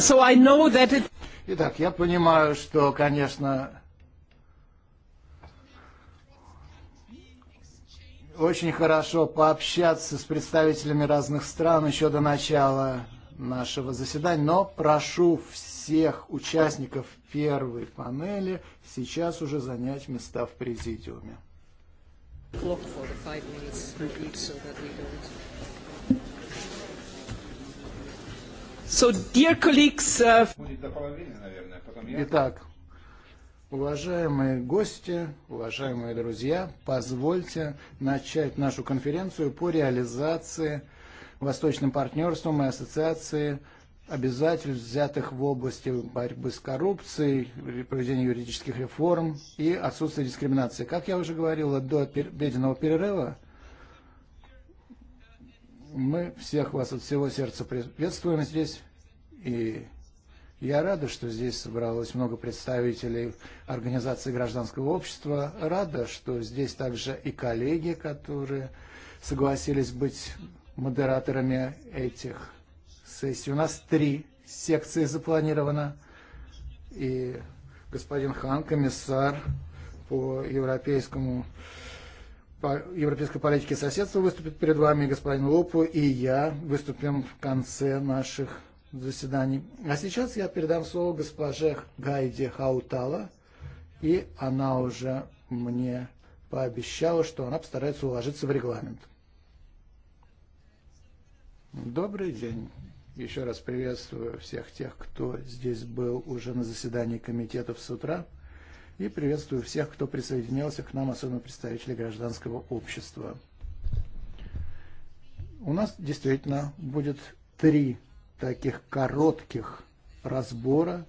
so I know that it... Итак, я понимаю, что, конечно, очень хорошо пообщаться с представителями разных стран еще до начала нашего заседания, но прошу всех участников первой панели сейчас уже занять места в президиуме. for the five minutes so that we don't So, dear colleagues... Uh... Итак, уважаемые гости, уважаемые друзья, позвольте начать нашу конференцию по реализации Восточным партнерством и ассоциации обязательств, взятых в области борьбы с коррупцией, проведения юридических реформ и отсутствия дискриминации. Как я уже говорил, до обеденного перерыва, мы всех вас от всего сердца приветствуем здесь. И я рада, что здесь собралось много представителей организации гражданского общества. Рада, что здесь также и коллеги, которые согласились быть модераторами этих сессий. У нас три секции запланировано. И господин Хан, комиссар по европейскому по европейской политике соседства выступит перед вами, господин Лопу, и я выступим в конце наших заседаний. А сейчас я передам слово госпоже Гайде Хаутала, и она уже мне пообещала, что она постарается уложиться в регламент. Добрый день. Еще раз приветствую всех тех, кто здесь был уже на заседании комитетов с утра. И приветствую всех, кто присоединился к нам, особенно представителей гражданского общества. У нас действительно будет три таких коротких разбора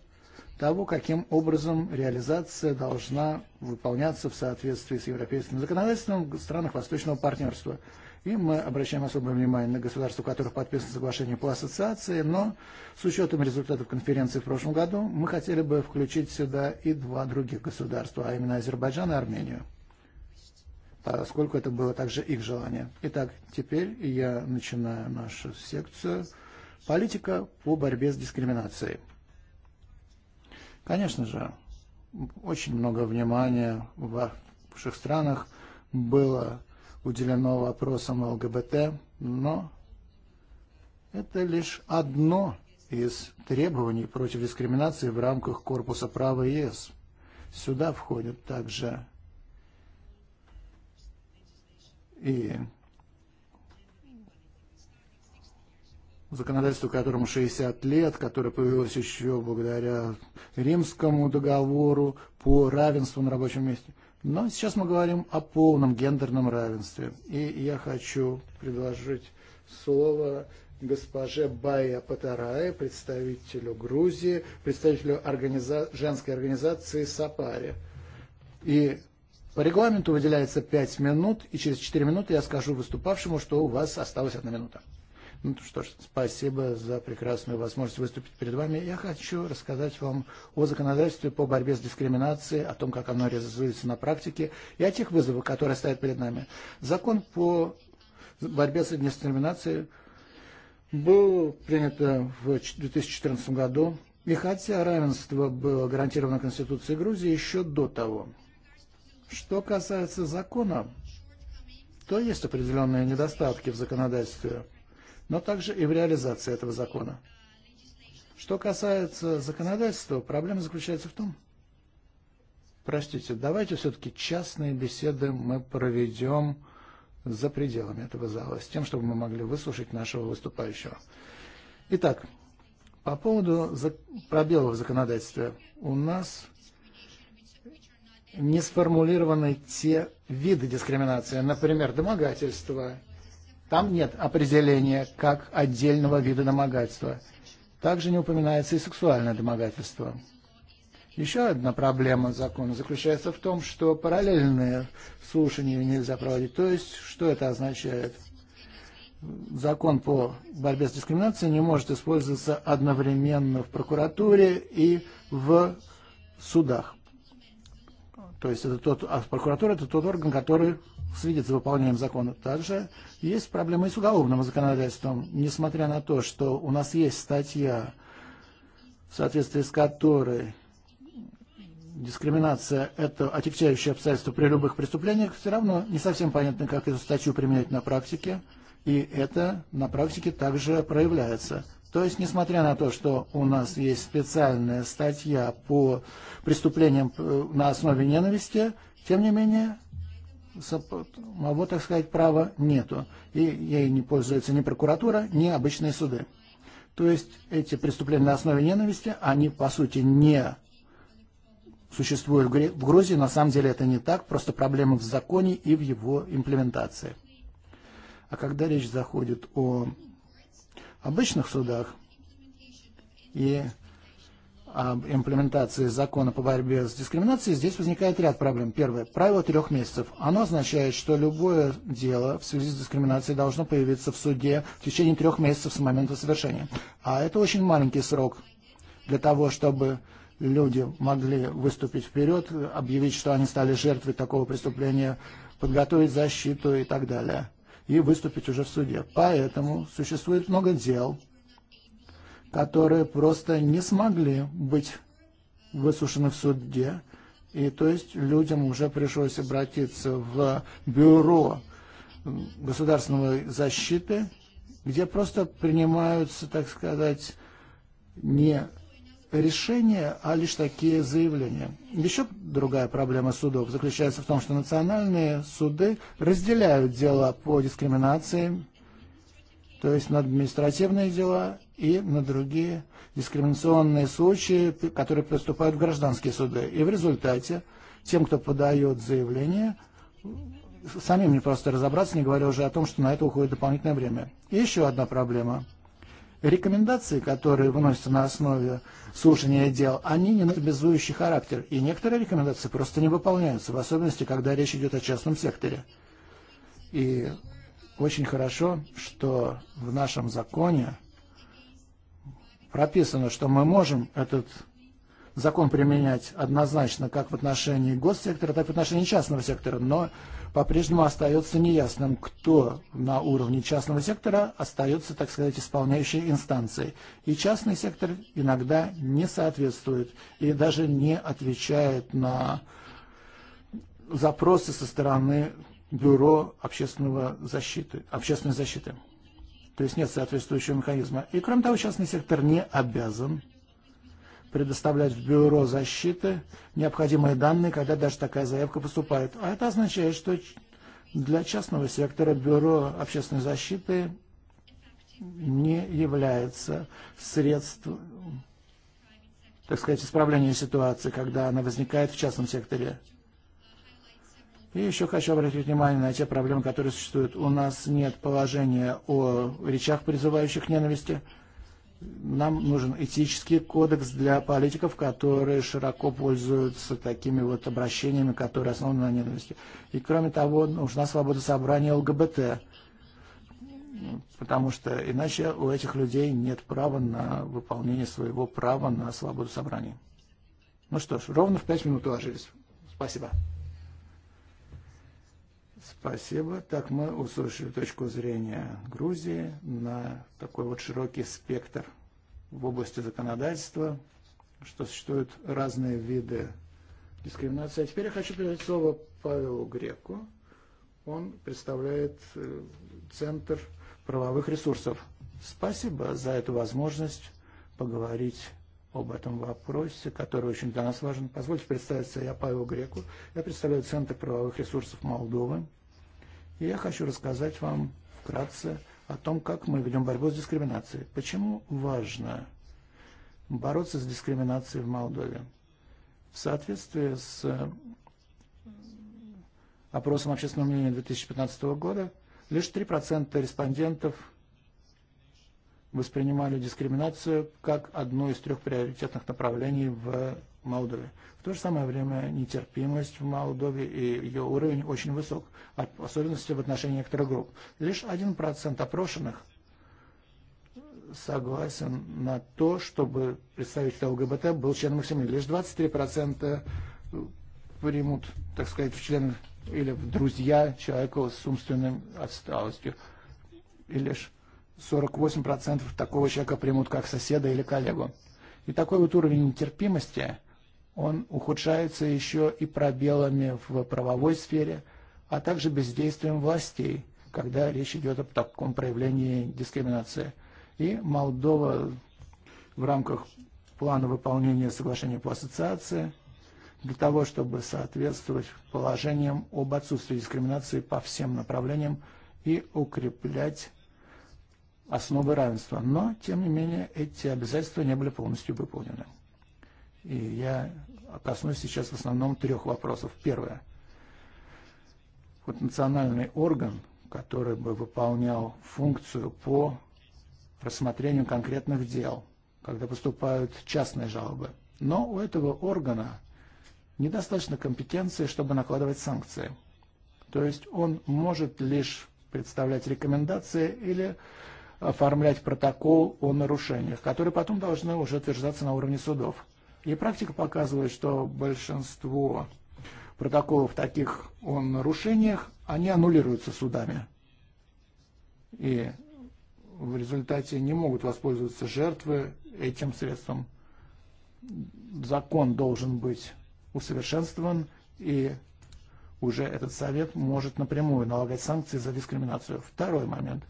того, каким образом реализация должна выполняться в соответствии с европейским законодательством в странах Восточного партнерства. И мы обращаем особое внимание на государства, у которых подписано соглашение по ассоциации, но с учетом результатов конференции в прошлом году мы хотели бы включить сюда и два других государства, а именно Азербайджан и Армению, поскольку это было также их желание. Итак, теперь я начинаю нашу секцию. Политика по борьбе с дискриминацией. Конечно же, очень много внимания в ваших странах было уделено вопросам ЛГБТ, но это лишь одно из требований против дискриминации в рамках корпуса права ЕС. Сюда входят также и законодательству, которому 60 лет, которое появилось еще благодаря Римскому договору по равенству на рабочем месте. Но сейчас мы говорим о полном гендерном равенстве. И я хочу предложить слово госпоже Бая Патарае, представителю Грузии, представителю организа... женской организации Сапари. И по регламенту выделяется 5 минут, и через 4 минуты я скажу выступавшему, что у вас осталась одна минута. Ну что ж, спасибо за прекрасную возможность выступить перед вами. Я хочу рассказать вам о законодательстве по борьбе с дискриминацией, о том, как оно реализуется на практике и о тех вызовах, которые стоят перед нами. Закон по борьбе с дискриминацией был принят в 2014 году, и хотя равенство было гарантировано Конституцией Грузии еще до того. Что касается закона, то есть определенные недостатки в законодательстве – но также и в реализации этого закона. Что касается законодательства, проблема заключается в том, простите, давайте все-таки частные беседы мы проведем за пределами этого зала, с тем, чтобы мы могли выслушать нашего выступающего. Итак, по поводу пробелов в законодательстве. У нас не сформулированы те виды дискриминации, например, домогательство Там нет определения как отдельного вида домогательства. Также не упоминается и сексуальное домогательство. Еще одна проблема закона заключается в том, что параллельные слушания нельзя проводить. То есть, что это означает? Закон по борьбе с дискриминацией не может использоваться одновременно в прокуратуре и в судах. То есть это тот, а прокуратура это тот орган, который следит за выполнением закона. Также есть проблемы и с уголовным законодательством. Несмотря на то, что у нас есть статья, в соответствии с которой дискриминация – это отягчающее обстоятельство при любых преступлениях, все равно не совсем понятно, как эту статью применять на практике. И это на практике также проявляется. То есть, несмотря на то, что у нас есть специальная статья по преступлениям э, на основе ненависти, тем не менее, самого, так сказать, права нету. И ей не пользуется ни прокуратура, ни обычные суды. То есть эти преступления на основе ненависти, они, по сути, не существуют в Грузии. На самом деле это не так, просто проблема в законе и в его имплементации. А когда речь заходит о обычных судах и об имплементации закона по борьбе с дискриминацией, здесь возникает ряд проблем. Первое. Правило трех месяцев. Оно означает, что любое дело в связи с дискриминацией должно появиться в суде в течение трех месяцев с момента совершения. А это очень маленький срок для того, чтобы люди могли выступить вперед, объявить, что они стали жертвой такого преступления, подготовить защиту и так далее и выступить уже в суде. Поэтому существует много дел, которые просто не смогли быть высушены в суде. И то есть людям уже пришлось обратиться в бюро государственной защиты, где просто принимаются, так сказать, не решения, а лишь такие заявления. Еще другая проблема судов заключается в том, что национальные суды разделяют дела по дискриминации, то есть на административные дела и на другие дискриминационные случаи, которые поступают в гражданские суды. И в результате тем, кто подает заявление, самим не просто разобраться, не говоря уже о том, что на это уходит дополнительное время. И еще одна проблема – рекомендации, которые выносятся на основе слушания дел, они не обязующий характер, и некоторые рекомендации просто не выполняются, в особенности, когда речь идет о частном секторе. И очень хорошо, что в нашем законе прописано, что мы можем этот закон применять однозначно как в отношении госсектора, так и в отношении частного сектора, но по-прежнему остается неясным, кто на уровне частного сектора остается, так сказать, исполняющей инстанцией. И частный сектор иногда не соответствует и даже не отвечает на запросы со стороны бюро общественного защиты, общественной защиты. То есть нет соответствующего механизма. И кроме того, частный сектор не обязан предоставлять в Бюро защиты необходимые данные, когда даже такая заявка поступает. А это означает, что для частного сектора Бюро общественной защиты не является средством, так сказать, исправления ситуации, когда она возникает в частном секторе. И еще хочу обратить внимание на те проблемы, которые существуют. У нас нет положения о речах, призывающих к ненависти. ненависти нам нужен этический кодекс для политиков, которые широко пользуются такими вот обращениями, которые основаны на ненависти. И кроме того, нужна свобода собрания ЛГБТ, потому что иначе у этих людей нет права на выполнение своего права на свободу собрания. Ну что ж, ровно в пять минут уложились. Спасибо. Спасибо. Так мы услышали точку зрения Грузии на такой вот широкий спектр в области законодательства, что существуют разные виды дискриминации. А теперь я хочу передать слово Павелу Греку. Он представляет э, Центр правовых ресурсов. Спасибо за эту возможность поговорить об этом вопросе, который очень для нас важен. Позвольте представиться, я Павел Греку, я представляю Центр правовых ресурсов Молдовы, и я хочу рассказать вам вкратце о том, как мы ведем борьбу с дискриминацией. Почему важно бороться с дискриминацией в Молдове? В соответствии с э, опросом общественного мнения 2015 года, лишь 3% респондентов воспринимали дискриминацию как одно из трех приоритетных направлений в Молдове. В то же самое время нетерпимость в Молдове и ее уровень очень высок, особенности в отношении некоторых групп. Лишь 1% опрошенных согласен на то, чтобы представитель ЛГБТ был членом их семьи. Лишь 23% примут, так сказать, в члены или в друзья человека с умственной отсталостью. И лишь 48% такого человека примут как соседа или коллегу. И такой вот уровень нетерпимости – он ухудшается еще и пробелами в правовой сфере, а также бездействием властей, когда речь идет о таком проявлении дискриминации. И Молдова в рамках плана выполнения соглашения по ассоциации для того, чтобы соответствовать положениям об отсутствии дискриминации по всем направлениям и укреплять основы равенства. Но, тем не менее, эти обязательства не были полностью выполнены. И я коснусь сейчас в основном трех вопросов. Первое. Вот национальный орган, который бы выполнял функцию по рассмотрению конкретных дел, когда поступают частные жалобы. Но у этого органа недостаточно компетенции, чтобы накладывать санкции. То есть он может лишь представлять рекомендации или оформлять протокол о нарушениях, которые потом должны уже утверждаться на уровне судов. И практика показывает, что большинство протоколов таких о нарушениях, они аннулируются судами. И в результате не могут воспользоваться жертвы этим средством. Закон должен быть усовершенствован, и уже этот совет может напрямую налагать санкции за дискриминацию. Второй момент.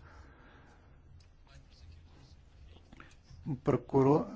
Прокурор,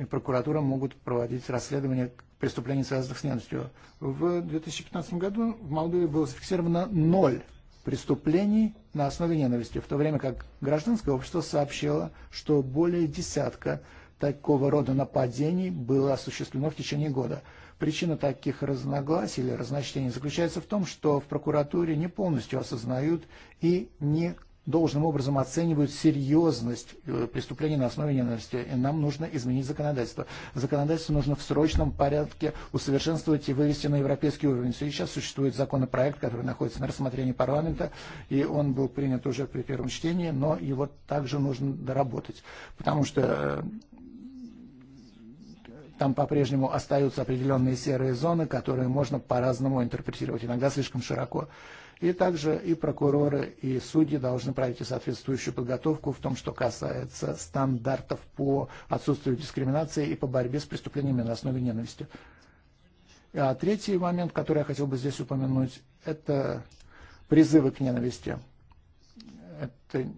и прокуратура могут проводить расследование преступлений, связанных с ненавистью. В 2015 году в Молдове было зафиксировано ноль преступлений на основе ненависти, в то время как гражданское общество сообщило, что более десятка такого рода нападений было осуществлено в течение года. Причина таких разногласий или разночтений заключается в том, что в прокуратуре не полностью осознают и не должным образом оценивают серьезность э, преступлений на основе ненависти. И нам нужно изменить законодательство. Законодательство нужно в срочном порядке усовершенствовать и вывести на европейский уровень. Сейчас существует законопроект, который находится на рассмотрении парламента, и он был принят уже при первом чтении, но его также нужно доработать. Потому что э, там по-прежнему остаются определенные серые зоны, которые можно по-разному интерпретировать, иногда слишком широко. И также и прокуроры, и судьи должны пройти соответствующую подготовку в том, что касается стандартов по отсутствию дискриминации и по борьбе с преступлениями на основе ненависти. А третий момент, который я хотел бы здесь упомянуть, это призывы к ненависти. Это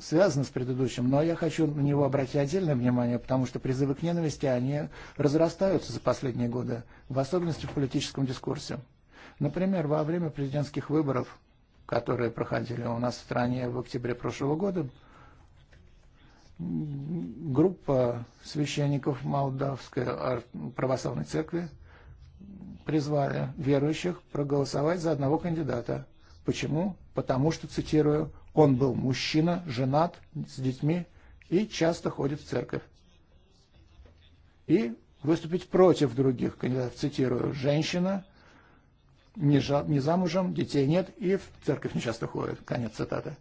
связано с предыдущим, но я хочу на него обратить отдельное внимание, потому что призывы к ненависти, они разрастаются за последние годы, в особенности в политическом дискурсе. Например, во время президентских выборов, которые проходили у нас в стране в октябре прошлого года, группа священников Молдавской православной церкви призвали верующих проголосовать за одного кандидата. Почему? Потому что, цитирую, он был мужчина, женат, с детьми и часто ходит в церковь. И выступить против других кандидатов, цитирую, женщина, не, жа, не замужем, детей нет и в церковь не часто ходит. Конец цитаты.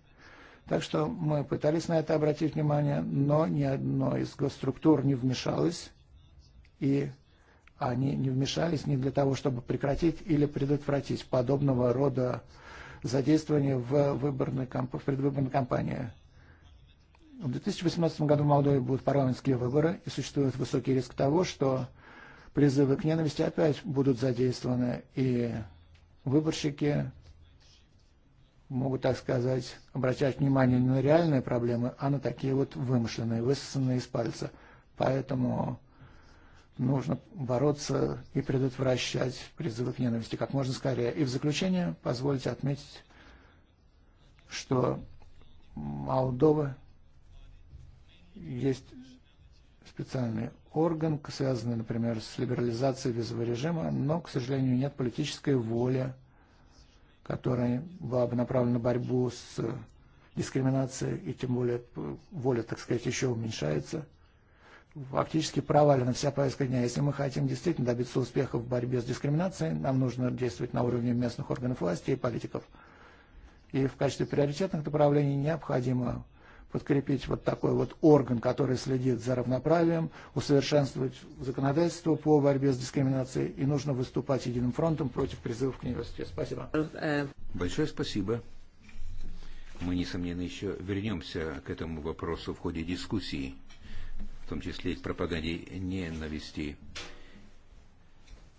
Так что мы пытались на это обратить внимание, но ни одно из госструктур не вмешалось, и они не вмешались не для того, чтобы прекратить или предотвратить подобного рода задействование в, выборной, в предвыборной кампании. В 2018 году в Молдове будут парламентские выборы, и существует высокий риск того, что призывы к ненависти опять будут задействованы, и выборщики могут, так сказать, обращать внимание не на реальные проблемы, а на такие вот вымышленные, высосанные из пальца. Поэтому нужно бороться и предотвращать призывы к ненависти как можно скорее. И в заключение позвольте отметить, что Молдова есть специальный орган, связанный, например, с либерализацией визового режима, но, к сожалению, нет политической воли, которая была бы направлена на борьбу с дискриминацией, и тем более воля, так сказать, еще уменьшается. Фактически провалена вся повестка дня. Если мы хотим действительно добиться успеха в борьбе с дискриминацией, нам нужно действовать на уровне местных органов власти и политиков. И в качестве приоритетных направлений необходимо подкрепить вот такой вот орган, который следит за равноправием, усовершенствовать законодательство по борьбе с дискриминацией и нужно выступать единым фронтом против призывов к невежеству. Спасибо. Большое спасибо. Мы, несомненно, еще вернемся к этому вопросу в ходе дискуссии, в том числе и к пропаганде ненависти.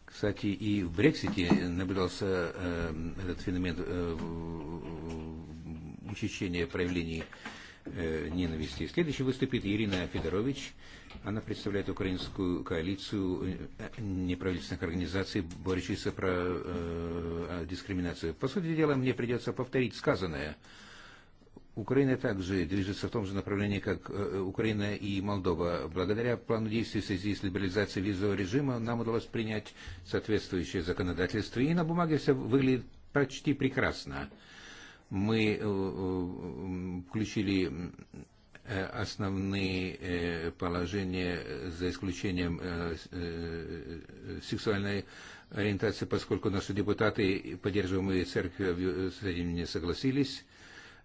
Кстати, и в Брексите наблюдался э, этот феномен э, учащения проявлений э, ненависти. Следующий выступит Ирина Федорович. Она представляет украинскую коалицию э, неправительственных организаций, борющихся про э, дискриминацию. По сути дела, мне придется повторить сказанное. Украина также движется в том же направлении, как э, Украина и Молдова. Благодаря плану действий в связи с либерализацией визового режима нам удалось принять соответствующее законодательство, и на бумаге все выглядит почти прекрасно мы э, э, включили э, основные положения за исключением сексуальной ориентации, поскольку наши депутаты, поддерживаемые церковью, с этим не согласились.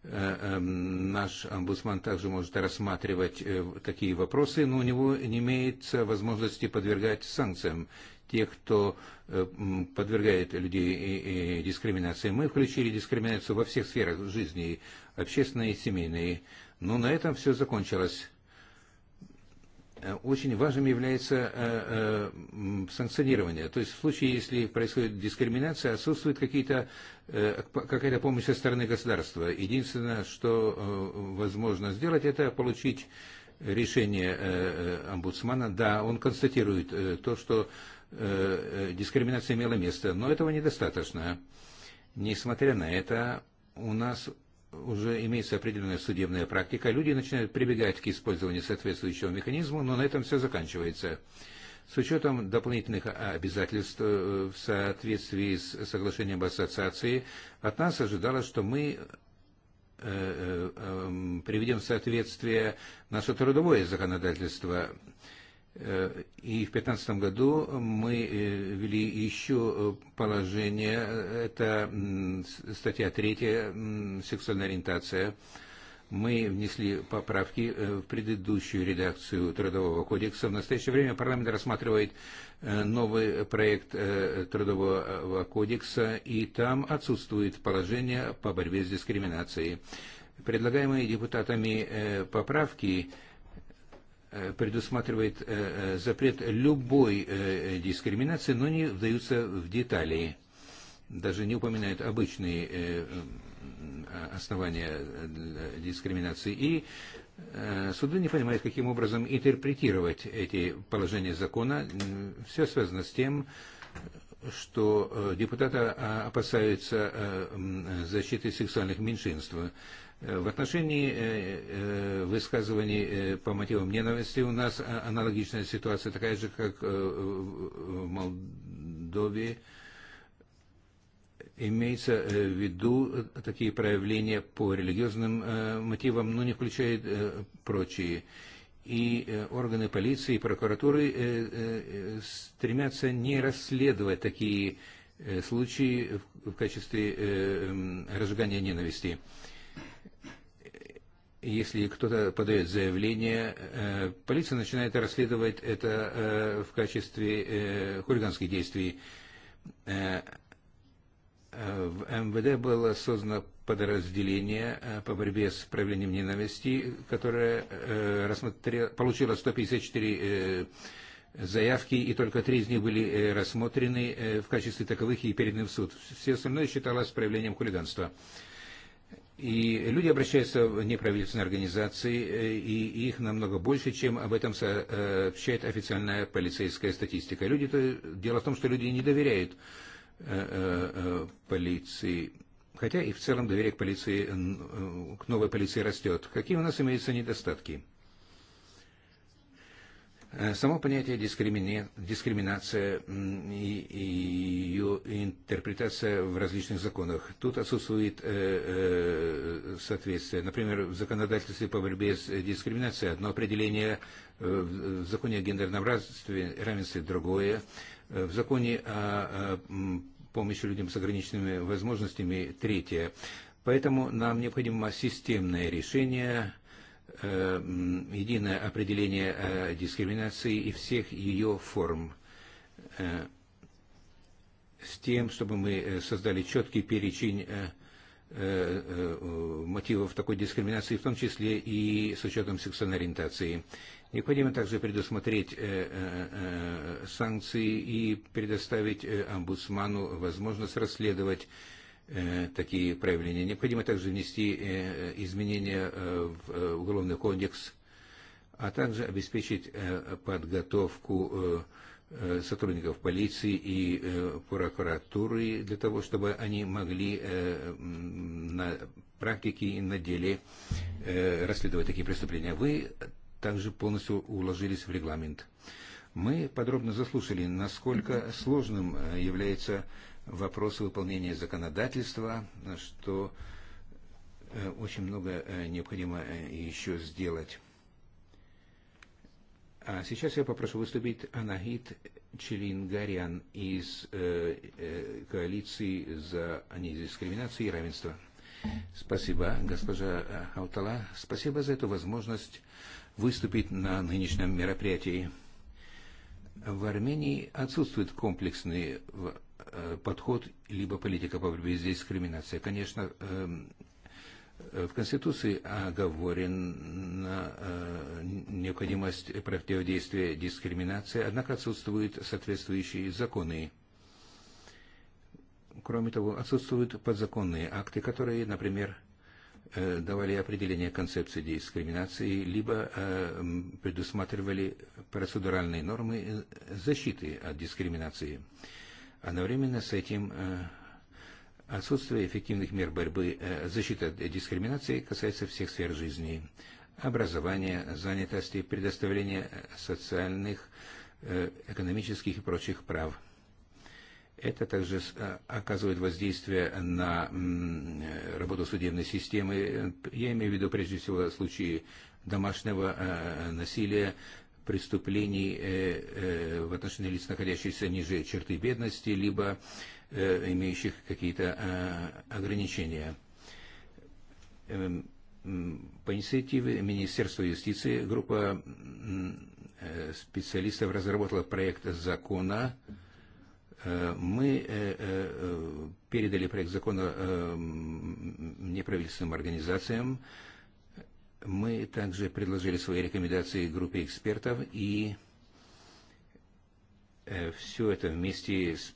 Наш омбудсман также может рассматривать такие вопросы, но у него не имеется возможности подвергать санкциям тех, кто э, подвергает людей э, э, дискриминации. Мы включили дискриминацию во всех сферах жизни, общественной и семейной. Но на этом все закончилось. Очень важным является санкционирование. То есть в случае, если происходит дискриминация, отсутствует какая-то помощь со стороны государства. Единственное, что возможно сделать, это получить решение омбудсмана. Да, он констатирует то, что Э, э, дискриминация имела место, но этого недостаточно. Несмотря на это, у нас уже имеется определенная судебная практика, люди начинают прибегать к использованию соответствующего механизма, но на этом все заканчивается. С учетом дополнительных обязательств э, в соответствии с соглашением об ассоциации, от нас ожидалось, что мы приведем в соответствие наше трудовое законодательство И в 2015 году мы э, ввели еще э, положение, это статья 3, сексуальная ориентация. Мы внесли поправки э, в предыдущую редакцию Трудового кодекса. В настоящее время парламент рассматривает новый проект Трудового кодекса, и там отсутствует положение по борьбе с дискриминацией. Предлагаемые депутатами поправки – предусматривает э, э, запрет любой э, дискриминации, но не вдаются в детали. Даже не упоминают обычные основания дискриминации. И суды не понимают, каким образом интерпретировать эти положения закона. Все связано с тем, что депутаты опасаются защиты сексуальных меньшинств. Э, в отношении э, э, высказываний по мотивам ненависти у нас аналогичная ситуация, такая же, как в Молдове. Имеется в виду такие проявления по религиозным мотивам, но не включает прочие. И органы полиции и прокуратуры стремятся не расследовать такие случаи в качестве разжигания ненависти если кто-то подает заявление, э, полиция начинает расследовать это э, в качестве э, хулиганских действий. В МВД было создано подразделение по борьбе с проявлением ненависти, которое получило 154 заявки, и только три из них были рассмотрены в качестве таковых и переданы в суд. Все остальное считалось проявлением хулиганства. И люди обращаются в неправительственные организации, э, и их намного больше, чем об этом сообщает официальная полицейская статистика. Люди -то, дело в том, что люди не доверяют э, э, полиции. Хотя и в целом доверие к полиции, к новой полиции растет. Какие у нас имеются недостатки? Eh, само понятие дискриминация и ее интерпретация в различных законах. Тут отсутствует э, э, соответствие. Например, в законодательстве по борьбе с дискриминацией одно определение, э, в законе о гендерном равенстве, равенстве другое, э, в законе о, о помощи людям с ограниченными возможностями третье. Поэтому нам необходимо системное решение Э, единое определение э, дискриминации и всех ее форм э, с тем, чтобы мы создали четкий перечень мотивов такой дискриминации, в том числе и с учетом сексуальной ориентации. Необходимо также предусмотреть санкции и предоставить омбудсману возможность расследовать такие проявления. Необходимо также внести изменения в Уголовный кодекс, а также обеспечить подготовку э, э, сотрудников полиции и э, прокуратуры для того, чтобы они могли на практике и на деле расследовать такие преступления. Вы также полностью уложились в регламент. Мы подробно заслушали, насколько сложным является вопросы выполнения законодательства, что э, очень много э, необходимо э, еще сделать. А сейчас я попрошу выступить Анагит Челингарян из э, э, коалиции за недискриминацию и равенство. Спасибо, госпожа Аутала. Спасибо за эту возможность выступить на нынешнем мероприятии. В Армении отсутствует комплексный Э, подход, либо политика по борьбе с дискриминацией. Конечно, э, в Конституции оговорена э, необходимость противодействия дискриминации, однако отсутствуют соответствующие законы. Кроме того, отсутствуют подзаконные акты, которые, например, давали определение концепции дискриминации, либо предусматривали процедуральные нормы защиты от дискриминации. Одновременно с этим э, отсутствие эффективных мер борьбы э, защиты от дискриминации касается всех сфер жизни. Образования, занятости, предоставления э, социальных, экономических и прочих прав. Это также оказывает воздействие на работу судебной системы. Я имею в виду прежде всего случаи домашнего насилия, преступлений э, э, в отношении лиц, находящихся ниже черты бедности, либо э, имеющих какие-то ограничения. По инициативе Министерства юстиции группа специалистов разработала проект закона. Мы передали проект закона неправительственным организациям, Мы также предложили свои рекомендации группе экспертов, и э, все это вместе с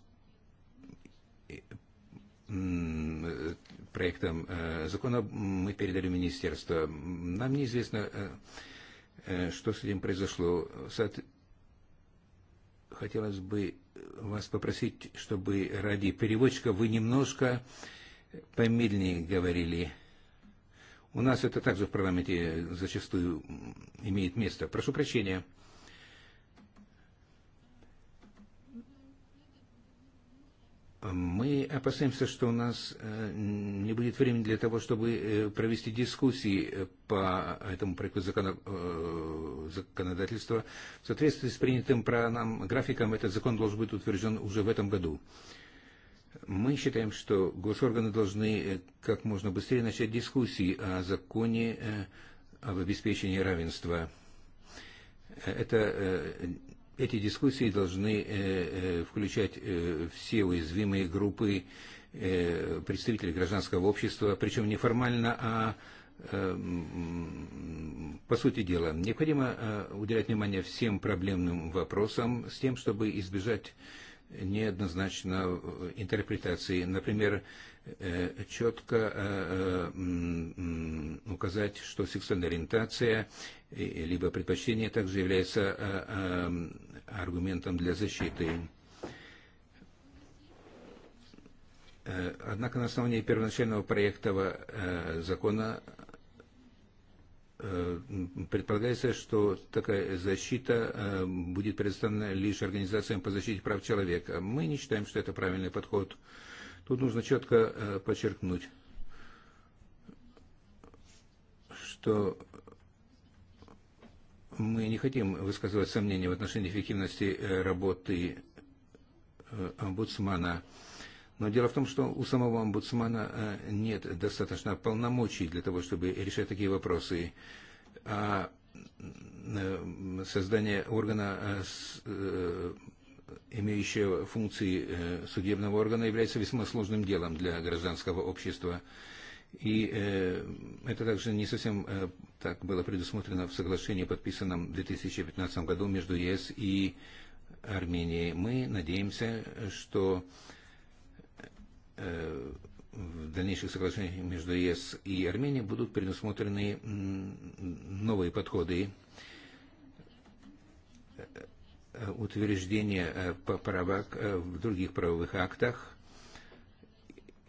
э, проектом э, закона мы передали министерство. Нам неизвестно, что с этим произошло. Хотелось бы вас попросить, чтобы ради переводчика вы немножко помедленнее говорили. У нас это также в парламенте зачастую имеет место. Прошу прощения. Мы опасаемся, что у нас э, не будет времени для того, чтобы э, провести дискуссии э, по этому проекту законодательства. В соответствии с принятым про нам графиком, этот закон должен быть утвержден уже в этом году. Мы считаем, что госорганы должны э, как можно быстрее начать дискуссии о законе э, об обеспечении равенства. Э, это, эти дискуссии должны включать все уязвимые группы представителей гражданского общества, причем не формально, а по сути дела, необходимо уделять внимание всем проблемным вопросам с тем, чтобы избежать неоднозначно интерпретации. Например, э, четко э, э, указать, что сексуальная ориентация либо предпочтение также является аргументом для защиты. Однако на основании первоначального проекта закона Э, Предполагается, что такая защита э, будет предоставлена лишь организациям по защите прав человека. Мы не считаем, что это правильный подход. Тут нужно четко э, подчеркнуть, что мы не хотим высказывать сомнения в отношении эффективности работы омбудсмана. Но дело в том, что у самого омбудсмана э, нет достаточно полномочий для того, чтобы решать такие вопросы. А э, создание органа, э, имеющего функции судебного органа, является весьма сложным делом для гражданского общества. И это также не совсем так было предусмотрено в соглашении, подписанном в 2015 году между ЕС и Арменией. Мы надеемся, что Э, в дальнейших соглашениях между ЕС и Арменией будут предусмотрены новые подходы э, утверждения э, права в других правовых актах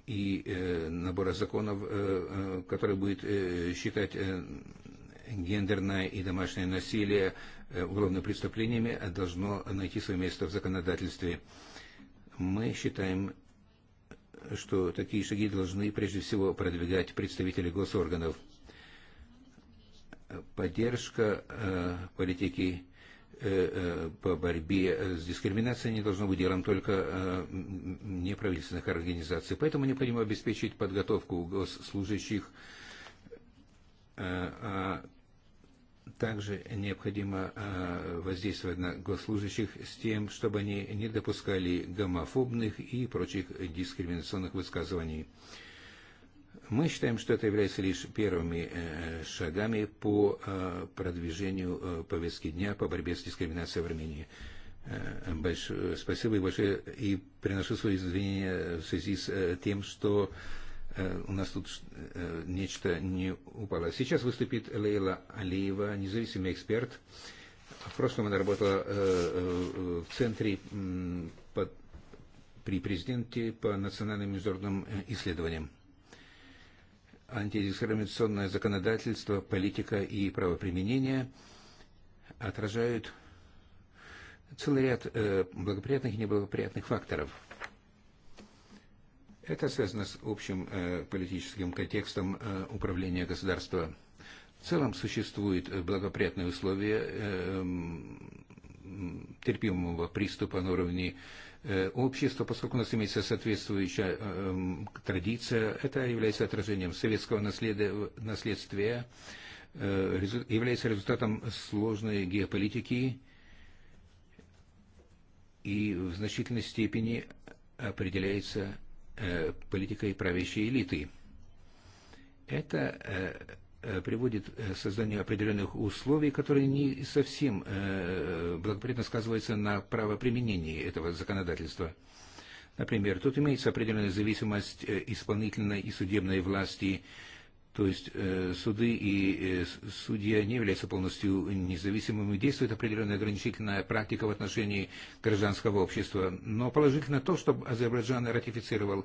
и набора законов, который будет считать гендерное и домашнее насилие уголовными преступлениями, должно найти свое место в законодательстве. Мы считаем что такие шаги должны прежде всего продвигать представители госорганов. Поддержка э, политики э, э по борьбе с дискриминацией не должно быть делом только э, неправительственных организаций. Поэтому необходимо обеспечить подготовку госслужащих э, Также необходимо э, воздействовать на госслужащих с тем, чтобы они не допускали гомофобных и прочих дискриминационных высказываний. Мы считаем, что это является лишь первыми э, шагами по э, продвижению повестки дня по борьбе с дискриминацией в Армении. Большое спасибо и большое и приношу свои извинения в связи с тем, что Э, у нас тут э, нечто не упало. Сейчас выступит Лейла Алиева, независимый эксперт. В прошлом она работала э, в центре при президенте по национальным международным исследованиям. Антидискриминационное законодательство, политика и правоприменение отражают целый ряд благоприятных и неблагоприятных факторов – Это связано с общим э, политическим контекстом э, управления государства. В целом существуют э, благоприятные условия э, терпимого приступа на уровне э, общества, поскольку у нас имеется соответствующая э, традиция. Это является отражением советского наследствия, является результатом сложной геополитики и в значительной степени определяется политикой правящей элиты. Это приводит к созданию определенных условий, которые не совсем благоприятно сказываются на правоприменении этого законодательства. Например, тут имеется определенная зависимость исполнительной и судебной власти, То есть э, суды и э, судья не являются полностью независимыми, действует определенная ограничительная практика в отношении гражданского общества. Но положительно то, что Азербайджан ратифицировал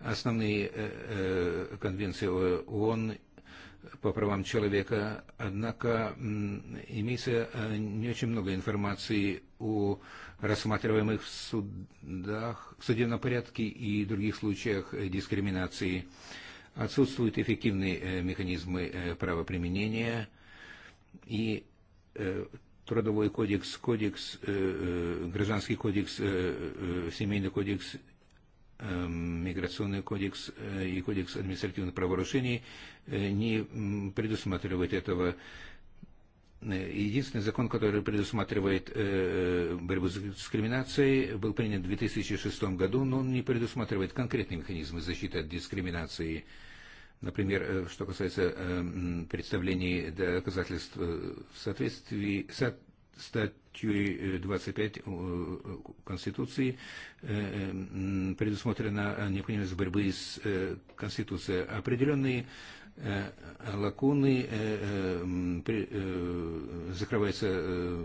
основные э, э конвенции ООН по правам человека, однако имеется э, не очень много информации о рассматриваемых в судах, в судебном порядке и других случаях э, дискриминации. Отсутствуют эффективные э, механизмы э, правоприменения и э, трудовой кодекс, кодекс, гражданский кодекс, семейный кодекс, миграционный кодекс и кодекс административных правонарушений не предусматривают этого Э, единственный закон, который предусматривает э, э, борьбу с дискриминацией, был принят в 2006 году, но он не предусматривает конкретные механизмы защиты от дискриминации. Например, э, что касается э, представлений доказательств в соответствии с статьей 25 Конституции э, предусмотрена необходимость борьбы с Конституцией. Определенные э, Э, лакуны э, э, закрываются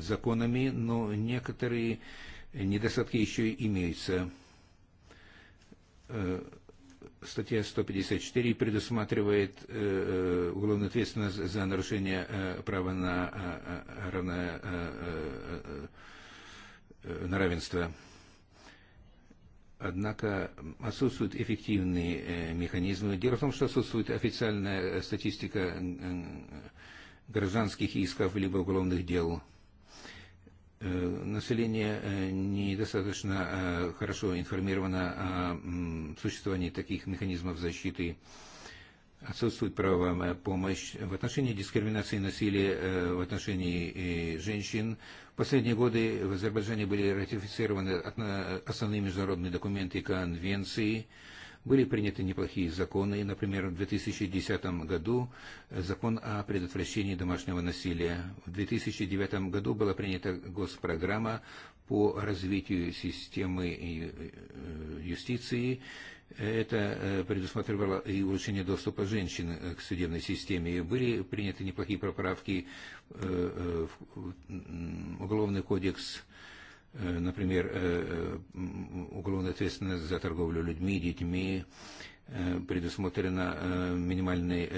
законами, но некоторые недостатки еще имеются. Статья 154 предусматривает уголовную ответственность за нарушение права на, равное, на равенство. Однако отсутствуют эффективные э, механизмы. Дело в том, что отсутствует официальная э, статистика э, гражданских исков либо уголовных дел. Население недостаточно хорошо информировано о существовании таких механизмов защиты отсутствует правовая помощь. В отношении дискриминации и насилия э, в отношении э, женщин в последние годы в Азербайджане были ратифицированы основные международные документы и конвенции, были приняты неплохие законы, например, в 2010 году закон о предотвращении домашнего насилия. В 2009 году была принята госпрограмма по развитию системы э, юстиции, Это э, предусматривало и улучшение доступа женщин э, к судебной системе. Были приняты неплохие поправки э, в Уголовный кодекс, например, уголовная ответственность за торговлю людьми, детьми, предусмотрено минимальный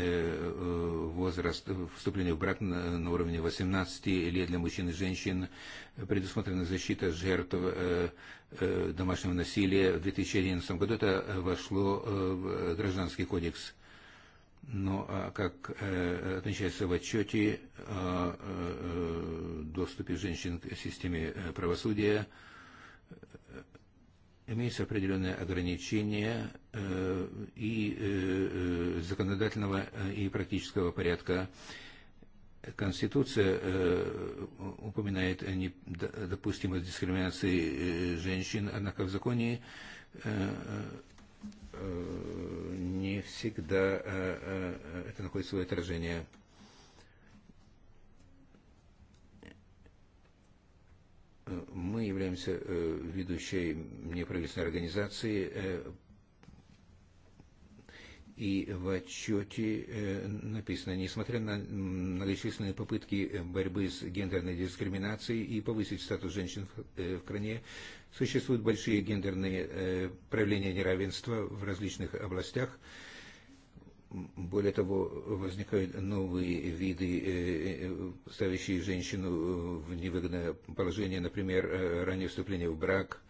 возраст вступления в брак на уровне 18 лет для мужчин и женщин, предусмотрена защита жертв Э, домашнего насилия в 2011 году. Это э, вошло э, в Гражданский кодекс. Но как отмечается в отчете о доступе женщин к системе правосудия, имеются определенные ограничения и законодательного, и практического порядка. Конституция э, упоминает о недопустимости дискриминации э, женщин, однако в законе э, э, не всегда э, э это находит свое отражение. Э, мы являемся ведущей неправительственной организацией И в отчете э, написано, несмотря на многочисленные попытки борьбы с гендерной дискриминацией и повысить статус женщин в э, стране, существуют большие гендерные э, проявления неравенства в различных областях. Более того, возникают новые виды, ставящие женщину в невыгодное положение, например, раннее вступление в брак,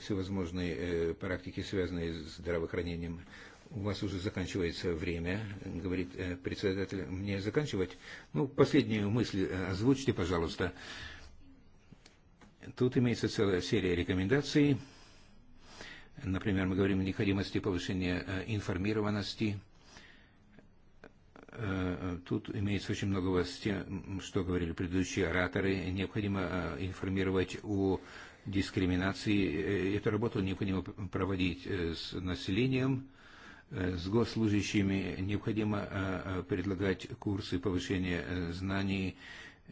всевозможные э, практики, связанные с здравоохранением. У вас уже заканчивается время, говорит э, председатель. Мне заканчивать? Ну, последнюю мысль э, озвучьте, пожалуйста. Тут имеется целая серия рекомендаций. Например, мы говорим о необходимости повышения информированности. Тут имеется очень много вас тем, что говорили предыдущие ораторы. Необходимо информировать о дискриминации. Э, эту работу необходимо проводить э, с населением, э, с госслужащими. Необходимо предлагать курсы повышения знаний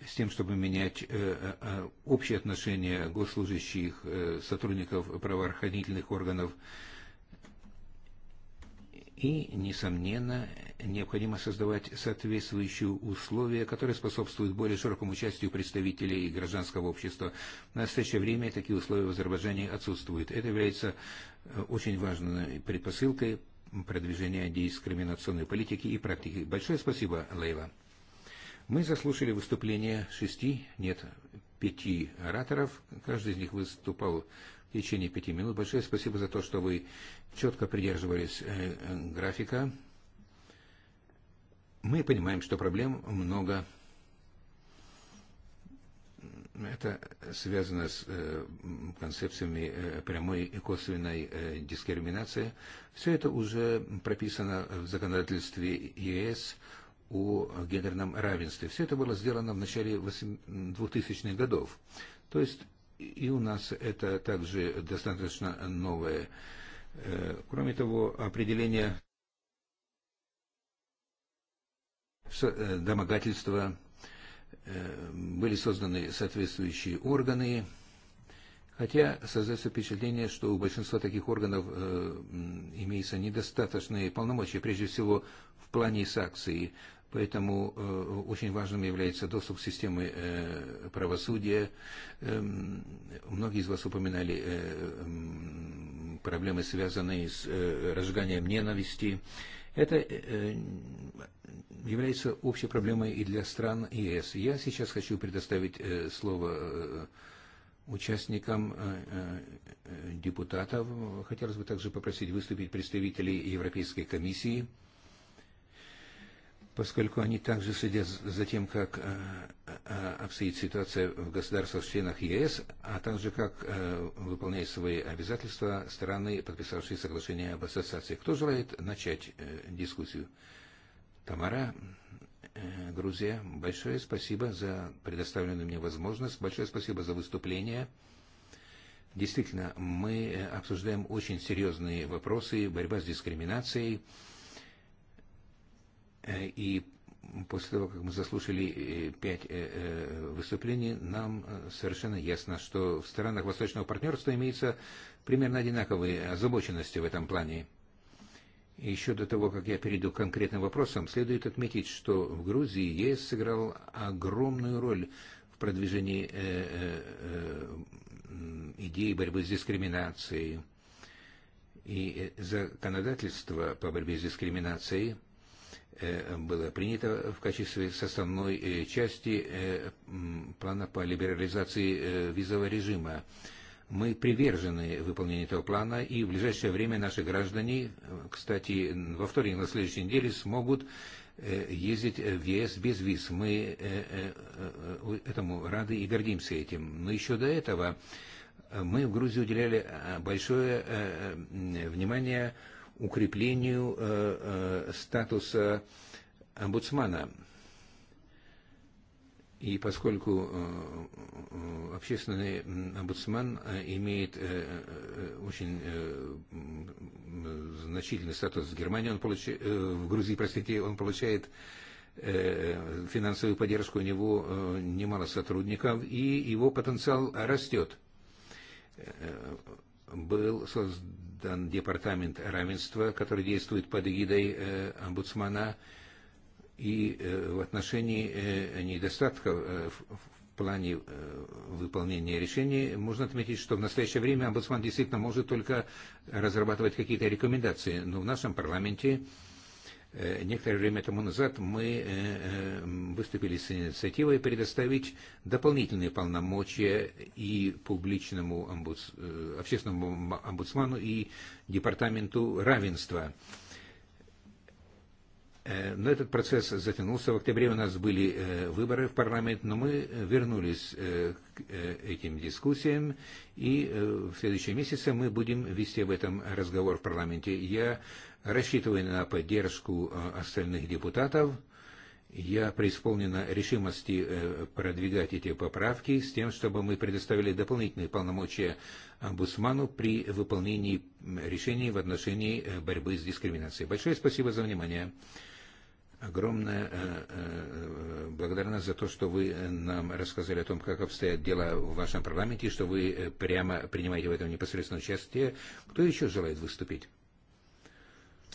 с тем, чтобы менять общие отношения госслужащих, сотрудников правоохранительных органов, И, несомненно, необходимо создавать соответствующие условия, которые способствуют более широкому участию представителей гражданского общества. В настоящее время такие условия в Азербайджане отсутствуют. Это является э, очень важной предпосылкой продвижения дискриминационной политики и практики. Большое спасибо, Лейла. Мы заслушали выступление шести, нет, пяти ораторов. Каждый из них выступал течение пяти минут. Большое спасибо за то, что вы четко придерживались э, графика. Мы понимаем, что проблем много. Это связано с э, концепциями э, прямой и косвенной э, дискриминации. Все это уже прописано в законодательстве ЕС о гендерном равенстве. Все это было сделано в начале 2000-х годов. То есть и у нас это также достаточно новое. Кроме того, определение домогательства были созданы соответствующие органы, хотя создается впечатление, что у большинства таких органов имеются недостаточные полномочия, прежде всего в плане санкций. Поэтому э, очень важным является доступ к системе э, правосудия. Многие из вас упоминали э, проблемы, связанные с разжиганием ненависти. Это является общей проблемой и для стран ЕС. Я сейчас хочу предоставить слово участникам депутатов. Хотелось бы также попросить выступить представителей Европейской комиссии поскольку они также следят за тем, как э, э, обстоит ситуация в государствах-членах ЕС, а также как э, выполняют свои обязательства страны, подписавшие соглашение об ассоциации. Кто желает начать дискуссию? Тамара, Грузия, большое спасибо за предоставленную мне возможность, большое спасибо за выступление. Действительно, мы обсуждаем очень серьезные вопросы, борьба с дискриминацией, Э, и после того, как мы заслушали э, пять э, выступлений, нам совершенно ясно, что в странах Восточного партнерства имеются примерно одинаковые озабоченности в этом плане. Еще до того, как я перейду к конкретным вопросам, следует отметить, что в Грузии ЕС сыграл огромную роль в продвижении идеи борьбы с дискриминацией. И законодательство по борьбе с дискриминацией Э, было принято в качестве составной э, части э, плана по либерализации визового режима. Мы привержены выполнению этого плана, и в ближайшее время наши граждане, кстати, во вторник на следующей неделе смогут ездить в ЕС без виз. Мы этому рады и гордимся этим. Но еще до этого мы в Грузии уделяли большое внимание укреплению э, э, статуса омбудсмана. И поскольку э, э общественный омбудсман э, имеет э, э, очень э, значительный статус в Германии, он получ... в Грузии, простите, он получает финансовую поддержку у него немало сотрудников, и его потенциал растет. Был создан создан Департамент равенства, который действует под эгидой э, омбудсмана, и э, в отношении э, недостатков в плане выполнения решений можно отметить, что в настоящее время омбудсман действительно может только разрабатывать какие-то рекомендации, но в нашем парламенте э, Э, некоторое время тому назад мы э, э, выступили с инициативой предоставить дополнительные полномочия и публичному омбудс... общественному омбудсману и департаменту равенства. Но этот процесс затянулся. В октябре у нас были выборы в парламент, но мы вернулись к этим дискуссиям, и в следующем месяце мы будем вести об этом разговор в парламенте. Я Рассчитывая на поддержку э, остальных депутатов, я преисполнена решимости э, продвигать эти поправки с тем, чтобы мы предоставили дополнительные полномочия омбудсману при выполнении решений в отношении э, борьбы с дискриминацией. Большое спасибо за внимание. Огромная благодарность за то, что вы нам рассказали о том, как обстоят дела в вашем парламенте, что вы прямо принимаете в этом непосредственное участие. Кто еще желает выступить?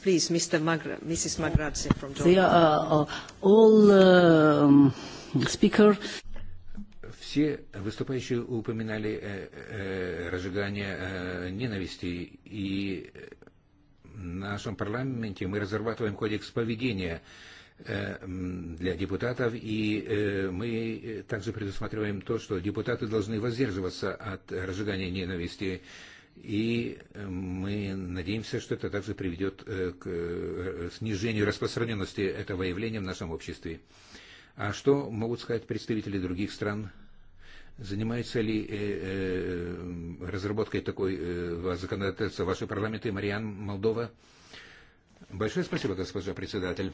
Please, Mr. Magra, Mrs. from They are uh, all um, speaker. Все выступающие упоминали э, э, разжигание э, ненависти, и в нашем парламенте мы разрабатываем кодекс поведения э, для депутатов, и э, мы также предусматриваем то, что депутаты должны воздерживаться от разжигания ненависти. Э, И э, мы надеемся, что это также приведет э, к э, снижению распространенности этого явления в нашем обществе. А что могут сказать представители других стран? Занимаются ли разработкой такой законодательства ваши парламенты, Мариан, Молдова? Большое спасибо, госпожа председатель.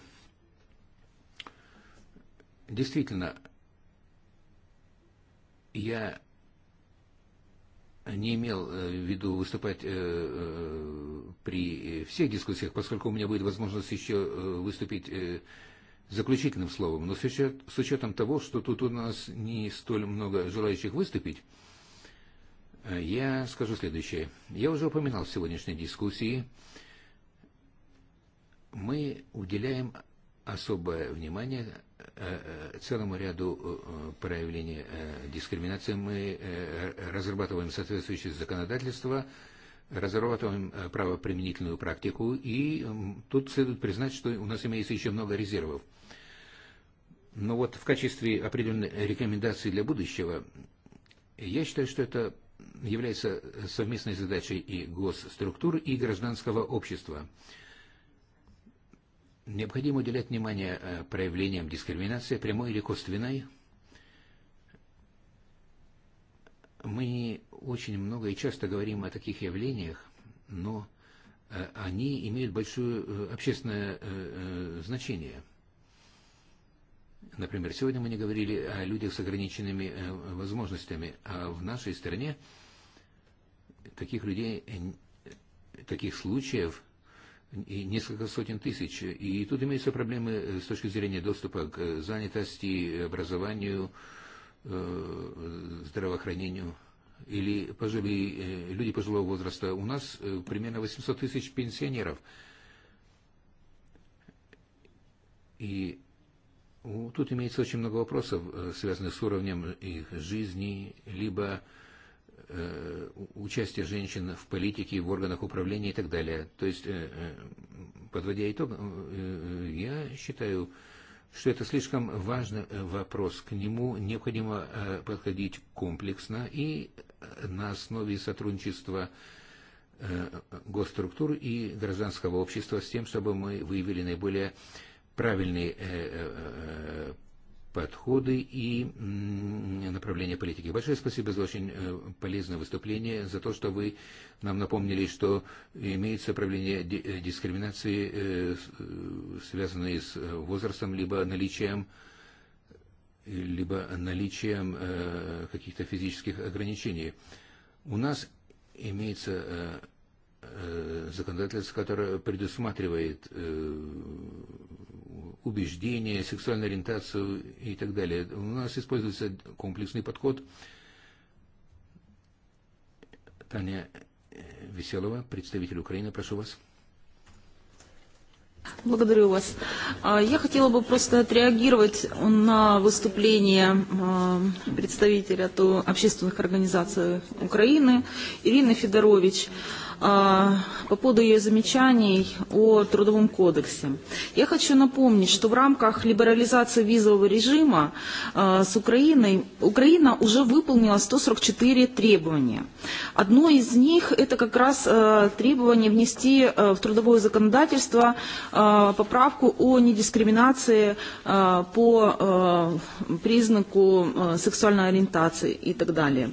Действительно, я не имел э, в виду выступать э, э, при всех дискуссиях, поскольку у меня будет возможность еще выступить заключительным словом. Но с, учетом того, что тут у нас не столь много желающих выступить, я скажу следующее. Я уже упоминал в сегодняшней дискуссии, мы уделяем особое внимание целому ряду э, проявлений э, дискриминации. Мы э, разрабатываем соответствующее законодательство, разрабатываем правоприменительную практику, и тут следует признать, что у нас имеется еще много резервов. Но вот в качестве определенной рекомендации для будущего, я считаю, что это является совместной задачей и госструктур, и гражданского общества – Необходимо уделять внимание э, проявлениям дискриминации, прямой или косвенной. Мы очень много и часто говорим о таких явлениях, но э, они имеют большое э, общественное значение. Например, сегодня мы не говорили о людях с ограниченными возможностями, а в нашей стране таких людей, таких случаев и несколько сотен тысяч. И тут имеются проблемы э, с точки зрения доступа к э, занятости, образованию, э, здравоохранению. Или пожилые, люди пожилого возраста. У нас примерно 800 тысяч пенсионеров. И тут имеется очень много вопросов, связанных с уровнем их жизни, либо Э, участие женщин в политике, в органах управления и так далее. То есть, э, э, подводя итог, я считаю, что это слишком важный вопрос. К нему необходимо подходить комплексно и на основе сотрудничества госструктур и гражданского общества с тем, чтобы мы выявили наиболее правильный подходы и направления политики. Большое спасибо за очень э, полезное выступление, за то, что вы нам напомнили, что имеется проявление э, дискриминации, связанное э, с возрастом, либо наличием либо наличием каких-то физических ограничений. У нас имеется законодательство, которое предусматривает убеждения, сексуальную ориентацию и так далее. У нас используется комплексный подход. Таня э, Веселова, представитель Украины, прошу вас. Благодарю вас. Я хотела бы просто отреагировать на выступление представителя общественных организаций Украины Ирины Федорович по поводу ее замечаний о Трудовом кодексе. Я хочу напомнить, что в рамках либерализации визового режима с Украиной Украина уже выполнила 144 требования. Одно из них – это как раз требование внести в трудовое законодательство поправку о недискриминации по признаку сексуальной ориентации и так далее.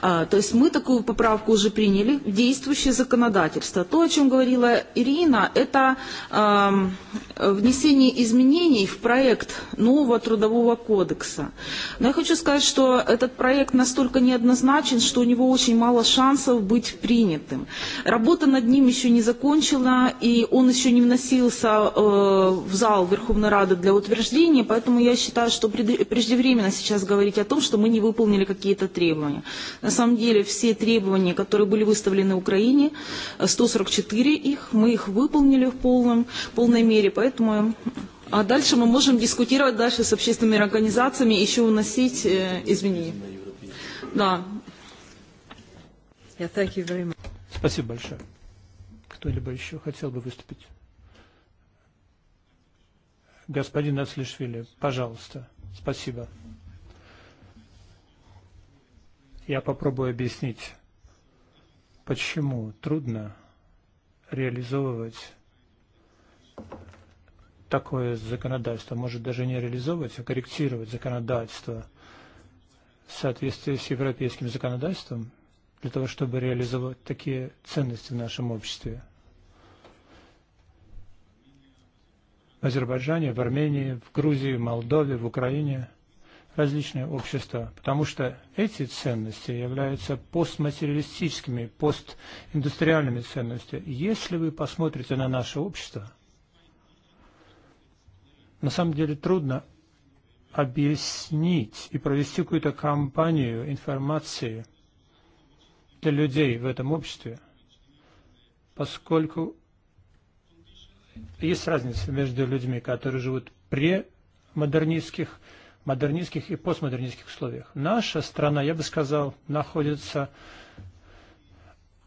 То есть мы такую поправку уже приняли в действующее законодательства. То, о чем говорила Ирина, это э, внесение изменений в проект нового трудового кодекса. Но я хочу сказать, что этот проект настолько неоднозначен, что у него очень мало шансов быть принятым. Работа над ним еще не закончена, и он еще не вносился э, в зал Верховной Рады для утверждения, поэтому я считаю, что преждевременно сейчас говорить о том, что мы не выполнили какие-то требования. На самом деле все требования, которые были выставлены Украине, страны, 144 их, мы их выполнили в полном, полной мере, поэтому... А дальше мы можем дискутировать дальше с общественными организациями, еще уносить э, изменения. Да. Yeah, thank you very much. Спасибо большое. Кто-либо еще хотел бы выступить? Господин Ацлишвили, пожалуйста. Спасибо. Я попробую объяснить почему трудно реализовывать такое законодательство, может даже не реализовывать, а корректировать законодательство в соответствии с европейским законодательством для того, чтобы реализовать такие ценности в нашем обществе. В Азербайджане, в Армении, в Грузии, в Молдове, в Украине – различные общества, потому что эти ценности являются постматериалистическими, постиндустриальными ценностями. Если вы посмотрите на наше общество, на самом деле трудно объяснить и провести какую-то кампанию информации для людей в этом обществе, поскольку есть разница между людьми, которые живут при модернистских модернистских и постмодернистских условиях. Наша страна, я бы сказал, находится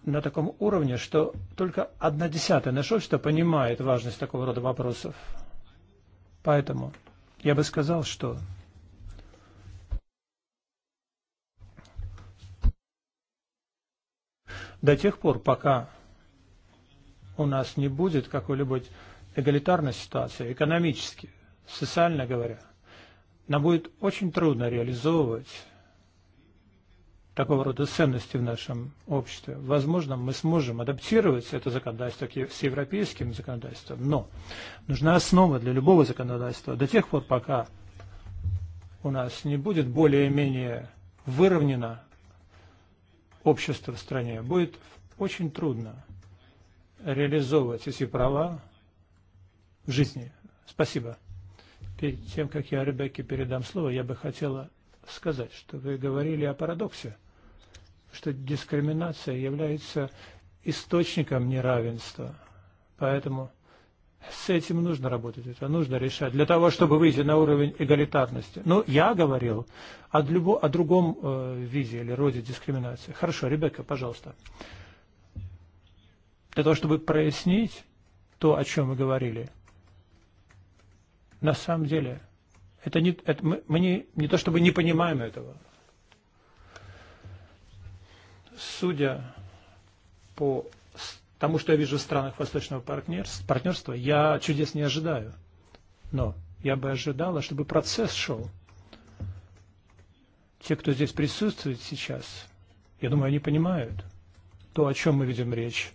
на таком уровне, что только одна десятая наше общество понимает важность такого рода вопросов. Поэтому я бы сказал, что до тех пор, пока у нас не будет какой-либо эгалитарной ситуации, экономически, социально говоря, нам будет очень трудно реализовывать такого рода ценности в нашем обществе. Возможно, мы сможем адаптировать это законодательство с европейским законодательством, но нужна основа для любого законодательства до тех пор, пока у нас не будет более-менее выровнено общество в стране, будет очень трудно реализовывать эти права в жизни. Спасибо. Перед тем, как я Ребекке передам слово, я бы хотела сказать, что вы говорили о парадоксе, что дискриминация является источником неравенства. Поэтому с этим нужно работать, это нужно решать, для того, чтобы выйти на уровень эгалитарности. Но я говорил о, любо, о другом э, виде или роде дискриминации. Хорошо, Ребекка, пожалуйста. Для того, чтобы прояснить то, о чем мы говорили, На самом деле, это не, это, мы, мы не, не то чтобы не понимаем этого. Судя по тому, что я вижу в странах восточного партнерства, партнерства, я чудес не ожидаю. Но я бы ожидала, чтобы процесс шел. Те, кто здесь присутствует сейчас, я думаю, они понимают то, о чем мы ведем речь.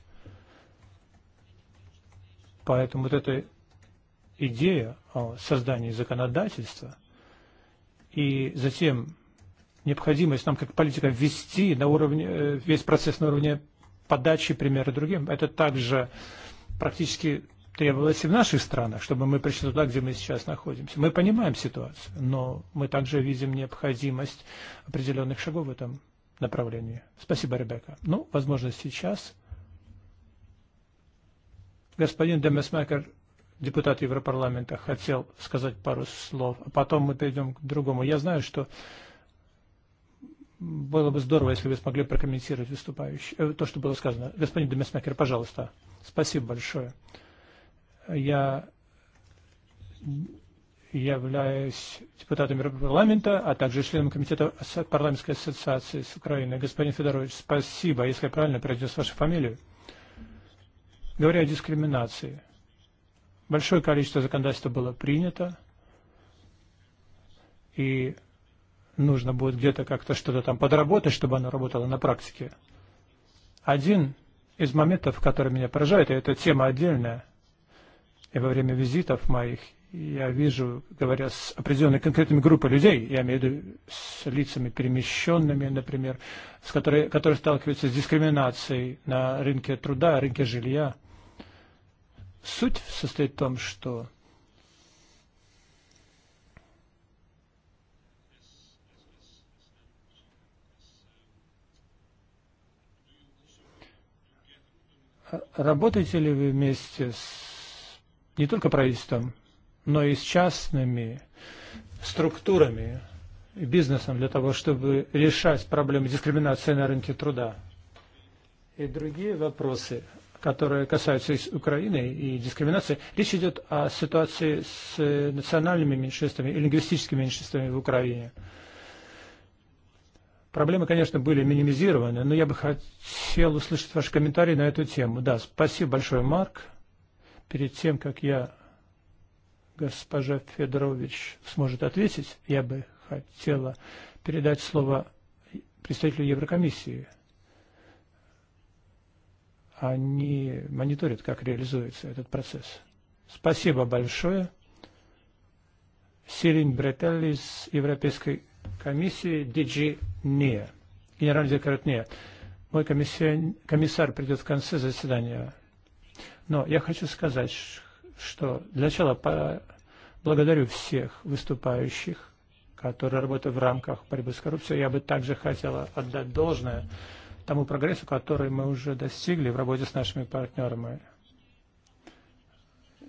Поэтому вот этой идея о создании законодательства и затем необходимость нам как политика ввести на уровне, э, весь процесс на уровне подачи примера другим, это также практически требовалось и в наших странах, чтобы мы пришли туда, где мы сейчас находимся. Мы понимаем ситуацию, но мы также видим необходимость определенных шагов в этом направлении. Спасибо, Ребекка. Ну, возможно, сейчас господин Демесмакер депутат Европарламента хотел сказать пару слов, а потом мы перейдем к другому. Я знаю, что было бы здорово, если вы смогли прокомментировать выступающий, э, то, что было сказано. Господин Демесмекер, пожалуйста. Спасибо большое. Я являюсь депутатом Европарламента, а также членом комитета парламентской ассоциации с Украиной. Господин Федорович, спасибо, если я правильно произнес вашу фамилию. Говоря о дискриминации – Большое количество законодательства было принято, и нужно будет где-то как-то что-то там подработать, чтобы оно работало на практике. Один из моментов, который меня поражает, и это тема отдельная, и во время визитов моих я вижу, говоря с определенной конкретными группой людей, я имею в виду с лицами перемещенными, например, с которые, которые сталкиваются с дискриминацией на рынке труда, рынке жилья, Суть состоит в том, что работаете ли вы вместе с не только правительством, но и с частными структурами и бизнесом для того, чтобы решать проблемы дискриминации на рынке труда и другие вопросы которые касаются Украины и дискриминации, речь идет о ситуации с национальными меньшинствами и лингвистическими меньшинствами в Украине. Проблемы, конечно, были минимизированы, но я бы хотел услышать ваши комментарии на эту тему. Да, спасибо большое, Марк. Перед тем, как я, госпожа Федорович, сможет ответить, я бы хотела передать слово представителю Еврокомиссии они мониторят, как реализуется этот процесс. Спасибо большое. Сирин Бретель из Европейской комиссии DG NIA, генеральный директор НИА. Мой комиссар придет в конце заседания. Но я хочу сказать, что для начала благодарю всех выступающих, которые работают в рамках борьбы с коррупцией. Я бы также хотела отдать должное тому прогрессу, который мы уже достигли в работе с нашими партнерами.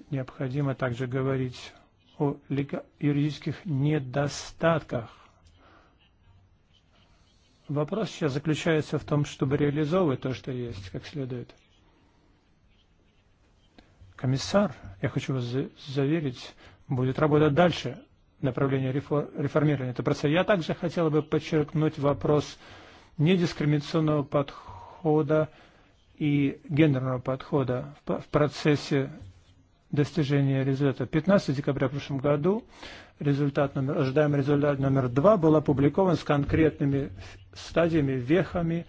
Необходимо также говорить о юридических недостатках. Вопрос сейчас заключается в том, чтобы реализовывать то, что есть, как следует. Комиссар, я хочу вас заверить, будет работать дальше направление реформирования этого процесса. Я также хотела бы подчеркнуть вопрос недискриминационного подхода и гендерного подхода в процессе достижения результата. 15 декабря в прошлом году результат номер, ожидаемый результат номер два был опубликован с конкретными стадиями, вехами.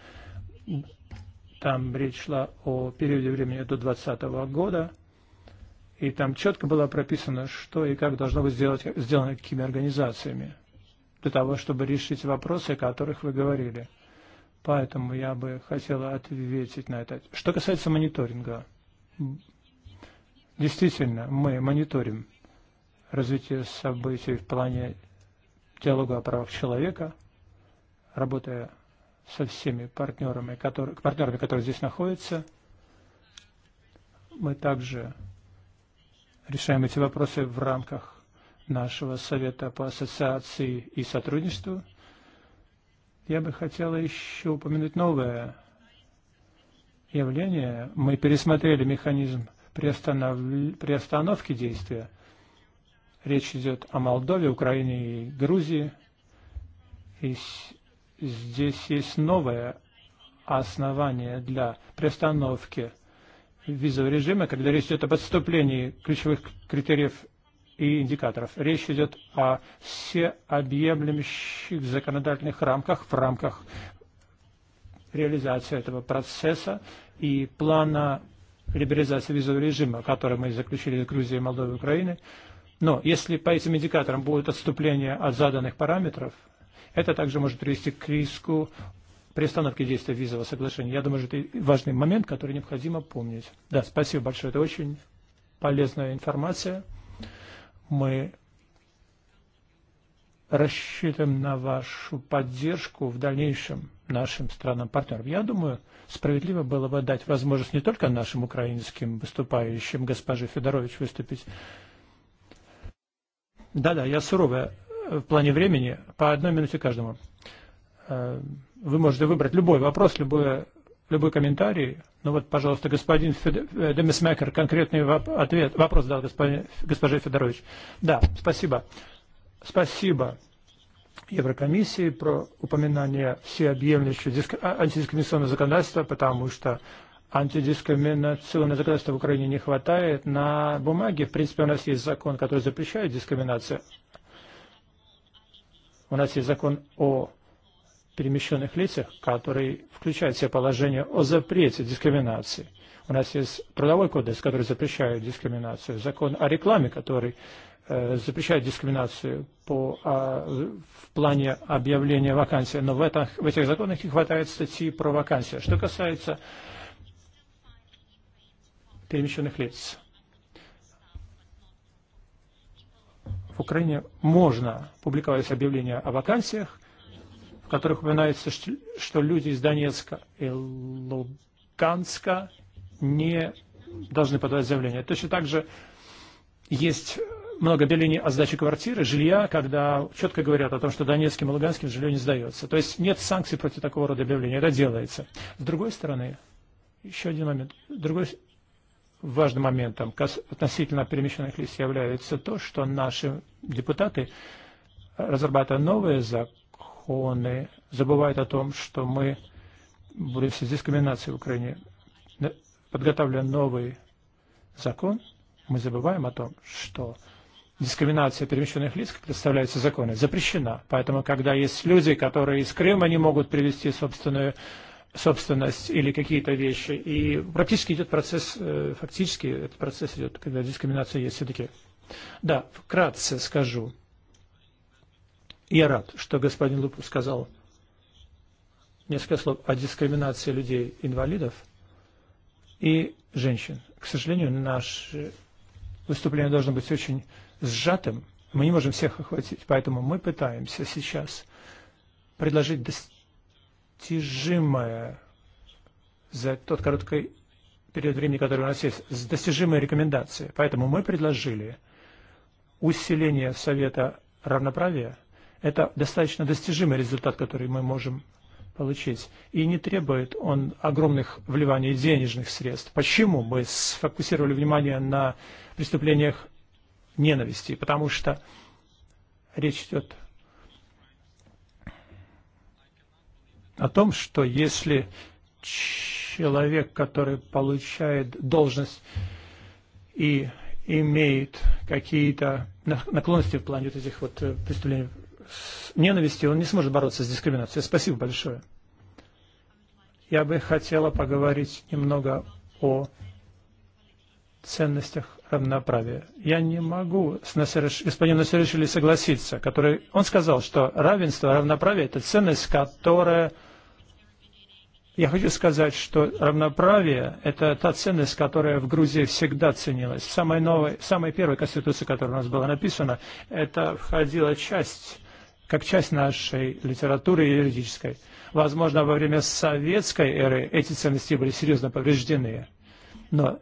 Там речь шла о периоде времени до 2020 года. И там четко было прописано, что и как должно быть сделать, сделано какими организациями для того, чтобы решить вопросы, о которых вы говорили. Поэтому я бы хотела ответить на это. Что касается мониторинга, действительно, мы мониторим развитие событий в плане диалога о правах человека, работая со всеми партнерами, которые, партнерами, которые здесь находятся. Мы также решаем эти вопросы в рамках нашего Совета по ассоциации и сотрудничеству – Я бы хотела еще упомянуть новое явление. Мы пересмотрели механизм приостанов... приостановки действия. Речь идет о Молдове, Украине и Грузии. И с... здесь есть новое основание для приостановки визового режима, когда речь идет об отступлении ключевых критериев и индикаторов. Речь идет о всеобъемлющих законодательных рамках в рамках реализации этого процесса и плана либерализации визового режима, который мы заключили с Грузией, Молдовой и Украиной. Но если по этим индикаторам будет отступление от заданных параметров, это также может привести к риску приостановки действия визового соглашения. Я думаю, что это важный момент, который необходимо помнить. Да, спасибо большое. Это очень полезная информация. Мы рассчитываем на вашу поддержку в дальнейшем нашим странам-партнерам. Я думаю, справедливо было бы дать возможность не только нашим украинским выступающим, госпоже Федорович, выступить. Да-да, я суровая э, в плане времени, по одной минуте каждому. Э, вы можете выбрать любой вопрос, любое любой комментарий. Ну вот, пожалуйста, господин э, Демисмекер, конкретный воп... ответ, вопрос дал господин... госпожа Федорович. Да, спасибо. Спасибо Еврокомиссии про упоминание всеобъемлющего диск... антидискриминационного законодательства, потому что антидискриминационного законодательства в Украине не хватает. На бумаге, в принципе, у нас есть закон, который запрещает дискриминацию. У нас есть закон о перемещенных лицах, который включает в себя положение о запрете дискриминации. У нас есть трудовой кодекс, который запрещает дискриминацию, закон о рекламе, который э, запрещает дискриминацию по, а, в плане объявления вакансии, но в, это, в этих законах не хватает статьи про вакансию. Что касается перемещенных лиц, в Украине можно публиковать объявления о вакансиях, в которых упоминается, что люди из Донецка и Луганска не должны подавать заявление. Точно так же есть много объявлений о сдаче квартиры, жилья, когда четко говорят о том, что донецким и луганским жилье не сдается. То есть нет санкций против такого рода объявления. Это делается. С другой стороны, еще один момент. Другой важным моментом относительно перемещенных лиц является то, что наши депутаты, разрабатывая новые законы, ООН забывает о том, что мы борется с дискриминацией в Украине, подготавливая новый закон, мы забываем о том, что дискриминация перемещенных лиц, как представляется законы, запрещена. Поэтому, когда есть люди, которые из Крыма не могут привести собственную собственность или какие-то вещи, и практически идет процесс, э, фактически этот процесс идет, когда дискриминация есть все-таки. Да, вкратце скажу. Я рад, что господин Лупу сказал несколько слов о дискриминации людей-инвалидов и женщин. К сожалению, наше выступление должно быть очень сжатым. Мы не можем всех охватить, поэтому мы пытаемся сейчас предложить достижимое за тот короткий период времени, который у нас есть, достижимые рекомендации. Поэтому мы предложили усиление Совета равноправия Это достаточно достижимый результат, который мы можем получить. И не требует он огромных вливаний денежных средств. Почему мы сфокусировали внимание на преступлениях ненависти? Потому что речь идет о том, что если человек, который получает должность и имеет какие-то наклонности в плане вот этих вот э, преступлений с ненавистью, он не сможет бороться с дискриминацией. Спасибо большое. Я бы хотела поговорить немного о ценностях равноправия. Я не могу с Насереш, господином Насерешили согласиться, который, он сказал, что равенство, равноправие – это ценность, которая… Я хочу сказать, что равноправие – это та ценность, которая в Грузии всегда ценилась. В самой, новой, в самой первой конституции, которая у нас была написана, это входила часть как часть нашей литературы и юридической. Возможно, во время советской эры эти ценности были серьезно повреждены, но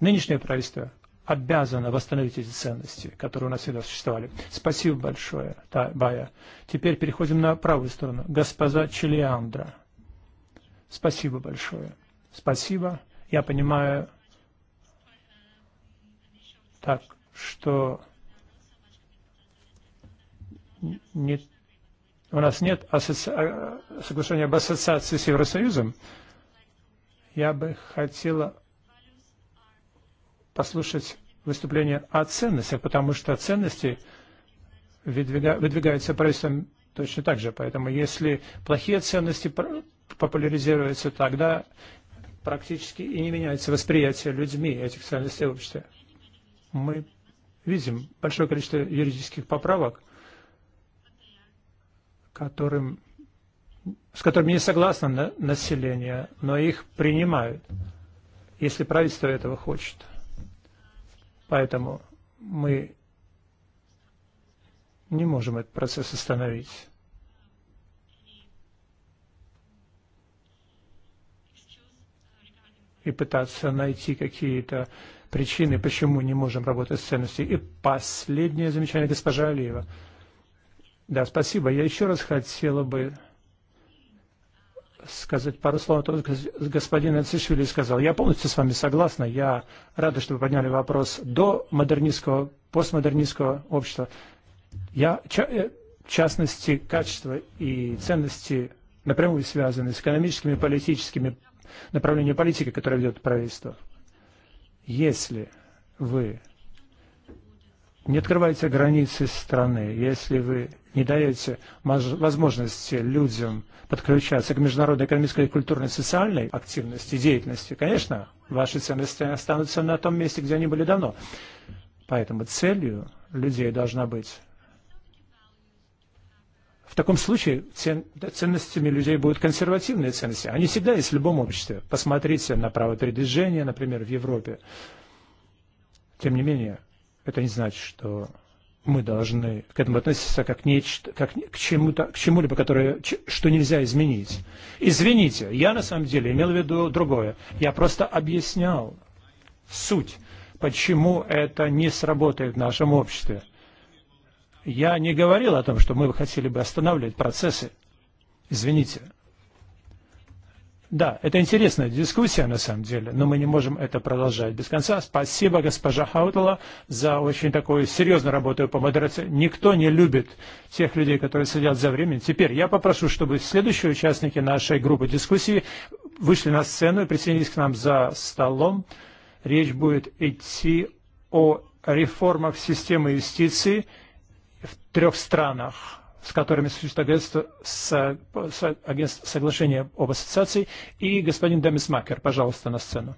нынешнее правительство обязано восстановить эти ценности, которые у нас всегда существовали. Спасибо большое, Бая. Теперь переходим на правую сторону. Госпожа Челиандра. Спасибо большое. Спасибо. Я понимаю так, что не, у нас нет асоци... соглашения об ассоциации с Евросоюзом, я бы хотела послушать выступление о ценностях, потому что ценности выдвига... выдвигаются правительством точно так же. Поэтому если плохие ценности популяризируются, тогда практически и не меняется восприятие людьми этих ценностей в обществе. Мы видим большое количество юридических поправок – которым, с которыми не согласно на, население, но их принимают, если правительство этого хочет. Поэтому мы не можем этот процесс остановить. и пытаться найти какие-то причины, почему не можем работать с ценностью. И последнее замечание госпожа Алиева – Да, спасибо. Я еще раз хотела бы сказать пару слов о том, что господин Ацишвили сказал. Я полностью с вами согласна. Я рада, что вы подняли вопрос до модернистского, постмодернистского общества. Я, э, в частности, качество и ценности напрямую связаны с экономическими и политическими направлениями политики, которые ведет правительство. Если вы не открывайте границы страны, если вы не даете возможности людям подключаться к международной экономической, культурной, социальной активности, деятельности, конечно, ваши ценности останутся на том месте, где они были давно. Поэтому целью людей должна быть в таком случае ценностями людей будут консервативные ценности. Они всегда есть в любом обществе. Посмотрите на право передвижения, например, в Европе. Тем не менее, Это не значит, что мы должны к этому относиться как, нечто, как к чему-то, к чему-либо, которое, что нельзя изменить. Извините, я на самом деле имел в виду другое. Я просто объяснял суть, почему это не сработает в нашем обществе. Я не говорил о том, что мы бы хотели бы останавливать процессы. Извините. Да, это интересная дискуссия на самом деле, но мы не можем это продолжать без конца. Спасибо, госпожа Хаутала, за очень такую серьезную работу по модерации. Никто не любит тех людей, которые следят за временем. Теперь я попрошу, чтобы следующие участники нашей группы дискуссии вышли на сцену и присоединились к нам за столом. Речь будет идти о реформах системы юстиции в трех странах с которыми существует агентство, с, с, агентство, соглашения об ассоциации. И господин Демисмакер, пожалуйста, на сцену.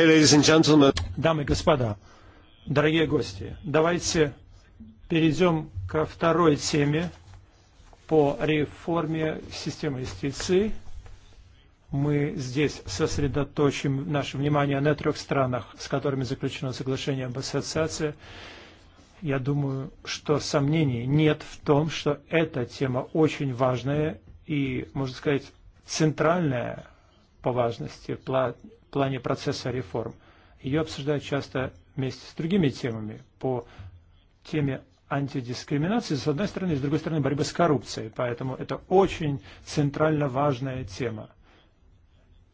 Okay, ladies and gentlemen. Дамы и господа, дорогие гости, давайте перейдем ко второй теме по реформе системы юстиции. Мы здесь сосредоточим наше внимание на трех странах, с которыми заключено соглашение об ассоциации. Я думаю, что сомнений нет в том, что эта тема очень важная и, можно сказать, центральная по важности плане процесса реформ. Ее обсуждают часто вместе с другими темами по теме антидискриминации, с одной стороны, и с другой стороны, борьбы с коррупцией. Поэтому это очень центрально важная тема.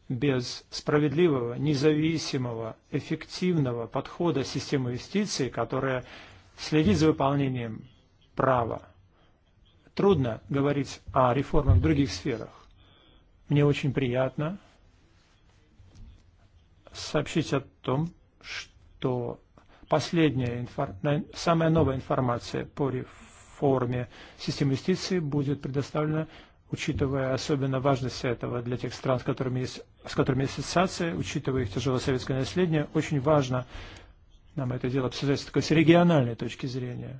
Без справедливого, независимого, эффективного подхода системы юстиции, которая следит за выполнением права, трудно говорить о реформах в других сферах. Мне очень приятно, сообщить о том, что последняя, инфор... самая новая информация по реформе системы юстиции будет предоставлена, учитывая особенно важность этого для тех стран, с которыми есть, с которыми есть ассоциация, учитывая их тяжелое советское наследие, очень важно нам это дело обсуждать только с региональной точки зрения.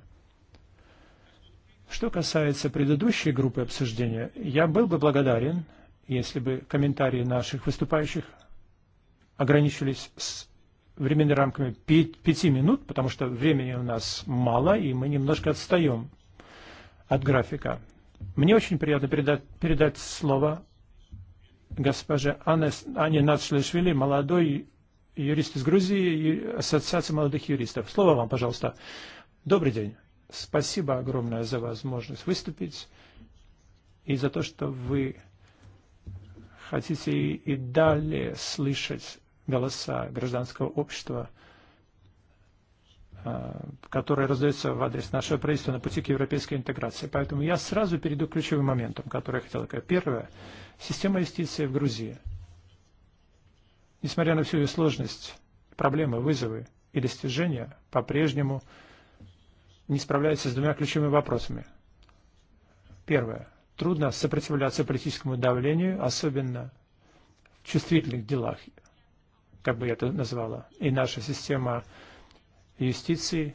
Что касается предыдущей группы обсуждения, я был бы благодарен, если бы комментарии наших выступающих ограничились с временными рамками 5 минут, потому что времени у нас мало, и мы немножко отстаем от графика. Мне очень приятно передать, передать слово госпоже Анне, Анне Нацшлешвили, молодой юрист из Грузии, Ассоциация молодых юристов. Слово вам, пожалуйста. Добрый день. Спасибо огромное за возможность выступить и за то, что вы хотите и далее слышать голоса гражданского общества, которые раздаются в адрес нашего правительства на пути к европейской интеграции. Поэтому я сразу перейду к ключевым моментам, которые я хотел сказать. Первое. Система юстиции в Грузии. Несмотря на всю ее сложность, проблемы, вызовы и достижения, по-прежнему не справляется с двумя ключевыми вопросами. Первое. Трудно сопротивляться политическому давлению, особенно в чувствительных делах как бы я это назвала, и наша система юстиции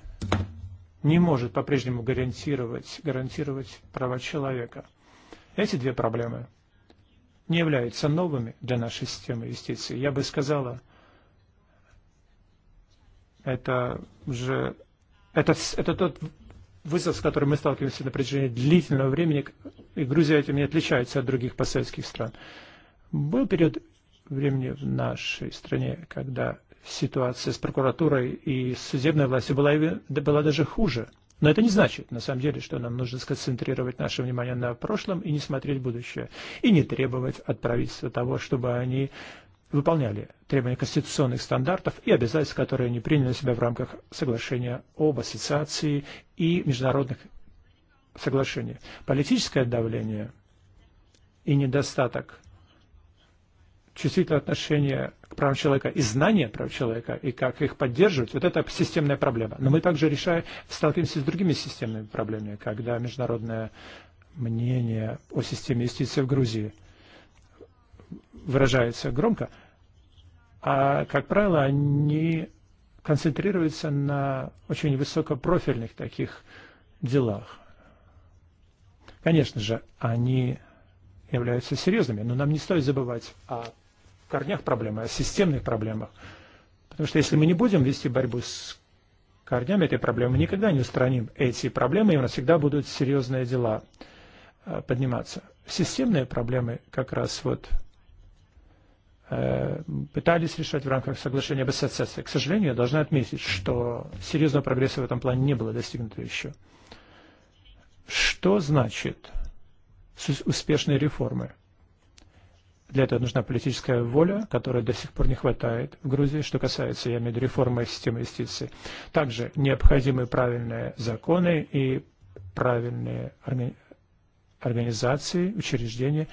не может по-прежнему гарантировать, гарантировать права человека. Эти две проблемы не являются новыми для нашей системы юстиции. Я бы сказала, это уже это, это тот вызов, с которым мы сталкиваемся на протяжении длительного времени, и Грузия этим не отличается от других постсоветских стран. Был период времени в нашей стране, когда ситуация с прокуратурой и с судебной властью была, была даже хуже. Но это не значит, на самом деле, что нам нужно сконцентрировать наше внимание на прошлом и не смотреть будущее, и не требовать от правительства того, чтобы они выполняли требования конституционных стандартов и обязательств, которые они приняли на себя в рамках соглашения об ассоциации и международных соглашений. Политическое давление и недостаток чувствительное отношение к правам человека и знания прав человека, и как их поддерживать, вот это системная проблема. Но мы также решаем, сталкиваемся с другими системными проблемами, когда международное мнение о системе юстиции в Грузии выражается громко, а, как правило, они концентрируются на очень высокопрофильных таких делах. Конечно же, они являются серьезными, но нам не стоит забывать о корнях проблемы, о системных проблемах. Потому что если мы не будем вести борьбу с корнями этой проблемы, мы никогда не устраним эти проблемы, и у нас всегда будут серьезные дела э, подниматься. Системные проблемы как раз вот э, пытались решать в рамках соглашения об ассоциации. К сожалению, я должна отметить, что серьезного прогресса в этом плане не было достигнуто еще. Что значит успешные реформы? Для этого нужна политическая воля, которой до сих пор не хватает в Грузии, что касается, я имею в виду, реформы системы юстиции. Также необходимы правильные законы и правильные организации, учреждения.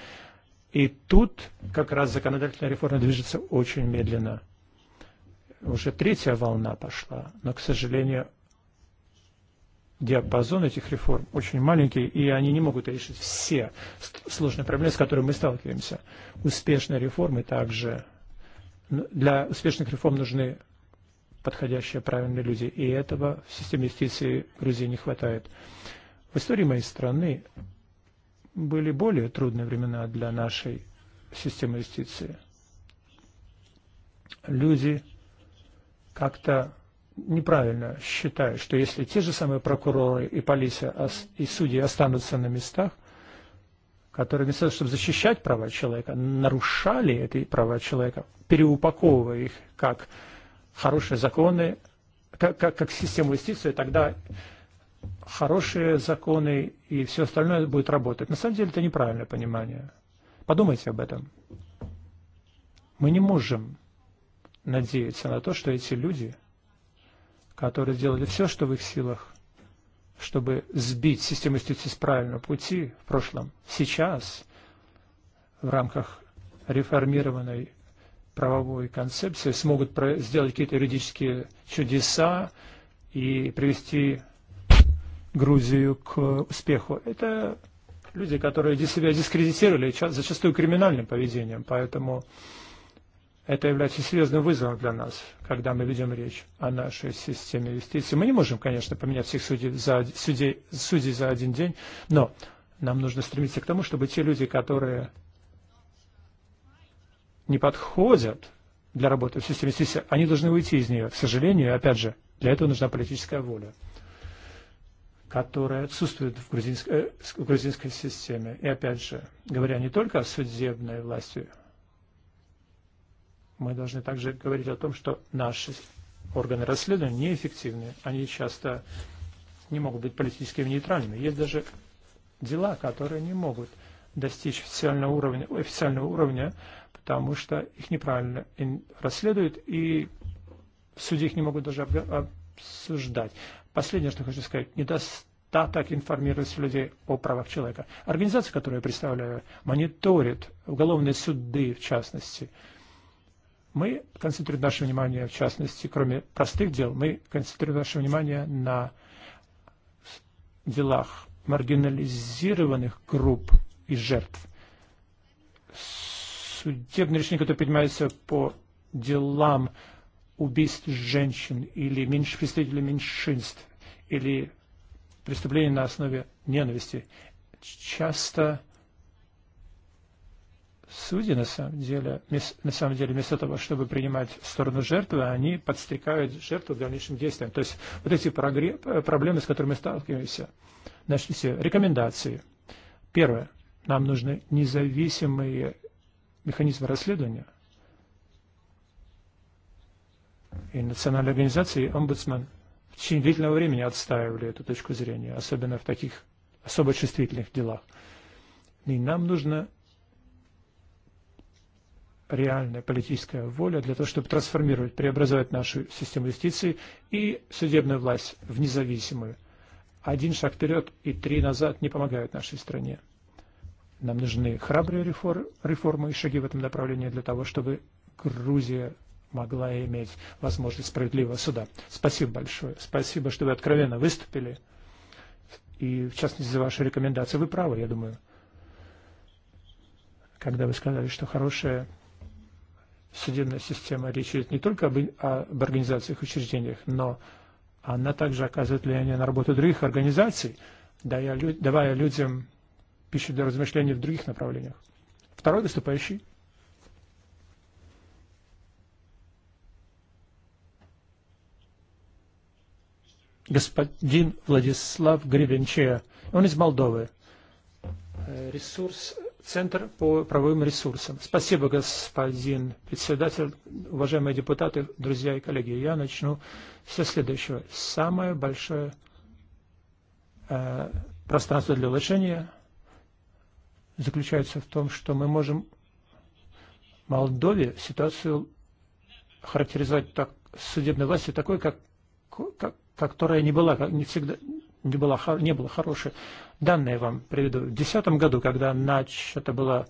И тут как раз законодательная реформа движется очень медленно. Уже третья волна пошла, но, к сожалению, диапазон этих реформ очень маленький, и они не могут решить все сложные проблемы, с которыми мы сталкиваемся. Успешные реформы также... Для успешных реформ нужны подходящие правильные люди, и этого в системе юстиции Грузии не хватает. В истории моей страны были более трудные времена для нашей системы юстиции. Люди как-то неправильно считаю, что если те же самые прокуроры и полиция и судьи останутся на местах, которые вместо того, чтобы защищать права человека, нарушали эти права человека, переупаковывая их как хорошие законы, как, как, как систему юстиции, тогда хорошие законы и все остальное будет работать. На самом деле это неправильное понимание. Подумайте об этом. Мы не можем надеяться на то, что эти люди – которые сделали все, что в их силах, чтобы сбить систему юстиции с правильного пути в прошлом, сейчас в рамках реформированной правовой концепции смогут сделать какие-то юридические чудеса и привести Грузию к успеху. Это люди, которые себя дискредитировали зачастую криминальным поведением, поэтому это является серьезным вызовом для нас, когда мы ведем речь о нашей системе юстиции. Мы не можем, конечно, поменять всех судей за, судей, судей за один день, но нам нужно стремиться к тому, чтобы те люди, которые не подходят для работы в системе юстиции, они должны уйти из нее. К сожалению, опять же, для этого нужна политическая воля которая отсутствует в грузинской, э, в грузинской системе. И опять же, говоря не только о судебной власти, Мы должны также говорить о том, что наши органы расследования неэффективны. Они часто не могут быть политически нейтральными. Есть даже дела, которые не могут достичь официального уровня, официального уровня потому что их неправильно расследуют, и судьи их не могут даже обсуждать. Последнее, что хочу сказать, недостаток информированности людей о правах человека. Организация, которую я представляю, мониторит уголовные суды, в частности, Мы концентрируем наше внимание, в частности, кроме простых дел, мы концентрируем наше внимание на делах маргинализированных групп и жертв. Судебные решения, которые принимаются по делам убийств женщин или меньш, представителей меньшинств, или преступлений на основе ненависти, часто Судьи, на самом деле, на самом деле, вместо того, чтобы принимать сторону жертвы, они подстрекают жертву к дальнейшим действиям. То есть вот эти проблемы, с которыми сталкиваемся, нашли все рекомендации. Первое. Нам нужны независимые механизмы расследования. И национальные организации, и омбудсмен в течение длительного времени отстаивали эту точку зрения, особенно в таких особо чувствительных делах. И нам нужно реальная политическая воля для того, чтобы трансформировать, преобразовать нашу систему юстиции и судебную власть в независимую. Один шаг вперед и три назад не помогают нашей стране. Нам нужны храбрые реформы и шаги в этом направлении для того, чтобы Грузия могла иметь возможность справедливого суда. Спасибо большое. Спасибо, что вы откровенно выступили. И, в частности, за ваши рекомендации. Вы правы, я думаю. Когда вы сказали, что хорошая судебная система. Речь идет не только об, об организациях и учреждениях, но она также оказывает влияние на работу других организаций, дая, давая людям пищу для размышлений в других направлениях. Второй выступающий. Господин Владислав Гребенче. Он из Молдовы. Э, ресурс Центр по правовым ресурсам. Спасибо, господин председатель, уважаемые депутаты, друзья и коллеги. Я начну со следующего. Самое большое э, пространство для улучшения заключается в том, что мы можем Молдове ситуацию характеризовать так, судебной властью такой, как, как, которая не была, как, не всегда не была, не была хорошей. Данные вам приведу. В 2010 году, когда начата была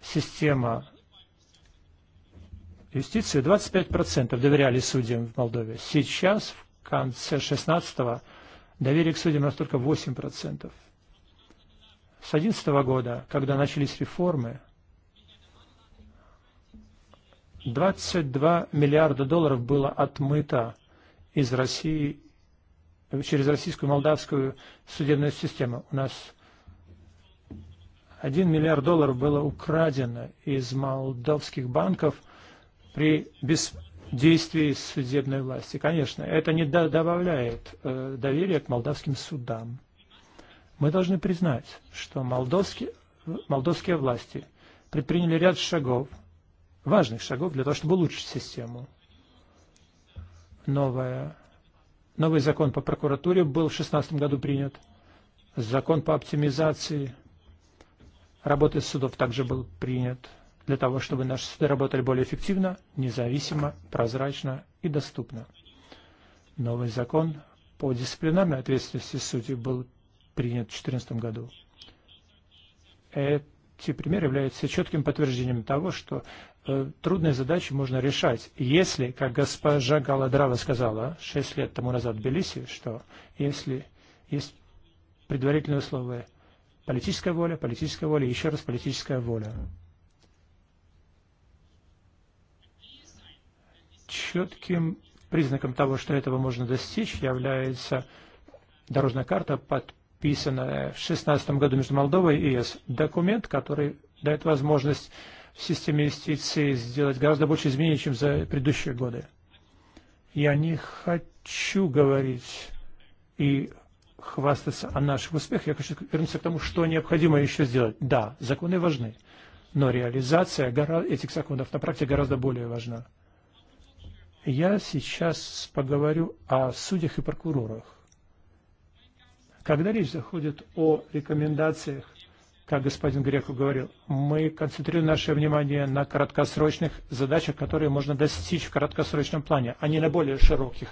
система юстиции, 25% доверяли судьям в Молдове. Сейчас, в конце 16-го, доверие к судьям настолько 8%. С 2011 -го года, когда начались реформы, 22 миллиарда долларов было отмыто из России через российскую молдавскую судебную систему. У нас 1 миллиард долларов было украдено из молдавских банков при бездействии судебной власти. Конечно, это не добавляет э, доверия к молдавским судам. Мы должны признать, что молдовские, молдовские власти предприняли ряд шагов, важных шагов для того, чтобы улучшить систему. Новая Новый закон по прокуратуре был в 2016 году принят. Закон по оптимизации работы судов также был принят для того, чтобы наши суды работали более эффективно, независимо, прозрачно и доступно. Новый закон по дисциплинарной ответственности судей был принят в 2014 году. Эти примеры являются четким подтверждением того, что Э, трудные задачи можно решать. Если, как госпожа Галадрава сказала 6 лет тому назад в Тбилиси, что если есть предварительные условия политическая воля, политическая воля, еще раз политическая воля. Четким признаком того, что этого можно достичь, является дорожная карта, подписанная в 2016 году между Молдовой и ЕС. Документ, который дает возможность в системе инвестиций сделать гораздо больше изменений, чем за предыдущие годы. Я не хочу говорить и хвастаться о наших успехах. Я хочу вернуться к тому, что необходимо еще сделать. Да, законы важны, но реализация этих законов на практике гораздо более важна. Я сейчас поговорю о судьях и прокурорах. Когда речь заходит о рекомендациях как господин Греху говорил, мы концентрируем наше внимание на краткосрочных задачах, которые можно достичь в краткосрочном плане, а не на более широких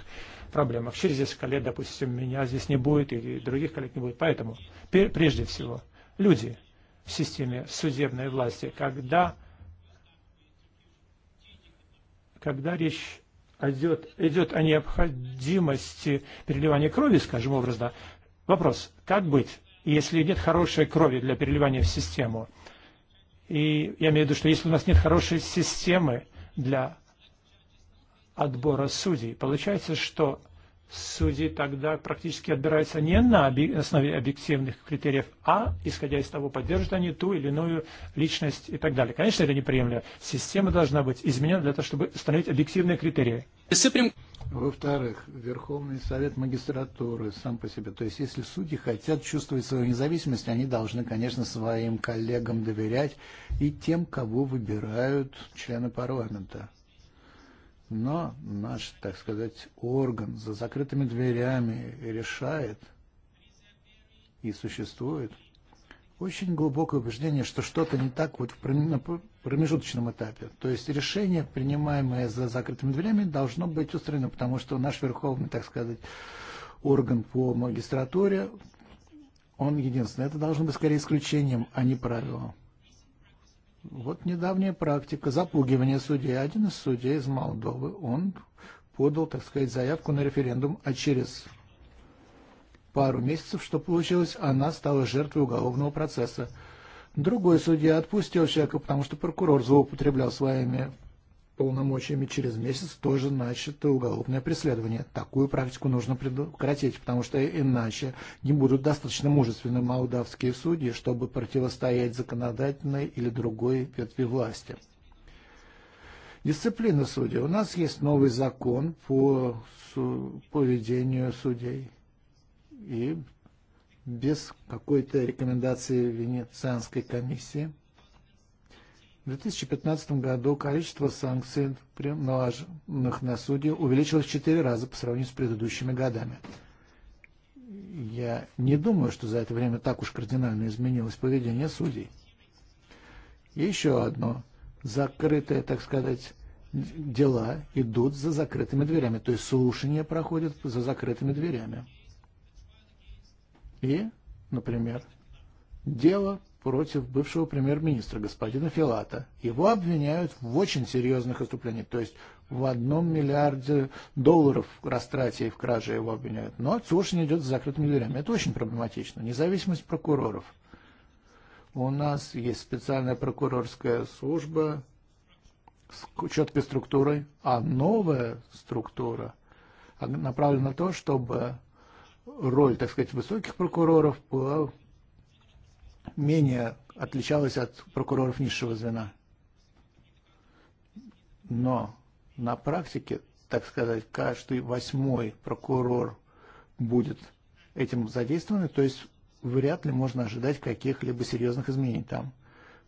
проблемах. Через несколько лет, допустим, меня здесь не будет и других коллег не будет. Поэтому, прежде всего, люди в системе судебной власти, когда, когда речь идет, идет о необходимости переливания крови, скажем образно, вопрос, как быть? если нет хорошей крови для переливания в систему. И я имею в виду, что если у нас нет хорошей системы для отбора судей, получается, что судей тогда практически отбираются не на основе объективных критериев, а исходя из того, поддержат они ту или иную личность и так далее. Конечно, это неприемлемо. Система должна быть изменена для того, чтобы установить объективные критерии. Во-вторых, Верховный Совет Магистратуры сам по себе. То есть, если судьи хотят чувствовать свою независимость, они должны, конечно, своим коллегам доверять и тем, кого выбирают члены парламента. Но наш, так сказать, орган за закрытыми дверями решает и существует очень глубокое убеждение, что что-то не так вот в промежуточном этапе. То есть решение, принимаемое за закрытыми дверями, должно быть устранено, потому что наш верховный, так сказать, орган по магистратуре, он единственный. Это должно быть скорее исключением, а не правилом. Вот недавняя практика запугивания судей. Один из судей из Молдовы, он подал, так сказать, заявку на референдум, а через пару месяцев, что получилось, она стала жертвой уголовного процесса. Другой судья отпустил человека, потому что прокурор злоупотреблял своими полномочиями через месяц тоже начато уголовное преследование. Такую практику нужно прекратить, потому что иначе не будут достаточно мужественны молдавские судьи, чтобы противостоять законодательной или другой ветви власти. Дисциплина судей. У нас есть новый закон по поведению судей. И без какой-то рекомендации Венецианской комиссии – В 2015 году количество санкций, наложенных на судьи, увеличилось в 4 раза по сравнению с предыдущими годами. Я не думаю, что за это время так уж кардинально изменилось поведение судей. Еще одно. Закрытые, так сказать, дела идут за закрытыми дверями. То есть слушания проходят за закрытыми дверями. И, например, дело против бывшего премьер-министра господина Филата. Его обвиняют в очень серьезных отступлениях, то есть в одном миллиарде долларов растрате и в краже его обвиняют. Но слушание идет с закрытыми дверями. Это очень проблематично. Независимость прокуроров. У нас есть специальная прокурорская служба с четкой структурой, а новая структура направлена на то, чтобы роль, так сказать, высоких прокуроров была менее отличалась от прокуроров низшего звена. Но на практике, так сказать, каждый восьмой прокурор будет этим задействован, то есть вряд ли можно ожидать каких-либо серьезных изменений там.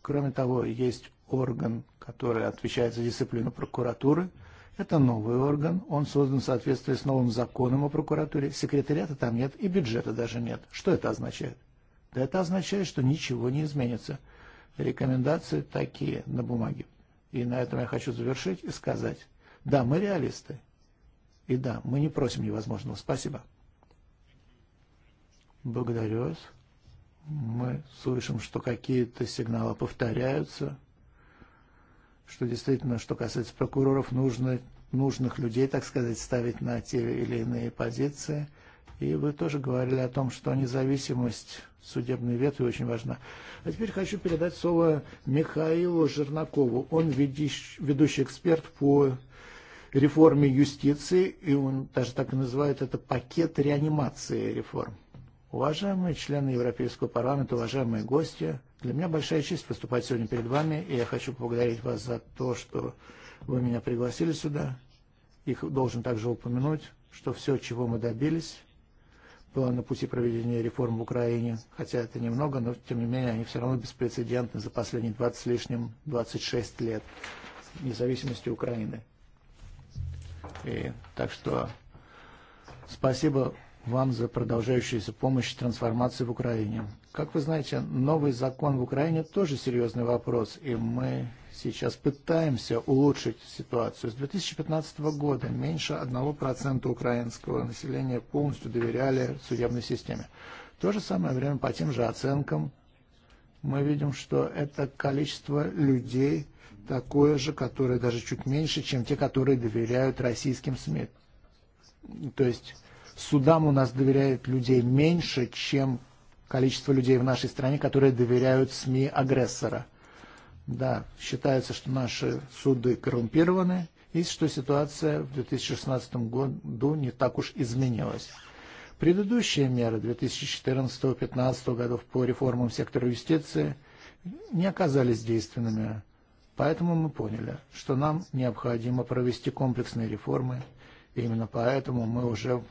Кроме того, есть орган, который отвечает за дисциплину прокуратуры. Это новый орган, он создан в соответствии с новым законом о прокуратуре. Секретариата там нет и бюджета даже нет. Что это означает? Это означает, что ничего не изменится. Рекомендации такие на бумаге. И на этом я хочу завершить и сказать, да, мы реалисты. И да, мы не просим невозможного. Спасибо. Благодарю вас. Мы слышим, что какие-то сигналы повторяются, что действительно, что касается прокуроров, нужно нужных людей, так сказать, ставить на те или иные позиции. И вы тоже говорили о том, что независимость судебный ветви, очень важно. А теперь хочу передать слово Михаилу Жернакову. Он ведущий, ведущий эксперт по реформе юстиции, и он даже так и называет это пакет реанимации реформ. Уважаемые члены Европейского парламента, уважаемые гости, для меня большая честь выступать сегодня перед вами, и я хочу поблагодарить вас за то, что вы меня пригласили сюда. Их должен также упомянуть, что все, чего мы добились, была на пути проведения реформ в Украине, хотя это немного, но тем не менее они все равно беспрецедентны за последние 20 с лишним, 26 лет независимости Украины. И, так что спасибо вам за продолжающуюся помощь трансформации в Украине. Как вы знаете, новый закон в Украине тоже серьезный вопрос, и мы сейчас пытаемся улучшить ситуацию. С 2015 года меньше 1% украинского населения полностью доверяли судебной системе. В то же самое время по тем же оценкам мы видим, что это количество людей такое же, которое даже чуть меньше, чем те, которые доверяют российским СМИ. То есть судам у нас доверяют людей меньше, чем количество людей в нашей стране, которые доверяют СМИ агрессора. Да, считается, что наши суды коррумпированы и что ситуация в 2016 году не так уж изменилась. Предыдущие меры 2014-2015 годов по реформам сектора юстиции не оказались действенными, поэтому мы поняли, что нам необходимо провести комплексные реформы, и именно поэтому мы уже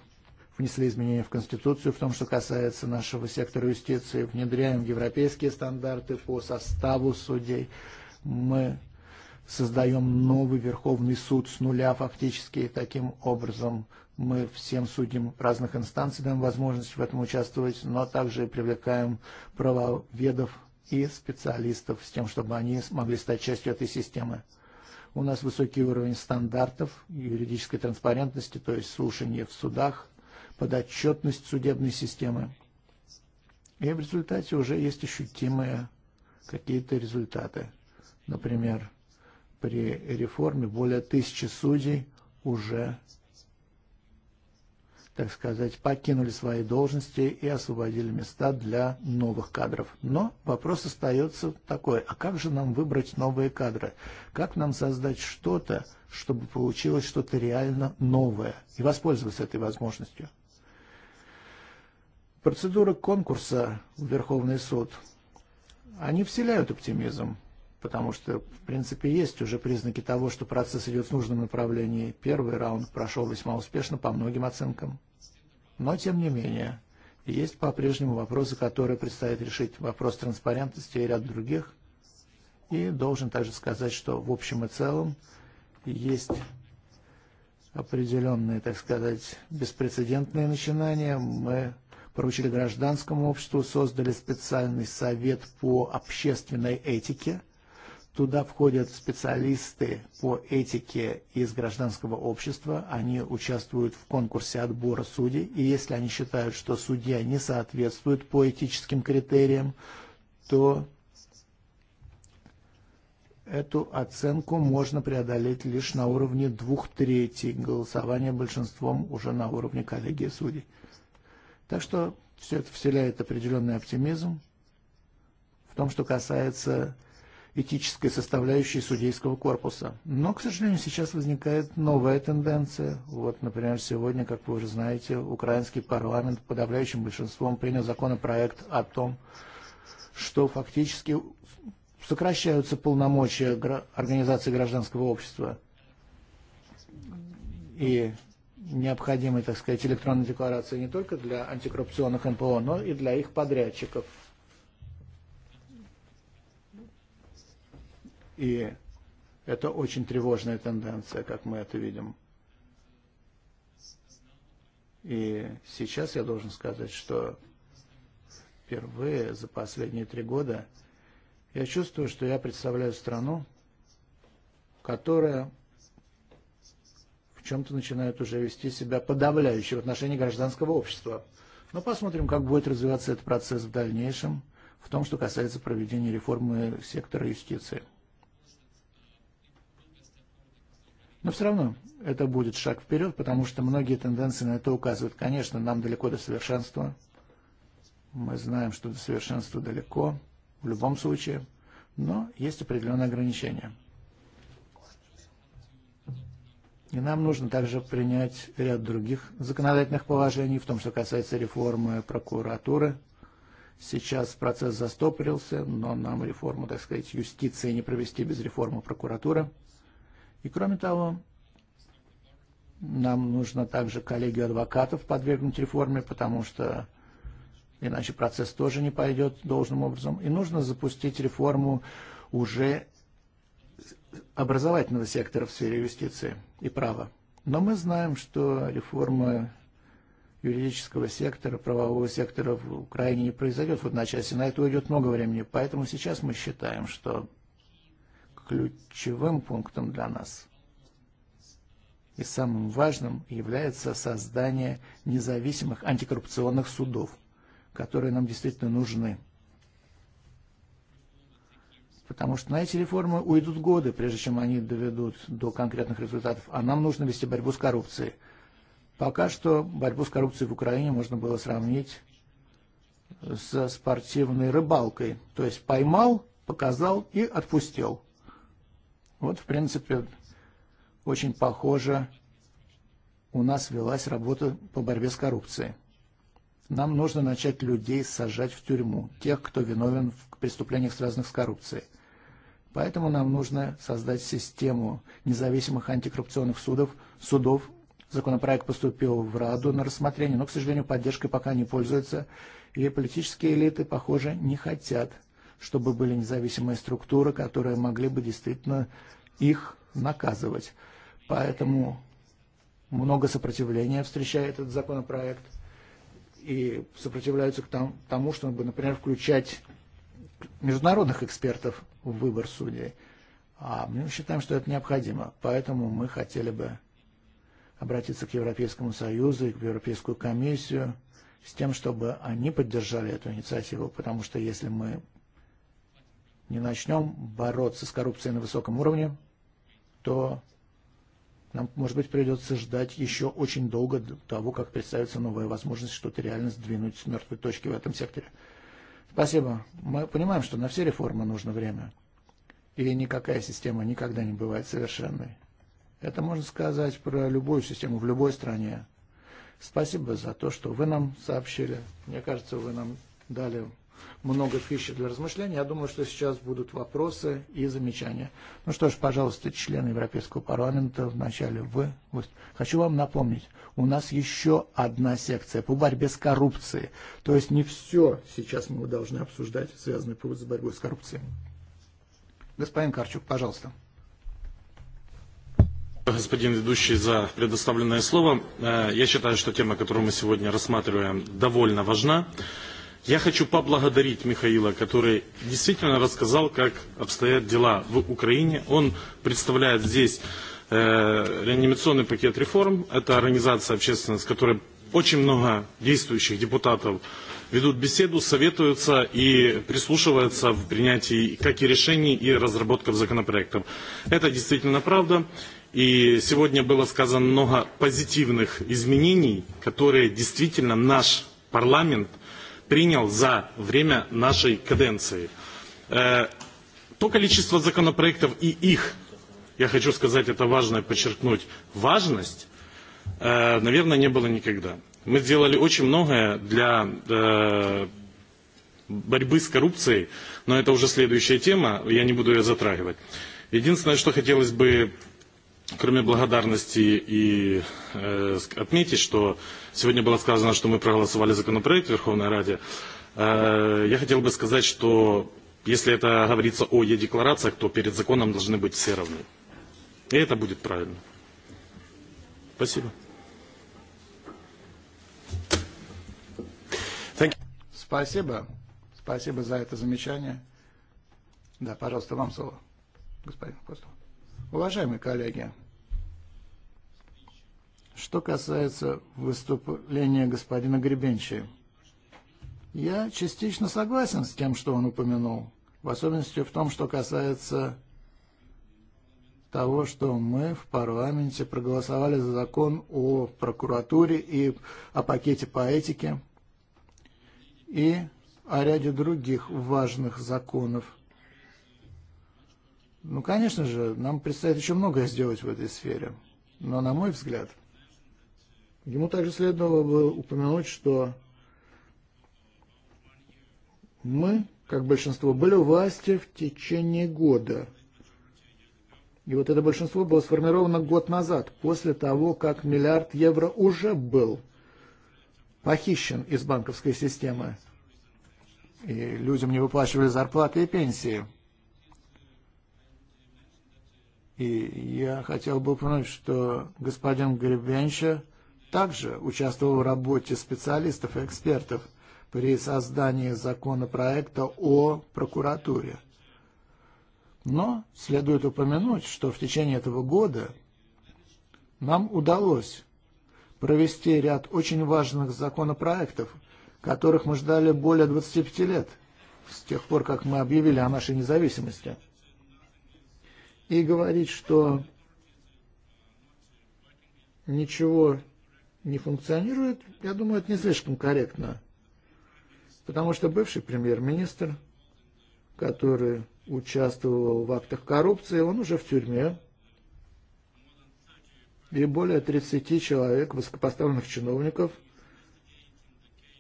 внесли изменения в Конституцию в том, что касается нашего сектора юстиции, внедряем европейские стандарты по составу судей. Мы создаем новый Верховный суд с нуля фактически, и таким образом мы всем судьям разных инстанций даем возможность в этом участвовать, но также привлекаем правоведов и специалистов с тем, чтобы они смогли стать частью этой системы. У нас высокий уровень стандартов юридической транспарентности, то есть слушания в судах, подотчетность судебной системы. И в результате уже есть ощутимые какие-то результаты. Например, при реформе более тысячи судей уже, так сказать, покинули свои должности и освободили места для новых кадров. Но вопрос остается такой, а как же нам выбрать новые кадры? Как нам создать что-то, чтобы получилось что-то реально новое и воспользоваться этой возможностью? процедуры конкурса в Верховный суд, они вселяют оптимизм, потому что, в принципе, есть уже признаки того, что процесс идет в нужном направлении. Первый раунд прошел весьма успешно по многим оценкам. Но, тем не менее, есть по-прежнему вопросы, которые предстоит решить. Вопрос транспарентности и ряд других. И должен также сказать, что в общем и целом есть определенные, так сказать, беспрецедентные начинания. Мы поручили гражданскому обществу, создали специальный совет по общественной этике. Туда входят специалисты по этике из гражданского общества. Они участвуют в конкурсе отбора судей. И если они считают, что судья не соответствует по этическим критериям, то Эту оценку можно преодолеть лишь на уровне двух третей голосования большинством уже на уровне коллегии судей. Так что все это вселяет определенный оптимизм в том, что касается этической составляющей судейского корпуса. Но, к сожалению, сейчас возникает новая тенденция. Вот, например, сегодня, как вы уже знаете, украинский парламент подавляющим большинством принял законопроект о том, что фактически сокращаются полномочия организации гражданского общества. И необходимой, так сказать, электронной декларации не только для антикоррупционных НПО, но и для их подрядчиков. И это очень тревожная тенденция, как мы это видим. И сейчас я должен сказать, что впервые за последние три года я чувствую, что я представляю страну, которая в чем-то начинают уже вести себя подавляюще в отношении гражданского общества. Но посмотрим, как будет развиваться этот процесс в дальнейшем, в том, что касается проведения реформы сектора юстиции. Но все равно это будет шаг вперед, потому что многие тенденции на это указывают. Конечно, нам далеко до совершенства. Мы знаем, что до совершенства далеко, в любом случае, но есть определенные ограничения – И нам нужно также принять ряд других законодательных положений, в том, что касается реформы прокуратуры. Сейчас процесс застопорился, но нам реформу, так сказать, юстиции не провести без реформы прокуратуры. И кроме того, нам нужно также коллегию адвокатов подвергнуть реформе, потому что иначе процесс тоже не пойдет должным образом. И нужно запустить реформу уже образовательного сектора в сфере юстиции и права. Но мы знаем, что реформа юридического сектора, правового сектора в Украине не произойдет в одночасье. На это уйдет много времени. Поэтому сейчас мы считаем, что ключевым пунктом для нас и самым важным является создание независимых антикоррупционных судов, которые нам действительно нужны – Потому что на эти реформы уйдут годы, прежде чем они доведут до конкретных результатов. А нам нужно вести борьбу с коррупцией. Пока что борьбу с коррупцией в Украине можно было сравнить со спортивной рыбалкой. То есть поймал, показал и отпустил. Вот, в принципе, очень похоже у нас велась работа по борьбе с коррупцией. Нам нужно начать людей сажать в тюрьму, тех, кто виновен в преступлениях, связанных с коррупцией. Поэтому нам нужно создать систему независимых антикоррупционных судов, судов. Законопроект поступил в Раду на рассмотрение, но, к сожалению, поддержкой пока не пользуется. И политические элиты, похоже, не хотят, чтобы были независимые структуры, которые могли бы действительно их наказывать. Поэтому много сопротивления встречает этот законопроект и сопротивляются к тому, чтобы, например, включать международных экспертов в выбор судей. А мы считаем, что это необходимо. Поэтому мы хотели бы обратиться к Европейскому Союзу и к Европейскую комиссию с тем, чтобы они поддержали эту инициативу. Потому что если мы не начнем бороться с коррупцией на высоком уровне, то нам, может быть, придется ждать еще очень долго до того, как представится новая возможность что-то реально сдвинуть с мертвой точки в этом секторе. Спасибо. Мы понимаем, что на все реформы нужно время. И никакая система никогда не бывает совершенной. Это можно сказать про любую систему в любой стране. Спасибо за то, что вы нам сообщили. Мне кажется, вы нам дали много фишек для размышления. Я думаю, что сейчас будут вопросы и замечания. Ну что ж, пожалуйста, члены Европейского парламента вначале вы. Хочу вам напомнить, у нас еще одна секция по борьбе с коррупцией. То есть не все сейчас мы должны обсуждать, связанное с борьбой с коррупцией. Господин Карчук, пожалуйста. Господин ведущий, за предоставленное слово. Э, я считаю, что тема, которую мы сегодня рассматриваем, довольно важна. Я хочу поблагодарить Михаила, который действительно рассказал, как обстоят дела в Украине. Он представляет здесь э, реанимационный пакет реформ. Это организация общественная, с которой очень много действующих депутатов ведут беседу, советуются и прислушиваются в принятии как и решений, и разработках законопроектов. Это действительно правда. И сегодня было сказано много позитивных изменений, которые действительно наш парламент – принял за время нашей каденции. Э, то количество законопроектов и их, я хочу сказать, это важно подчеркнуть, важность, э, наверное, не было никогда. Мы сделали очень многое для э, борьбы с коррупцией, но это уже следующая тема, я не буду ее затрагивать. Единственное, что хотелось бы, кроме благодарности, и отметить, что Сегодня было сказано, что мы проголосовали законопроект в Верховной Раде. Э, я хотел бы сказать, что если это говорится о Е-декларациях, то перед законом должны быть все равны. И это будет правильно. Спасибо. Спасибо. Спасибо за это замечание. Да, пожалуйста, вам слово, господин Постов. Уважаемые коллеги, Что касается выступления господина Гребенчи, я частично согласен с тем, что он упомянул, в особенности в том, что касается того, что мы в парламенте проголосовали за закон о прокуратуре и о пакете по этике и о ряде других важных законов. Ну, конечно же, нам предстоит еще многое сделать в этой сфере, но, на мой взгляд – Ему также следовало бы упомянуть, что мы, как большинство, были у власти в течение года. И вот это большинство было сформировано год назад, после того, как миллиард евро уже был похищен из банковской системы. И людям не выплачивали зарплаты и пенсии. И я хотел бы упомянуть, что господин Гребенча также участвовал в работе специалистов и экспертов при создании законопроекта о прокуратуре. Но следует упомянуть, что в течение этого года нам удалось провести ряд очень важных законопроектов, которых мы ждали более 25 лет, с тех пор, как мы объявили о нашей независимости. И говорить, что ничего не функционирует, я думаю, это не слишком корректно. Потому что бывший премьер-министр, который участвовал в актах коррупции, он уже в тюрьме. И более 30 человек, высокопоставленных чиновников,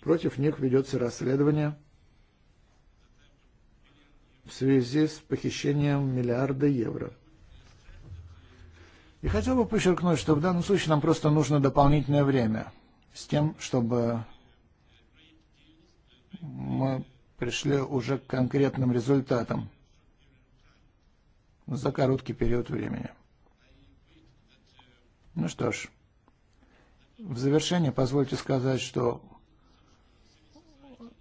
против них ведется расследование в связи с похищением миллиарда евро. И хотел бы подчеркнуть, что в данном случае нам просто нужно дополнительное время с тем, чтобы мы пришли уже к конкретным результатам за короткий период времени. Ну что ж, в завершение позвольте сказать, что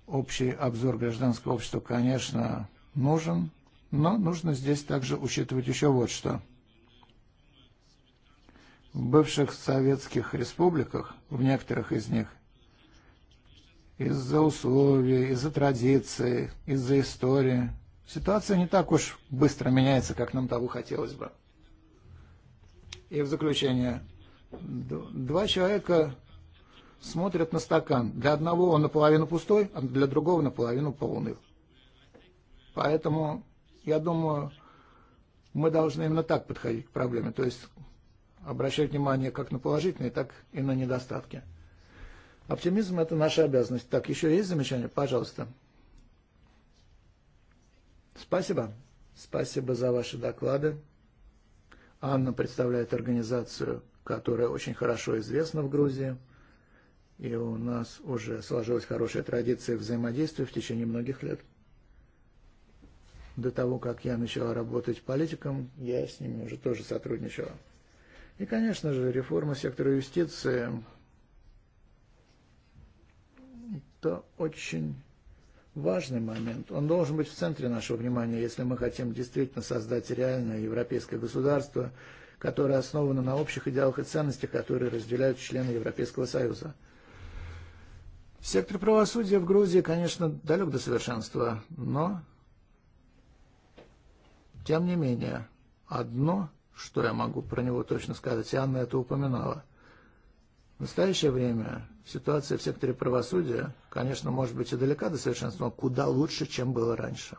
общий обзор гражданского общества, конечно, нужен, но нужно здесь также учитывать еще вот что – В бывших советских республиках, в некоторых из них, из-за условий, из-за традиции, из-за истории. Ситуация не так уж быстро меняется, как нам того хотелось бы. И в заключение. Два человека смотрят на стакан. Для одного он наполовину пустой, а для другого наполовину полный. Поэтому, я думаю, мы должны именно так подходить к проблеме. То есть обращать внимание как на положительные, так и на недостатки. Оптимизм – это наша обязанность. Так, еще есть замечания? Пожалуйста. Спасибо. Спасибо за ваши доклады. Анна представляет организацию, которая очень хорошо известна в Грузии. И у нас уже сложилась хорошая традиция взаимодействия в течение многих лет. До того, как я начала работать политиком, я с ними уже тоже сотрудничала. И, конечно же, реформа сектора юстиции – это очень важный момент. Он должен быть в центре нашего внимания, если мы хотим действительно создать реальное европейское государство, которое основано на общих идеалах и ценностях, которые разделяют члены Европейского Союза. Сектор правосудия в Грузии, конечно, далек до совершенства, но, тем не менее, одно – что я могу про него точно сказать, и Анна это упоминала. В настоящее время ситуация в секторе правосудия, конечно, может быть и далека до совершенства, но куда лучше, чем было раньше.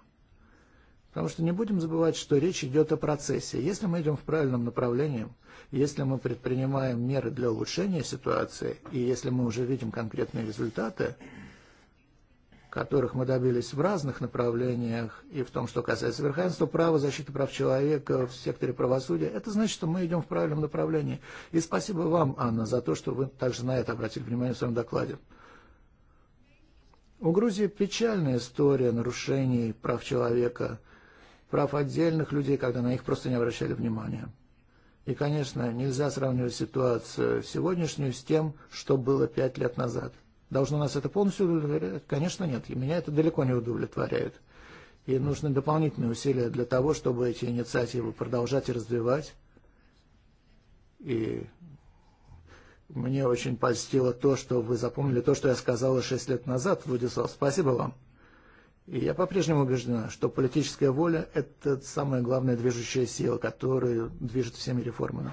Потому что не будем забывать, что речь идет о процессе. Если мы идем в правильном направлении, если мы предпринимаем меры для улучшения ситуации, и если мы уже видим конкретные результаты, которых мы добились в разных направлениях, и в том, что касается верховенства права, защиты прав человека в секторе правосудия, это значит, что мы идем в правильном направлении. И спасибо вам, Анна, за то, что вы также на это обратили внимание в своем докладе. У Грузии печальная история нарушений прав человека, прав отдельных людей, когда на них просто не обращали внимания. И, конечно, нельзя сравнивать ситуацию сегодняшнюю с тем, что было пять лет назад – Должно нас это полностью удовлетворять? Конечно, нет. И меня это далеко не удовлетворяет. И нужны дополнительные усилия для того, чтобы эти инициативы продолжать и развивать. И мне очень польстило то, что вы запомнили то, что я сказала 6 лет назад, Владислав. Спасибо вам. И я по-прежнему убеждена, что политическая воля – это самая главная движущая сила, которая движет всеми реформами.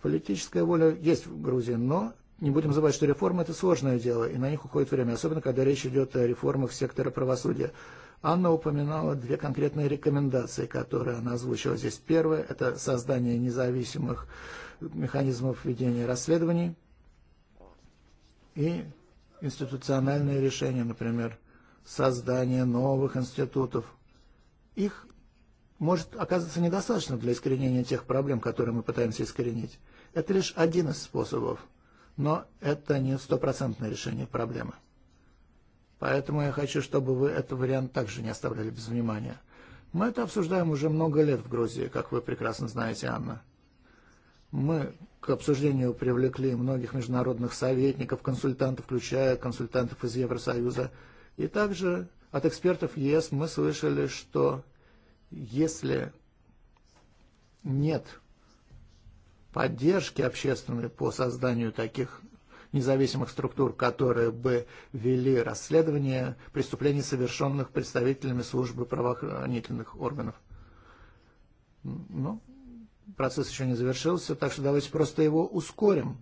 Политическая воля есть в Грузии, но не будем забывать, что реформа – это сложное дело, и на них уходит время, особенно когда речь идет о реформах сектора правосудия. Анна упоминала две конкретные рекомендации, которые она озвучила здесь. Первое – это создание независимых механизмов ведения расследований и институциональные решения, например, создание новых институтов. Их может оказаться недостаточно для искоренения тех проблем, которые мы пытаемся искоренить. Это лишь один из способов – но это не стопроцентное решение проблемы. Поэтому я хочу, чтобы вы этот вариант также не оставляли без внимания. Мы это обсуждаем уже много лет в Грузии, как вы прекрасно знаете, Анна. Мы к обсуждению привлекли многих международных советников, консультантов, включая консультантов из Евросоюза. И также от экспертов ЕС мы слышали, что если нет поддержки общественной по созданию таких независимых структур, которые бы вели расследование преступлений, совершенных представителями службы правоохранительных органов. Ну, процесс еще не завершился, так что давайте просто его ускорим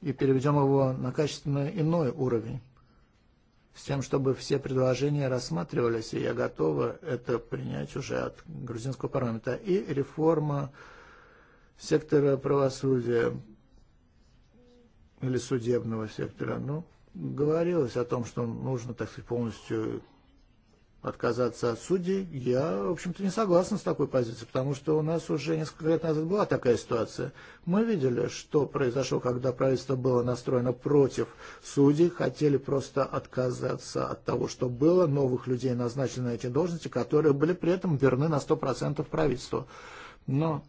и переведем его на качественно иной уровень, с тем, чтобы все предложения рассматривались, и я готова это принять уже от грузинского парламента. И реформа сектора правосудия или судебного сектора. Ну, говорилось о том, что нужно, так сказать, полностью отказаться от судей, я, в общем-то, не согласен с такой позицией, потому что у нас уже несколько лет назад была такая ситуация. Мы видели, что произошло, когда правительство было настроено против судей, хотели просто отказаться от того, что было, новых людей назначены на эти должности, которые были при этом верны на 100% правительству. Но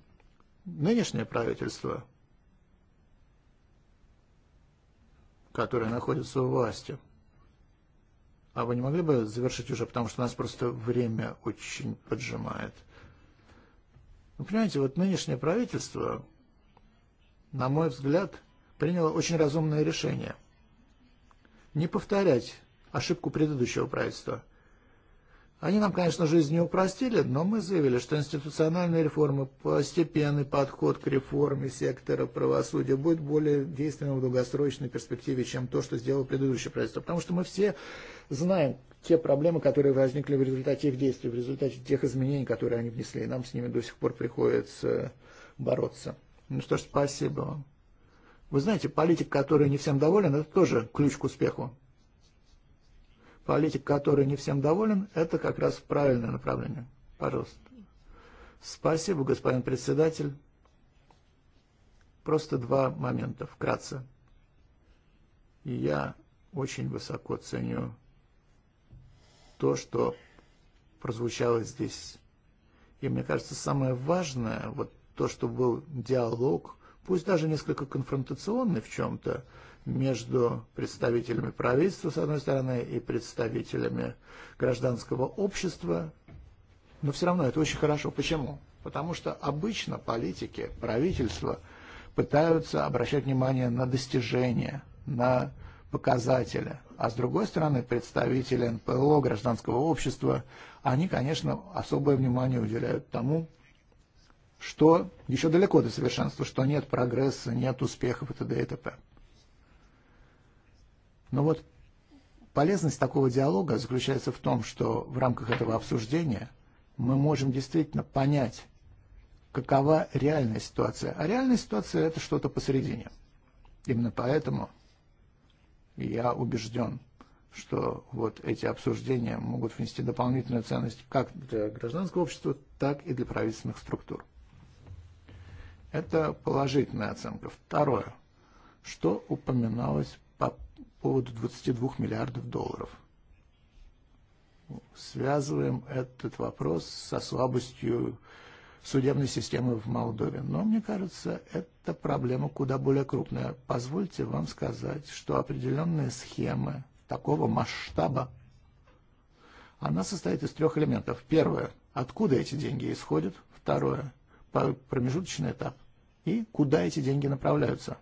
нынешнее правительство, которое находится у власти. А вы не могли бы завершить уже, потому что нас просто время очень поджимает. Вы понимаете, вот нынешнее правительство, на мой взгляд, приняло очень разумное решение. Не повторять ошибку предыдущего правительства. Они нам, конечно, жизнь не упростили, но мы заявили, что институциональные реформы, постепенный подход к реформе сектора правосудия будет более действенным в долгосрочной перспективе, чем то, что сделал предыдущее правительство. Потому что мы все знаем те проблемы, которые возникли в результате их действий, в результате тех изменений, которые они внесли, и нам с ними до сих пор приходится бороться. Ну что ж, спасибо вам. Вы знаете, политик, который не всем доволен, это тоже ключ к успеху политик, который не всем доволен, это как раз правильное направление. Пожалуйста. Спасибо, господин председатель. Просто два момента, вкратце. Я очень высоко ценю то, что прозвучало здесь. И мне кажется, самое важное, вот то, что был диалог, пусть даже несколько конфронтационный в чем-то, между представителями правительства, с одной стороны, и представителями гражданского общества. Но все равно это очень хорошо. Почему? Потому что обычно политики, правительства пытаются обращать внимание на достижения, на показатели. А с другой стороны, представители НПО, гражданского общества, они, конечно, особое внимание уделяют тому, что еще далеко до совершенства, что нет прогресса, нет успехов и т.д. и т.п. Но вот полезность такого диалога заключается в том, что в рамках этого обсуждения мы можем действительно понять, какова реальная ситуация. А реальная ситуация – это что-то посередине. Именно поэтому я убежден, что вот эти обсуждения могут внести дополнительную ценность как для гражданского общества, так и для правительственных структур. Это положительная оценка. Второе, что упоминалось поводу 22 миллиардов долларов. Связываем этот вопрос со слабостью судебной системы в Молдове. Но, мне кажется, эта проблема куда более крупная. Позвольте вам сказать, что определенная схема такого масштаба, она состоит из трех элементов. Первое, откуда эти деньги исходят. Второе, промежуточный этап. И куда эти деньги направляются.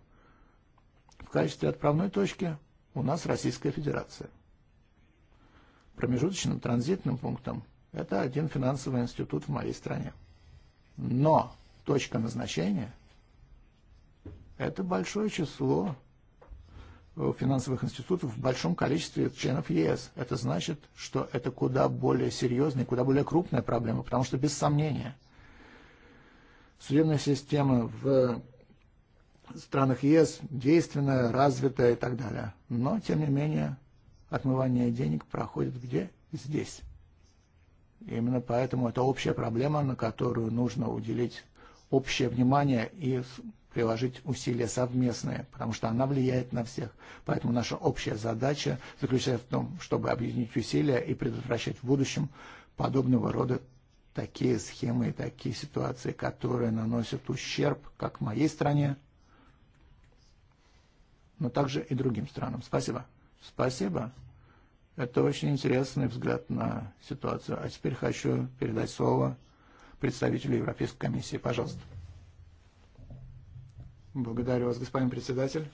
В качестве отправной точки у нас Российская Федерация. Промежуточным транзитным пунктом это один финансовый институт в моей стране. Но точка назначения – это большое число э, финансовых институтов в большом количестве членов ЕС. Это значит, что это куда более серьезная, куда более крупная проблема, потому что без сомнения судебная система в странах ЕС действенно, развитое, и так далее. Но, тем не менее, отмывание денег проходит где? Здесь. Именно поэтому это общая проблема, на которую нужно уделить общее внимание и приложить усилия совместные, потому что она влияет на всех. Поэтому наша общая задача заключается в том, чтобы объединить усилия и предотвращать в будущем подобного рода такие схемы и такие ситуации, которые наносят ущерб как моей стране, но также и другим странам. Спасибо. Спасибо. Это очень интересный взгляд на ситуацию. А теперь хочу передать слово представителю Европейской комиссии. Пожалуйста. Благодарю вас, господин председатель.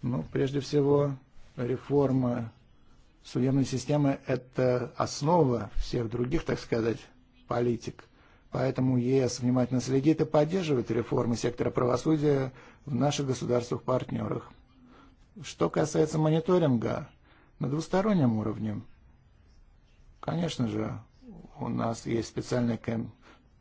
Ну, прежде всего, реформа судебной системы – это основа всех других, так сказать, политик. Поэтому ЕС внимательно следит и поддерживает реформы сектора правосудия в наших государствах-партнерах. Что касается мониторинга на двустороннем уровне, конечно же, у нас есть специальные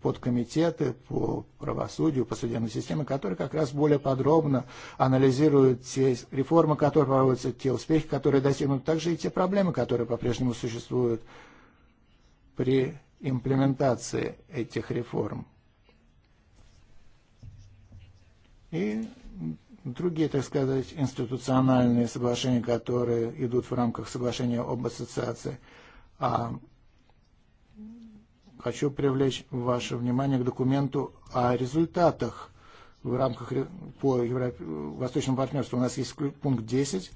подкомитеты по правосудию, по судебной системе, которые как раз более подробно анализируют те реформы, которые проводятся, те успехи, которые достигнут, также и те проблемы, которые по-прежнему существуют при имплементации этих реформ. И другие, так сказать, институциональные соглашения, которые идут в рамках соглашения об ассоциации. А хочу привлечь ваше внимание к документу о результатах в рамках по Европе, Восточному партнерству. У нас есть пункт 10,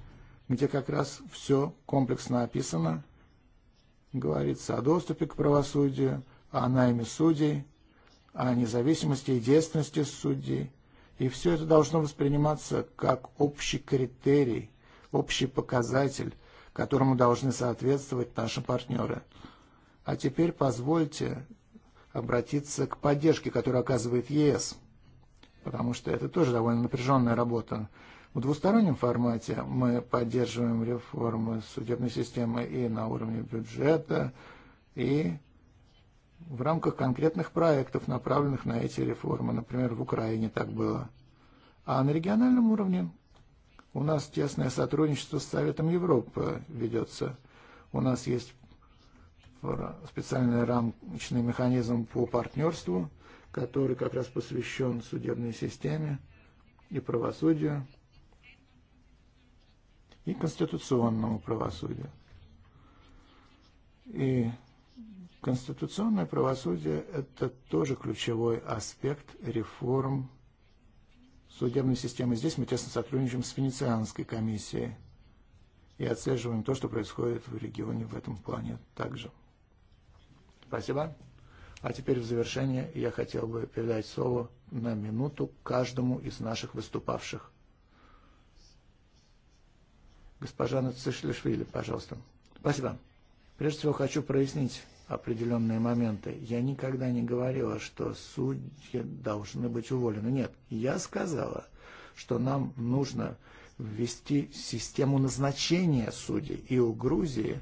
где как раз все комплексно описано говорится о доступе к правосудию, о найме судей, о независимости и действенности судей. И все это должно восприниматься как общий критерий, общий показатель, которому должны соответствовать наши партнеры. А теперь позвольте обратиться к поддержке, которую оказывает ЕС, потому что это тоже довольно напряженная работа. В двустороннем формате мы поддерживаем реформы судебной системы и на уровне бюджета, и в рамках конкретных проектов, направленных на эти реформы. Например, в Украине так было. А на региональном уровне у нас тесное сотрудничество с Советом Европы ведется. У нас есть специальный рамочный механизм по партнерству, который как раз посвящен судебной системе и правосудию и конституционному правосудию. И конституционное правосудие – это тоже ключевой аспект реформ судебной системы. Здесь мы тесно сотрудничаем с Венецианской комиссией и отслеживаем то, что происходит в регионе в этом плане также. Спасибо. А теперь в завершение я хотел бы передать слово на минуту каждому из наших выступавших. Госпожа Нацишлишвили, пожалуйста. Спасибо. Прежде всего хочу прояснить определенные моменты. Я никогда не говорила, что судьи должны быть уволены. Нет, я сказала, что нам нужно ввести систему назначения судей. И у Грузии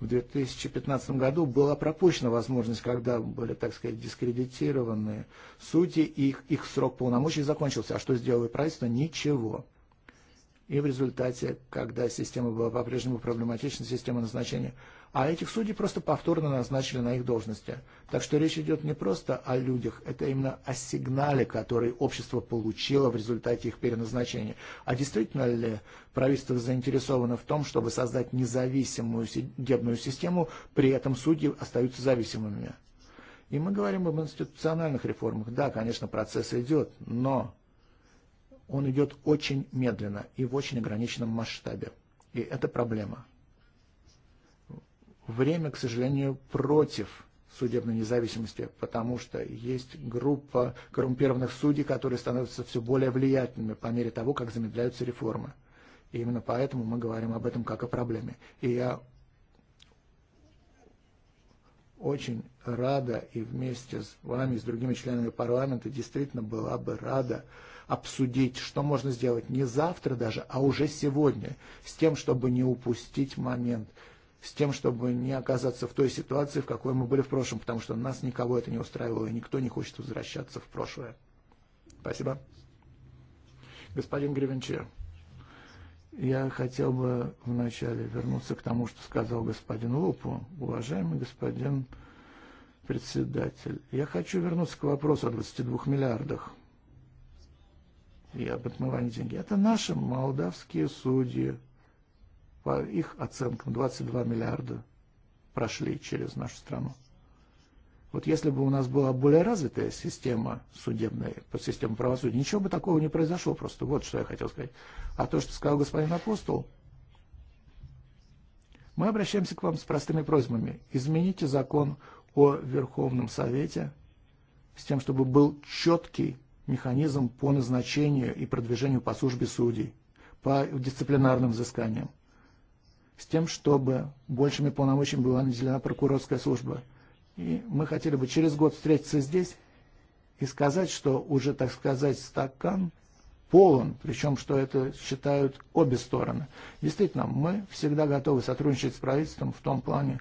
в 2015 году была пропущена возможность, когда были, так сказать, дискредитированы судьи, и их, их срок полномочий закончился. А что сделало правительство? Ничего. И в результате, когда система была по-прежнему проблематична, система назначения, а этих судей просто повторно назначили на их должности. Так что речь идет не просто о людях, это именно о сигнале, который общество получило в результате их переназначения. А действительно ли правительство заинтересовано в том, чтобы создать независимую судебную систему, при этом судьи остаются зависимыми? И мы говорим об институциональных реформах. Да, конечно, процесс идет, но он идет очень медленно и в очень ограниченном масштабе. И это проблема. Время, к сожалению, против судебной независимости, потому что есть группа коррумпированных судей, которые становятся все более влиятельными по мере того, как замедляются реформы. И именно поэтому мы говорим об этом как о проблеме. И я очень рада и вместе с вами, с другими членами парламента, действительно была бы рада, обсудить, что можно сделать не завтра даже, а уже сегодня, с тем, чтобы не упустить момент, с тем, чтобы не оказаться в той ситуации, в какой мы были в прошлом, потому что нас никого это не устраивало, и никто не хочет возвращаться в прошлое. Спасибо. Господин Гривенчер, я хотел бы вначале вернуться к тому, что сказал господин Лупу. Уважаемый господин председатель, я хочу вернуться к вопросу о 22 миллиардах и об отмывании деньги. Это наши молдавские судьи, по их оценкам 22 миллиарда прошли через нашу страну. Вот если бы у нас была более развитая система судебная, систему правосудия, ничего бы такого не произошло просто. Вот что я хотел сказать. А то, что сказал господин Апостол, мы обращаемся к вам с простыми просьбами. Измените закон о Верховном Совете с тем, чтобы был четкий механизм по назначению и продвижению по службе судей, по дисциплинарным взысканиям, с тем, чтобы большими полномочиями была наделена прокурорская служба. И мы хотели бы через год встретиться здесь и сказать, что уже, так сказать, стакан полон, причем, что это считают обе стороны. Действительно, мы всегда готовы сотрудничать с правительством в том плане,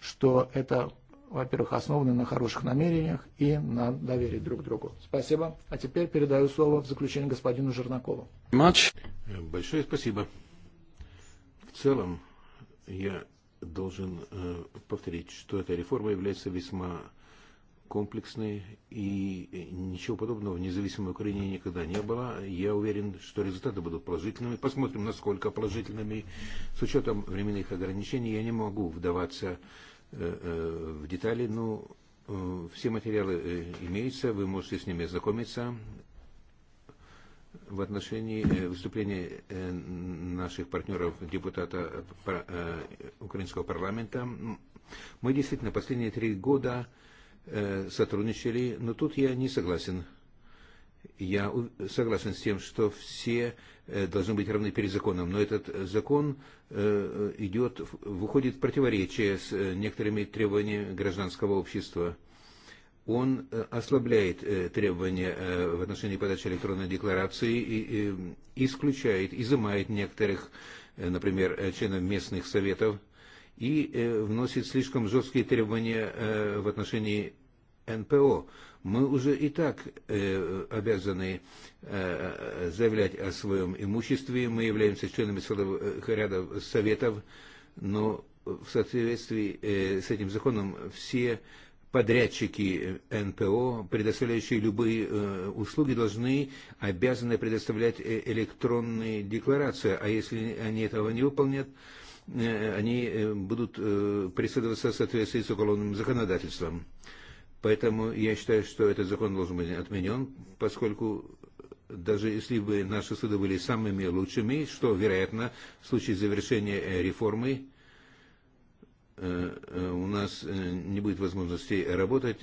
что это во-первых, основаны на хороших намерениях и на доверии друг к другу. Спасибо. А теперь передаю слово в заключение господину Жернакову. Матч. Большое спасибо. В целом, я должен э, повторить, что эта реформа является весьма комплексной, и ничего подобного в независимой Украине никогда не было. Я уверен, что результаты будут положительными. Посмотрим, насколько положительными. С учетом временных ограничений я не могу вдаваться Э, э, в детали, но э, все материалы имеются, вы можете с ними ознакомиться. В отношении выступления наших партнеров, депутата Украинского парламента, мы действительно последние три года сотрудничали, но тут я не согласен. Я согласен с тем, что все Э, должны быть равны перед законом. Но этот э, закон э, идет, выходит в противоречие с некоторыми требованиями гражданского общества. Он ослабляет требования в отношении подачи электронной декларации и исключает, изымает некоторых, например, членов местных советов и вносит слишком жесткие требования в отношении НПО. Мы уже и так э, обязаны э, заявлять о своем имуществе, мы являемся членами своего э, ряда советов, но в соответствии э, с этим законом все подрядчики НПО, предоставляющие любые э, услуги, должны, обязаны предоставлять э, электронные декларации, а если они этого не выполнят, э, они э, будут э, преследоваться в соответствии с уголовным законодательством. Поэтому я считаю, что этот закон должен быть отменен, поскольку даже если бы наши суды были самыми лучшими, что, вероятно, в случае завершения э, реформы э, э, у нас не будет возможности работать,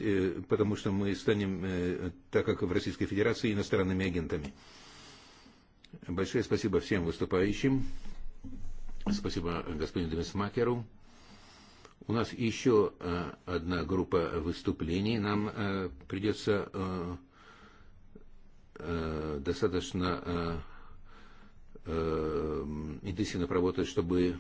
потому что мы станем, так как в Российской Федерации, иностранными агентами. Большое спасибо всем выступающим. Спасибо господину Демисмакеру. У нас еще э, одна группа выступлений. Нам э, придется э, достаточно интенсивно работать, чтобы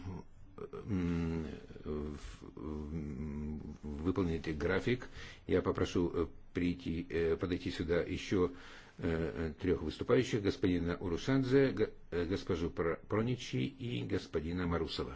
выполнить график. Я попрошу прийти, подойти сюда еще трех выступающих, господина Урусанзе, госпожу Проничи и господина Марусова.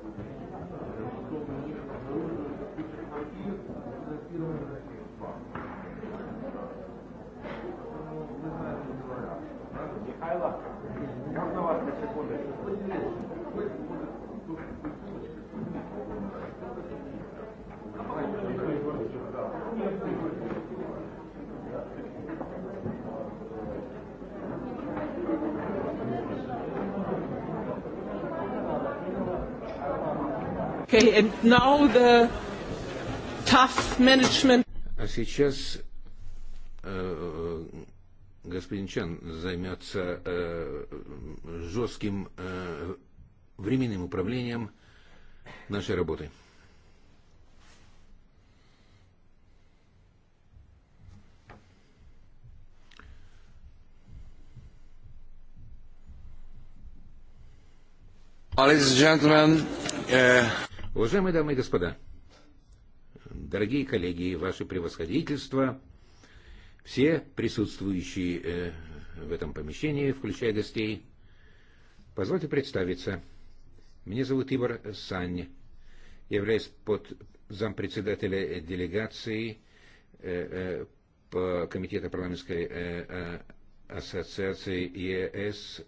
Okay, and now the tough management. А сейчас э, э, господин Чан займется э, жестким временным управлением нашей работы. Ladies and gentlemen, uh... Уважаемые дамы и господа, дорогие коллеги, ваше превосходительство, все присутствующие э, в этом помещении, включая гостей, позвольте представиться. Меня зовут Ивар Сань. Я являюсь под зампредседателя делегации э, э, по Комитета парламентской ассоциации ЕС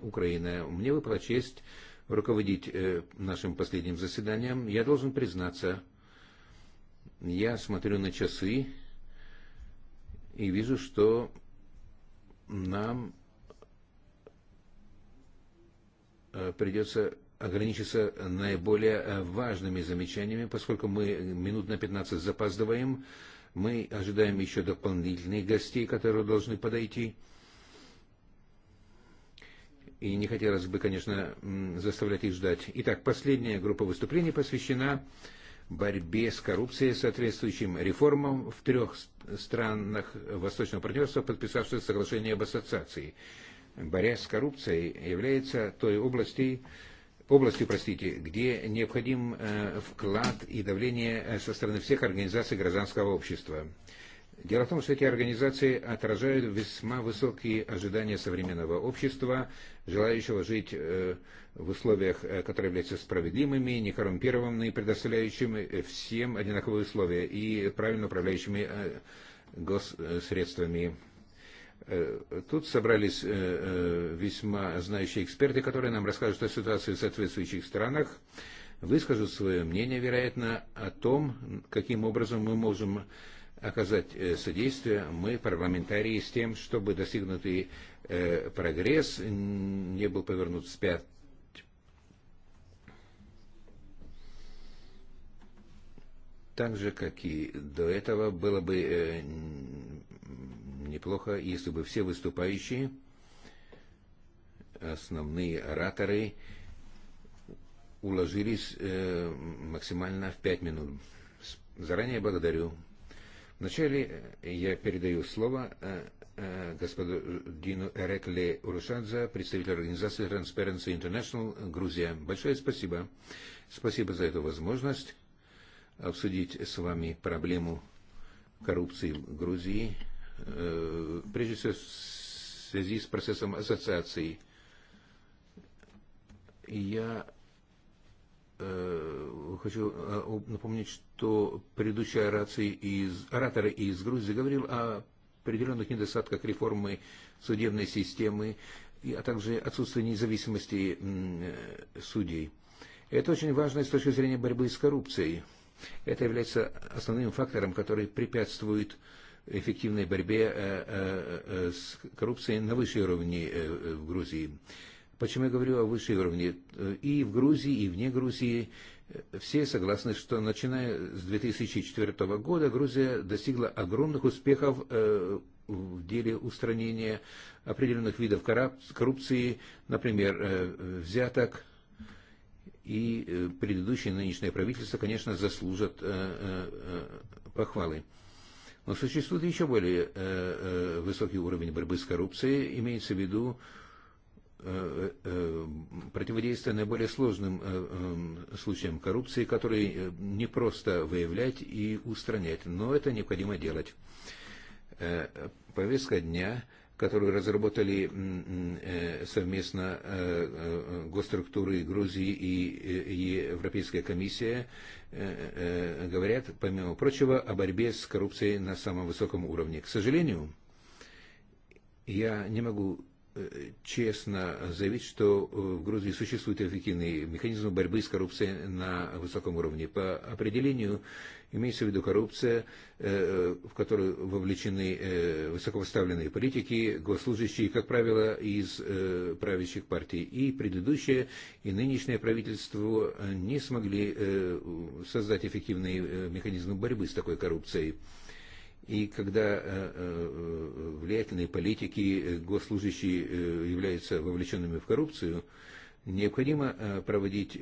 Украина. Мне выпала честь руководить э, нашим последним заседанием, я должен признаться, я смотрю на часы и вижу, что нам э, придется ограничиться наиболее э, важными замечаниями, поскольку мы минут на 15 запаздываем, мы ожидаем еще дополнительных гостей, которые должны подойти и не хотелось бы, конечно, заставлять их ждать. Итак, последняя группа выступлений посвящена борьбе с коррупцией, соответствующим реформам в трех странах Восточного партнерства, подписавших соглашение об ассоциации. Борьба с коррупцией является той областью, областью, простите, где необходим э, вклад и давление э, со стороны всех организаций гражданского общества. Дело в том, что эти организации отражают весьма высокие ожидания современного общества, желающего жить э, в условиях, э, которые являются справедливыми, некоррумпированными, предоставляющими э, всем одинаковые условия и правильно управляющими госсредствами. Тут собрались весьма знающие эксперты, которые нам расскажут о ситуации в соответствующих странах, выскажут свое мнение, вероятно, о том, каким образом мы можем оказать э, содействие мы, парламентарии, с тем, чтобы достигнутый э, прогресс не был повернут вспять. Так же, как и до этого, было бы э, неплохо, если бы все выступающие, основные ораторы, уложились максимально в пять минут. Заранее благодарю. Вначале э, я передаю слово э, э, господу Дину Эрекли Урушадзе, представителю организации Transparency International Грузия. Большое спасибо. Спасибо за эту возможность обсудить с вами проблему коррупции в Грузии, прежде всего в связи с процессом ассоциации. Я Э, хочу э, напомнить, что предыдущий оратор из, оратор из Грузии говорил о определенных недостатках реформы судебной системы, а также отсутствии независимости э, судей. Это очень важно с точки зрения борьбы с коррупцией. Это является основным фактором, который препятствует эффективной борьбе с коррупцией на высшей уровне в Грузии. Почему я говорю о высшей уровне? И в Грузии, и вне Грузии все согласны, что начиная с 2004 года Грузия достигла огромных успехов э, в деле устранения определенных видов коррупции, например, э, взяток. И э, предыдущее нынешнее правительство, конечно, заслужат похвалы. Но существует еще более высокий уровень борьбы с коррупцией, имеется в виду Э, э, э, противодействие наиболее сложным случаям коррупции, которые не просто выявлять и устранять, но это необходимо делать. Повестка дня, которую разработали совместно госструктуры Грузии и Европейская комиссия, говорят, помимо прочего, о борьбе с коррупцией на самом высоком уровне. К сожалению, я не могу честно заявить, что в Грузии существует эффективный механизм борьбы с коррупцией на высоком уровне. По определению имеется в виду коррупция, э, в которую вовлечены э, высокопоставленные политики, госслужащие, как правило, из э, правящих партий. И предыдущее, и нынешнее правительство не смогли создать эффективные механизмы борьбы с такой коррупцией. И когда э, э, э, влиятельные политики, госслужащие являются вовлеченными в коррупцию, необходимо проводить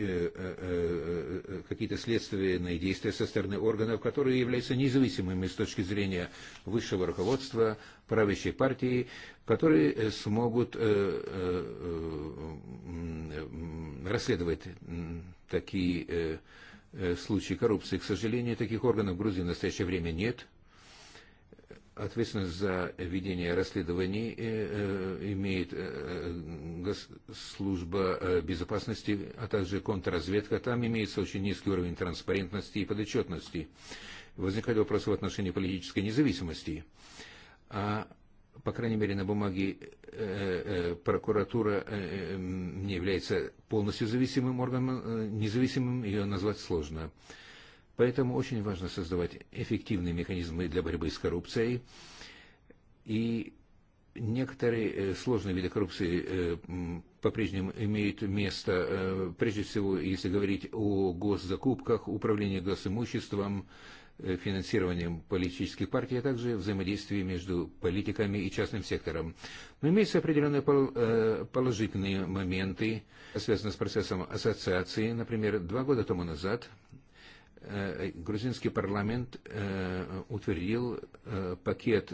какие-то следственные действия со стороны органов, которые являются независимыми с точки зрения высшего руководства, правящей партии, которые смогут расследовать такие случаи коррупции. К сожалению, таких органов в Грузии в настоящее время нет – ответственность за ведение расследований э, э, имеет э, служба безопасности, а также контрразведка. Там имеется очень низкий уровень транспарентности и подотчетности. Возникают вопросы в отношении политической независимости. А по крайней мере, на бумаге прокуратура не является полностью зависимым органом, независимым ее назвать сложно. Поэтому очень важно создавать эффективные механизмы для борьбы с коррупцией. И некоторые э, сложные виды коррупции э, по-прежнему имеют место, э, прежде всего, если говорить о госзакупках, управлении госимуществом, финансированием политических партий, а также взаимодействии между политиками и частным сектором. Но имеются определенные положительные моменты, связанные с процессом ассоциации. Например, два года тому назад Э, грузинский парламент э, утвердил э, пакет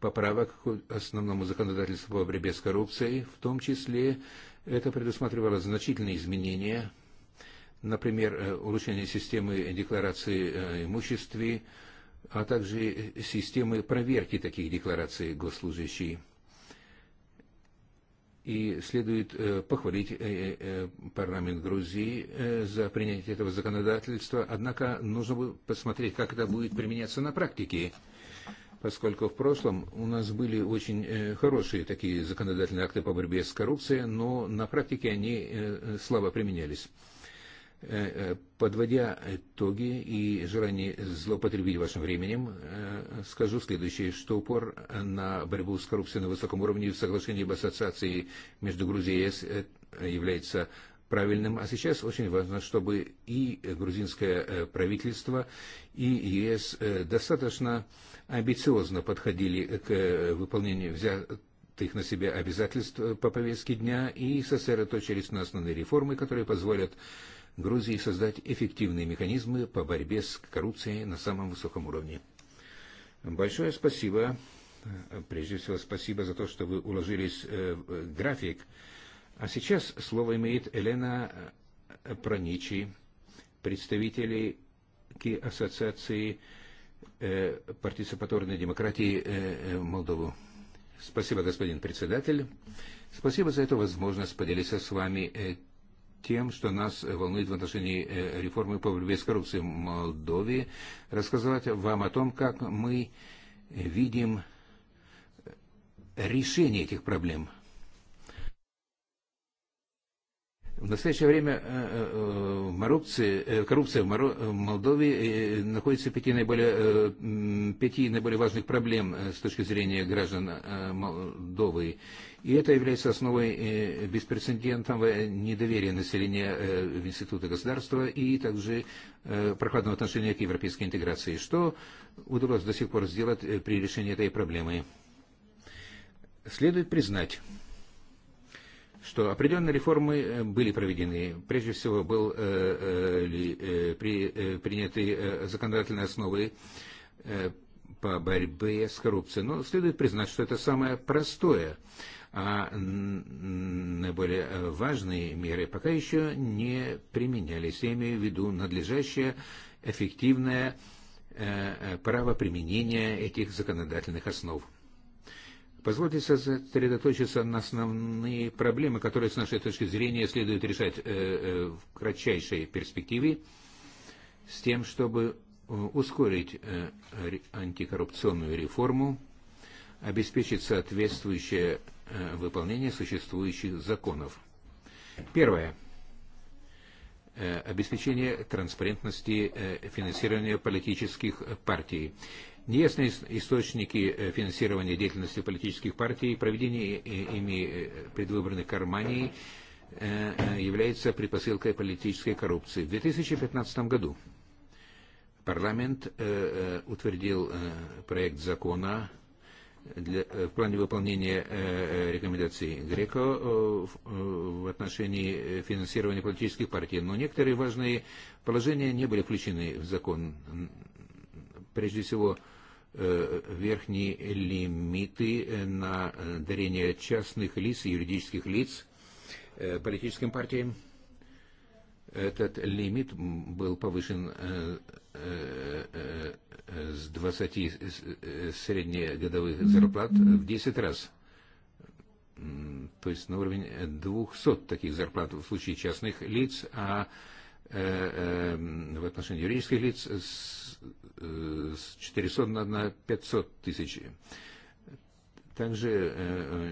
поправок к основному законодательству по борьбе с коррупцией, в том числе это предусматривало значительные изменения, например, улучшение системы декларации имущества, а также системы проверки таких деклараций госслужащих. И следует э, похвалить э, э, парламент Грузии за принятие этого законодательства, однако нужно посмотреть, как это будет применяться на практике, поскольку в прошлом у нас были очень хорошие такие законодательные акты по борьбе с коррупцией, но на практике они слабо применялись. Э, э, подводя итоги и желание злоупотребить вашим временем, э, скажу следующее, что упор на борьбу с коррупцией на высоком уровне в соглашении об ассоциации между Грузией и ЕС является правильным. А сейчас очень важно, чтобы и грузинское правительство, и ЕС достаточно амбициозно подходили к выполнению взятых их на себя обязательств по повестке дня и сосредоточились на основные реформы, которые позволят Грузии создать эффективные механизмы по борьбе с коррупцией на самом высоком уровне. Большое спасибо. Прежде всего, спасибо за то, что вы уложились э, в график. А сейчас слово имеет Елена э, Проничи, представители Ассоциации э, партиципаторной демократии Молдову. Спасибо, господин председатель. Спасибо за эту возможность поделиться с вами тем, что нас э, волнует в отношении э, реформы по борьбе с коррупцией в Молдове, рассказать вам о том, как мы э, видим решение этих проблем – В настоящее время э, э, э, коррупция, в Молдове находится пяти наиболее, пяти наиболее важных проблем с точки зрения граждан Молдовы. И это является основой беспрецедентного недоверия населения в институты государства и также прохладного отношения к европейской интеграции. Что удалось до сих пор сделать при решении этой проблемы? Следует признать что определенные реформы э, были проведены. Прежде всего, был э, э, при, приняты законодательные основы по борьбе с коррупцией. Но следует признать, что это самое простое, а наиболее важные меры пока еще не применялись. Я имею в виду надлежащее, эффективное право применения этих законодательных основ. Позвольте сосредоточиться на основные проблемы, которые, с нашей точки зрения, следует решать э, э, в кратчайшей перспективе, с тем, чтобы э, ускорить антикоррупционную реформу, обеспечить соответствующее выполнение существующих законов. Первое. Обеспечение транспарентности финансирования политических партий. Неясные источники э, финансирования деятельности политических партий, проведение э, ими э, предвыборных карманий является предпосылкой политической коррупции. В 2015 году парламент утвердил проект закона для, в плане выполнения рекомендаций Греко в отношении финансирования политических партий, но некоторые важные положения не были включены в закон прежде всего, э, верхние лимиты на э, дарение частных лиц и юридических лиц э, политическим партиям. Этот лимит был повышен с 20 среднегодовых зарплат в 10 раз. То есть на уровень 200 таких зарплат в случае частных лиц, а в отношении юридических лиц с 400 на 500 тысяч. Также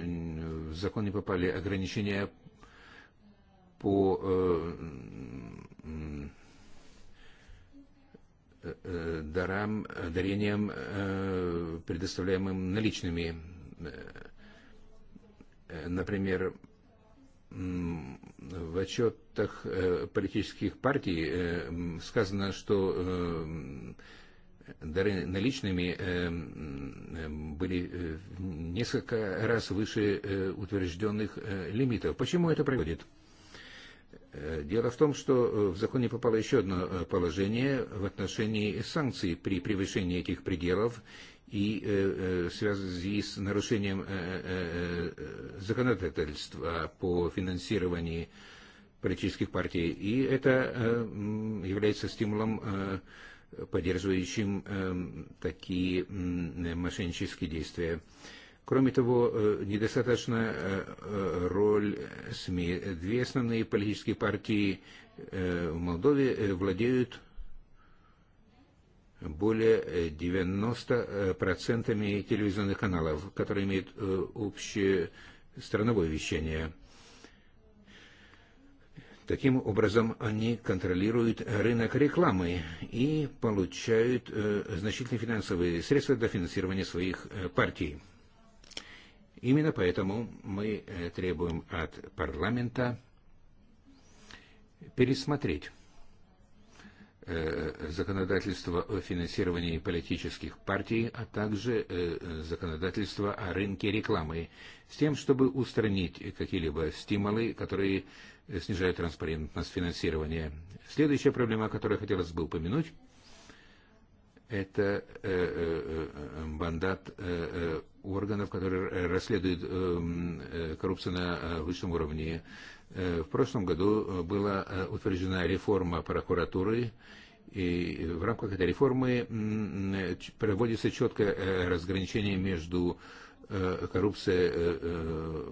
в закон не попали ограничения по дарам, дарениям, предоставляемым наличными. Например, в отчетах политических партий сказано, что дары наличными э, э, были э, несколько раз выше утвержденных лимитов. Почему это происходит? Дело в том, что в законе попало еще одно положение в отношении санкций при превышении этих пределов и в связи с нарушением законодательства по финансированию политических партий. И это является стимулом поддерживающим э, такие мошеннические действия. Кроме того, э, недостаточно э, роль СМИ. Две основные политические партии в Молдове владеют более 90% телевизионных каналов, которые имеют общее страновое вещание – Таким образом, они контролируют рынок рекламы и получают э, значительные финансовые средства для финансирования своих э, партий. Именно поэтому мы э, требуем от парламента пересмотреть законодательство о финансировании политических партий, а также законодательство о рынке рекламы, с тем, чтобы устранить какие-либо стимулы, которые Снижает транспарентность финансирования. Следующая проблема, о которой хотелось бы упомянуть, это мандат э, э, э, органов, которые расследуют коррупцию на высшем уровне. В прошлом году была утверждена реформа прокуратуры, и в рамках этой реформы проводится четкое разграничение между Э, коррупция э, э,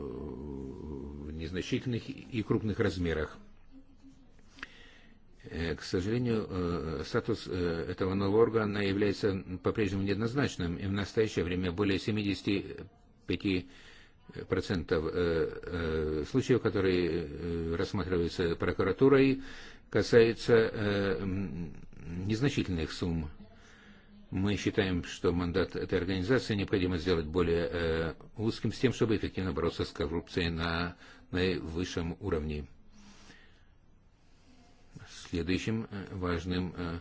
в незначительных и крупных размерах. К сожалению, статус этого нового органа является по-прежнему неоднозначным, и в настоящее время более 75% случаев, которые рассматриваются прокуратурой, касаются незначительных сумм Мы считаем, что мандат этой организации необходимо сделать более э, узким с тем, чтобы эффективно бороться с коррупцией на наивысшем уровне. Следующим э, важным э,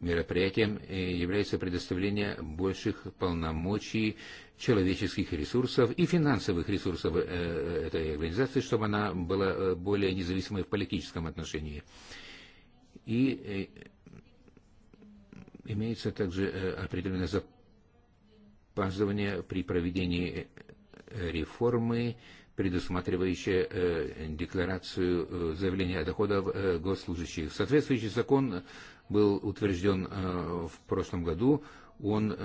мероприятием э, является предоставление больших полномочий человеческих ресурсов и финансовых ресурсов э, этой организации, чтобы она была более независимой в политическом отношении. И Имеется также э, определенное запаздывание при проведении э, реформы, предусматривающее э, декларацию заявления о доходах госслужащих. Соответствующий закон был утвержден в прошлом году. Он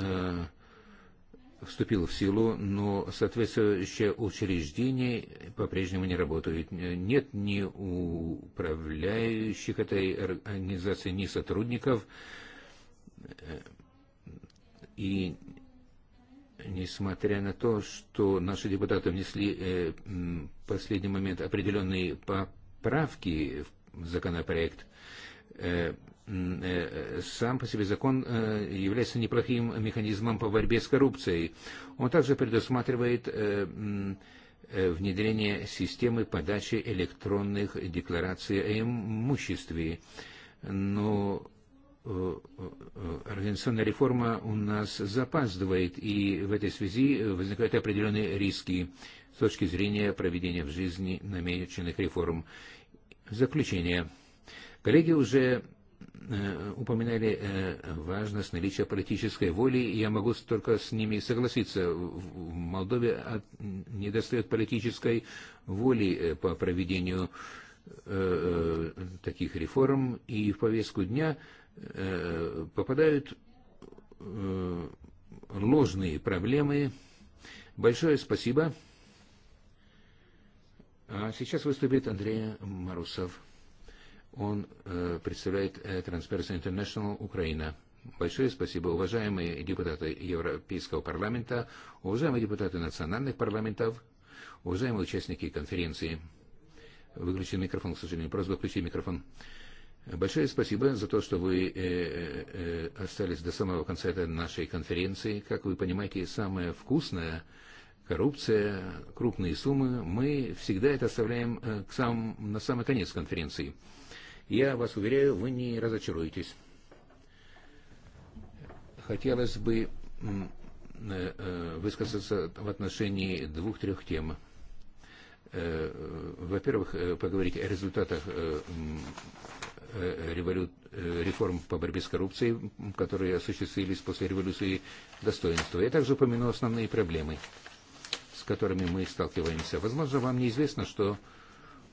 вступил в силу, но соответствующие учреждения по-прежнему не работают. Нет ни управляющих этой организации, ни сотрудников. И несмотря на то, что наши депутаты внесли э, в последний момент определенные поправки в законопроект, э, э, сам по себе закон является неплохим механизмом по борьбе с коррупцией. Он также предусматривает внедрение системы подачи электронных деклараций о имуществе. Но Э, э, э, организационная реформа у нас запаздывает, и в этой связи возникают определенные риски с точки зрения проведения в жизни намеченных реформ. заключение. Коллеги уже упоминали важность наличия политической воли, и я могу только с ними согласиться. В Молдове недостает политической воли по проведению таких реформ, и в повестку дня – Э, попадают э, ложные проблемы. Большое спасибо. А сейчас выступит Андрей Марусов. Он э, представляет э, Transparency International Украина. Большое спасибо, уважаемые депутаты Европейского парламента, уважаемые депутаты национальных парламентов, уважаемые участники конференции. Выключен микрофон, к сожалению. Просьба включить микрофон. Э, Большое спасибо за то, что вы э, э, остались до самого конца этой нашей конференции. Как вы понимаете, самое вкусное коррупция, крупные суммы, мы всегда это оставляем э, к сам, на самый конец конференции. Я вас уверяю, вы не разочаруетесь. Хотелось бы высказаться в отношении двух-трех тем. Во-первых, поговорить о результатах Э, револю... Э, реформ по борьбе с коррупцией, которые осуществились после революции достоинства. Я также упомяну основные проблемы, с которыми мы сталкиваемся. Возможно, вам неизвестно, что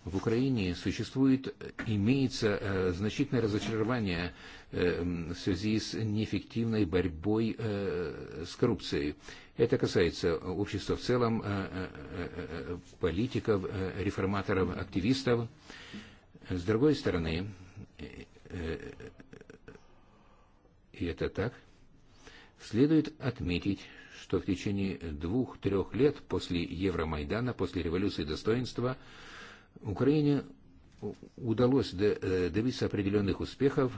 в Украине существует, имеется э, значительное разочарование э, в связи с неэффективной борьбой э, с коррупцией. Это касается общества в целом, э, э, э политиков, э, реформаторов, активистов. С другой стороны, и это так, следует отметить, что в течение двух-трех лет после Евромайдана, после революции достоинства, Украине удалось добиться определенных успехов,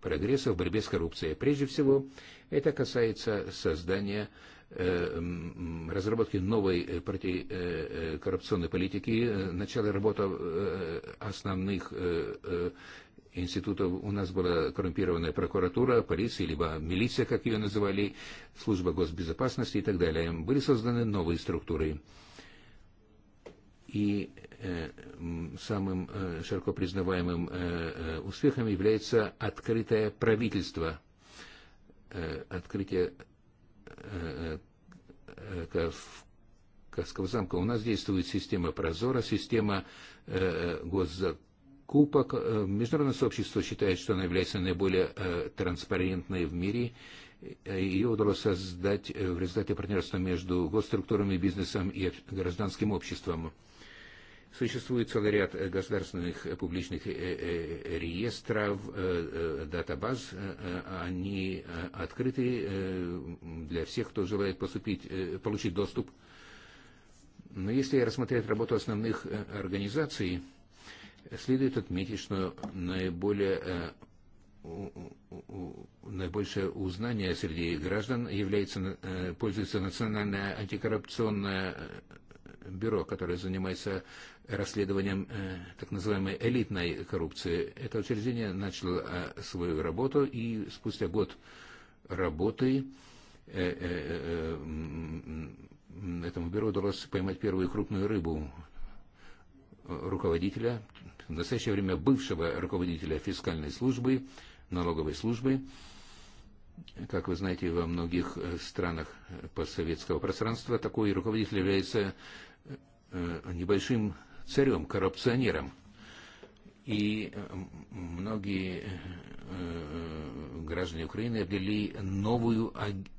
прогресса в борьбе с коррупцией. Прежде всего, это касается создания Э, разработки новой э, противокоррупционной э, политики, начало работы основных институтов. У нас была коррумпированная прокуратура, полиция, либо милиция, как ее называли, служба госбезопасности и так далее. Были созданы новые структуры. И самым широко признаваемым успехом является открытое правительство. Открытие Кавказского замка. У нас действует система Прозора, система госзакупок. Международное сообщество считает, что она является наиболее транспарентной в мире. Ее удалось создать в результате партнерства между госструктурами, бизнесом и гражданским обществом. Существует целый ряд государственных публичных реестров, датабаз. Они открыты для всех, кто желает поступить, э, получить доступ. Но если рассмотреть работу основных э, организаций, следует отметить, что наиболее э, наибольшее узнание среди граждан является, пользуется Национальное антикоррупционное бюро, которое занимается расследованием э, так называемой элитной коррупции. Это учреждение начало э, свою работу, и спустя год работы э, этому бюро удалось поймать первую крупную рыбу руководителя, в настоящее время бывшего руководителя фискальной службы, налоговой службы. Как вы знаете, во многих странах постсоветского пространства такой руководитель является небольшим царем, коррупционером. И многие граждане Украины обрели новую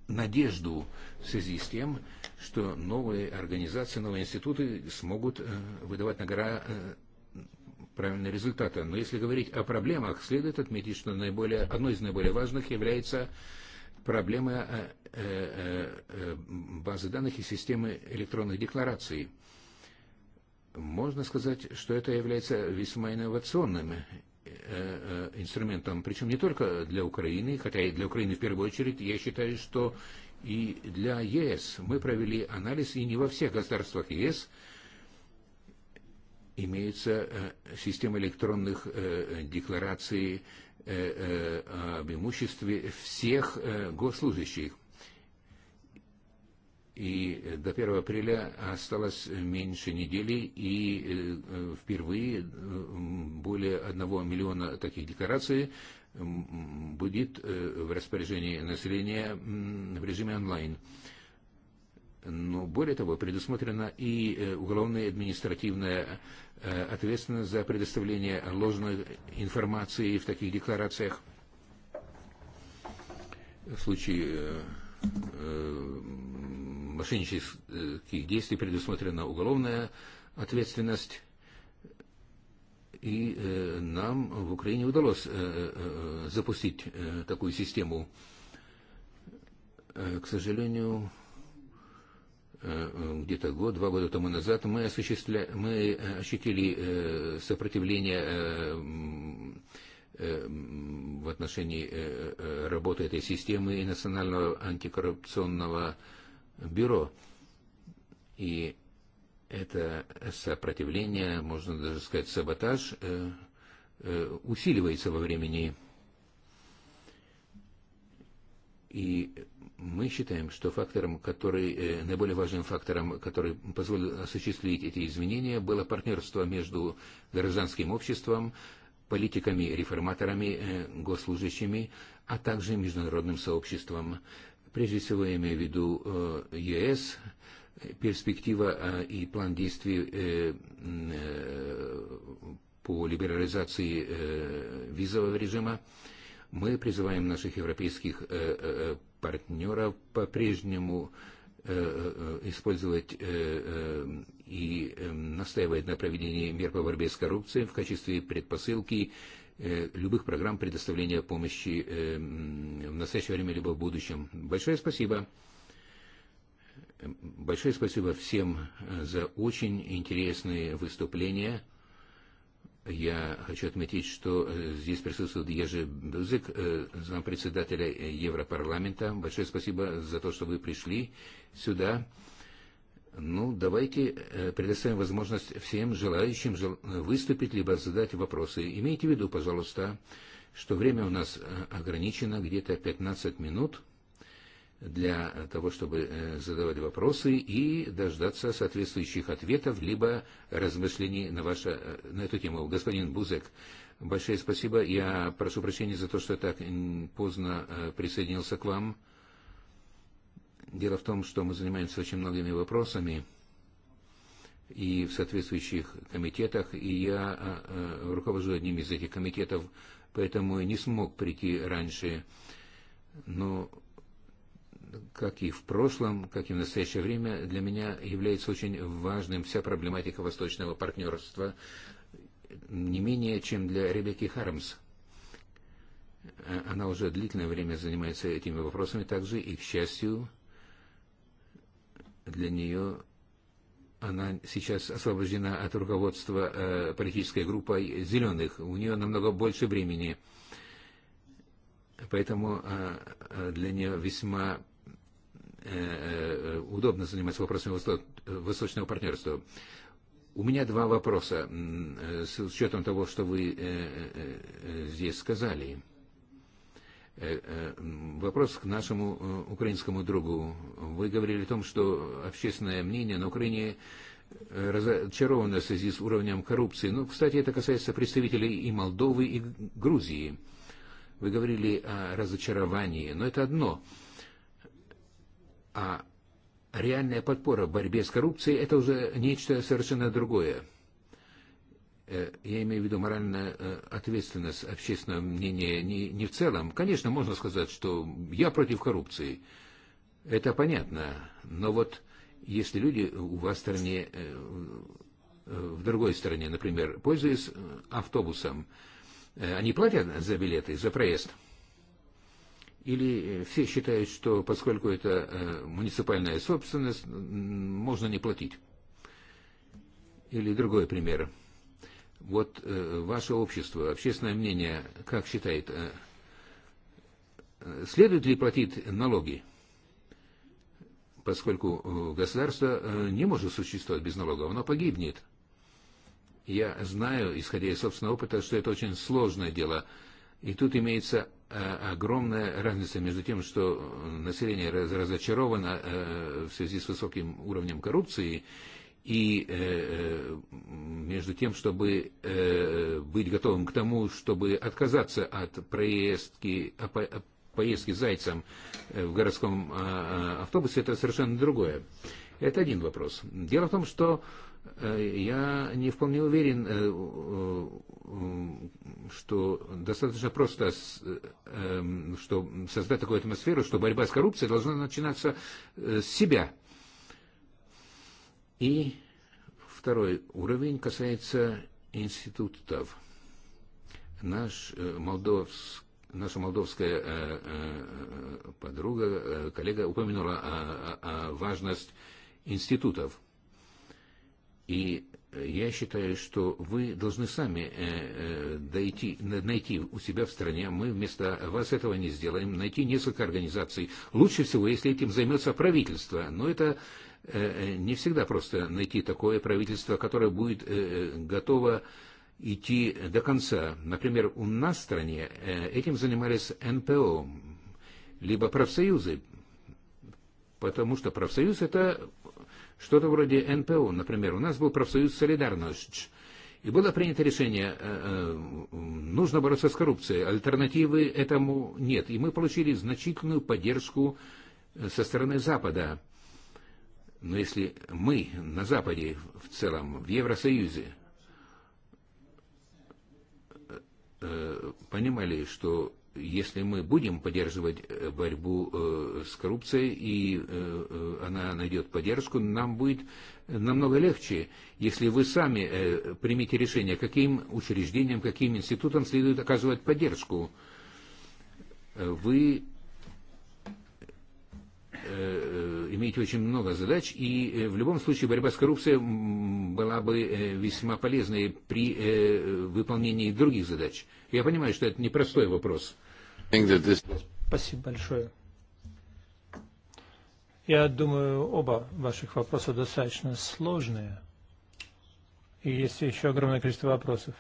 надежду в связи с тем, что новые организации, новые институты смогут выдавать гора правильные результаты. Но если говорить о проблемах, следует отметить, что наиболее, одной из наиболее важных является проблема э, э, э, базы данных и системы электронных деклараций – можно сказать, что это является весьма инновационным э, э, инструментом, причем не только для Украины, хотя и для Украины в первую очередь, я считаю, что и для ЕС мы провели анализ, и не во всех государствах ЕС имеется э, система электронных деклараций об имуществе всех госслужащих. И э, до 1 апреля осталось меньше недели, и э, впервые э, более 1 миллиона таких деклараций будет в распоряжении населения в режиме онлайн. Но более того, предусмотрена и уголовная и административная ответственность за предоставление ложной информации в таких декларациях. В случае мошеннических э, действий предусмотрена уголовная ответственность. И э, нам в Украине удалось э, запустить такую систему. К сожалению, где-то год, два года тому назад мы, осуществля... мы ощутили сопротивление в отношении работы этой системы и Национального антикоррупционного бюро. И это сопротивление, можно даже сказать, саботаж усиливается во времени. И мы считаем, что фактором, который, наиболее важным фактором, который позволил осуществить эти изменения, было партнерство между гражданским обществом, политиками, реформаторами, госслужащими, а также международным сообществом. Прежде всего, я имею в виду э, ЕС, перспектива э, и план действий э, по либерализации визового режима. Мы призываем наших европейских партнеров по-прежнему использовать и настаивать на проведении мер по борьбе с коррупцией в качестве предпосылки Э, любых программ предоставления помощи э, в настоящее время либо в будущем. Большое спасибо. Большое спасибо всем э, за очень интересные выступления. Я хочу отметить, что здесь присутствует Ежи Бюзик, зампредседателя Европарламента. Большое спасибо за то, что вы пришли сюда. Ну, давайте э, предоставим возможность всем желающим э, выступить, либо задать вопросы. Имейте в виду, пожалуйста, что время у нас э, ограничено где-то 15 минут для того, чтобы задавать вопросы и дождаться соответствующих ответов, либо размышлений на, ваше, на эту тему. Господин Бузек, большое спасибо. Я прошу прощения за то, что так поздно присоединился к вам. Дело в том, что мы занимаемся очень многими вопросами и в соответствующих комитетах, и я руковожу одним из этих комитетов, поэтому не смог прийти раньше. Но как и в прошлом, как и в настоящее время, для меня является очень важным вся проблематика восточного партнерства, не менее, чем для Ребекки Хармс. Она уже длительное время занимается этими вопросами также, и, к счастью, для нее она сейчас освобождена от руководства э, политической группой «Зеленых». У нее намного больше времени. Поэтому э, э, для нее весьма удобно заниматься вопросами восточного партнерства. У меня два вопроса с учетом того, что вы здесь сказали. Э, э, вопрос к нашему э, украинскому другу. Вы говорили о том, что общественное мнение на Украине разочаровано в связи с уровнем коррупции. Ну, кстати, это касается представителей и Молдовы, и Грузии. Вы говорили о разочаровании, но это одно. А реальная подпора в борьбе с коррупцией – это уже нечто совершенно другое. Э, я имею в виду моральную э, ответственность общественного мнения не, не в целом. Конечно, можно сказать, что я против коррупции. Это понятно. Но вот если люди у вас в стране, э, в другой стране, например, пользуясь автобусом, они платят за билеты, за проезд? Или все считают, что поскольку это муниципальная собственность, можно не платить? Или другой пример – Вот э, ваше общество, общественное мнение, как считает, э, следует ли платить налоги? Поскольку э, государство э, не может существовать без налогов, оно погибнет. Я знаю, исходя из собственного опыта, что это очень сложное дело. И тут имеется э, огромная разница между тем, что население раз разочаровано э, в связи с высоким уровнем коррупции и э, э, между тем, чтобы э, быть готовым к тому, чтобы отказаться от проездки, поездки зайцем э, в городском автобусе, это совершенно другое. Это один вопрос. Дело в том, что э, я не вполне уверен, что достаточно просто что создать такую атмосферу, что борьба с коррупцией должна начинаться с себя И второй уровень касается институтов. Наш, э, молдовск, наша молдовская э, э, подруга, коллега упомянула о, о, о важность институтов. И я считаю, что вы должны сами дойти, найти у себя в стране, мы вместо вас этого не сделаем, найти несколько организаций. Лучше всего, если этим займется правительство, но это Э, э, не всегда просто найти такое правительство, которое будет э, готово идти до конца. Например, у нас в стране этим занимались НПО, либо профсоюзы, потому что профсоюз – это что-то вроде НПО. Например, у нас был профсоюз «Солидарность», и было принято решение, нужно бороться с коррупцией, альтернативы этому нет. И мы получили значительную поддержку со стороны Запада. Но если мы на Западе в целом, в Евросоюзе, э, понимали, что если мы будем поддерживать э, борьбу э, с коррупцией, и она найдет поддержку, нам будет намного легче, если вы сами примите решение, каким учреждениям, каким институтам следует оказывать поддержку. Вы Э, э, имеете очень много задач, и э, в любом случае борьба с коррупцией была бы весьма полезной при выполнении других задач. Я понимаю, что это непростой вопрос. Спасибо большое. Я думаю, оба ваших вопроса достаточно сложные. И есть еще огромное количество вопросов.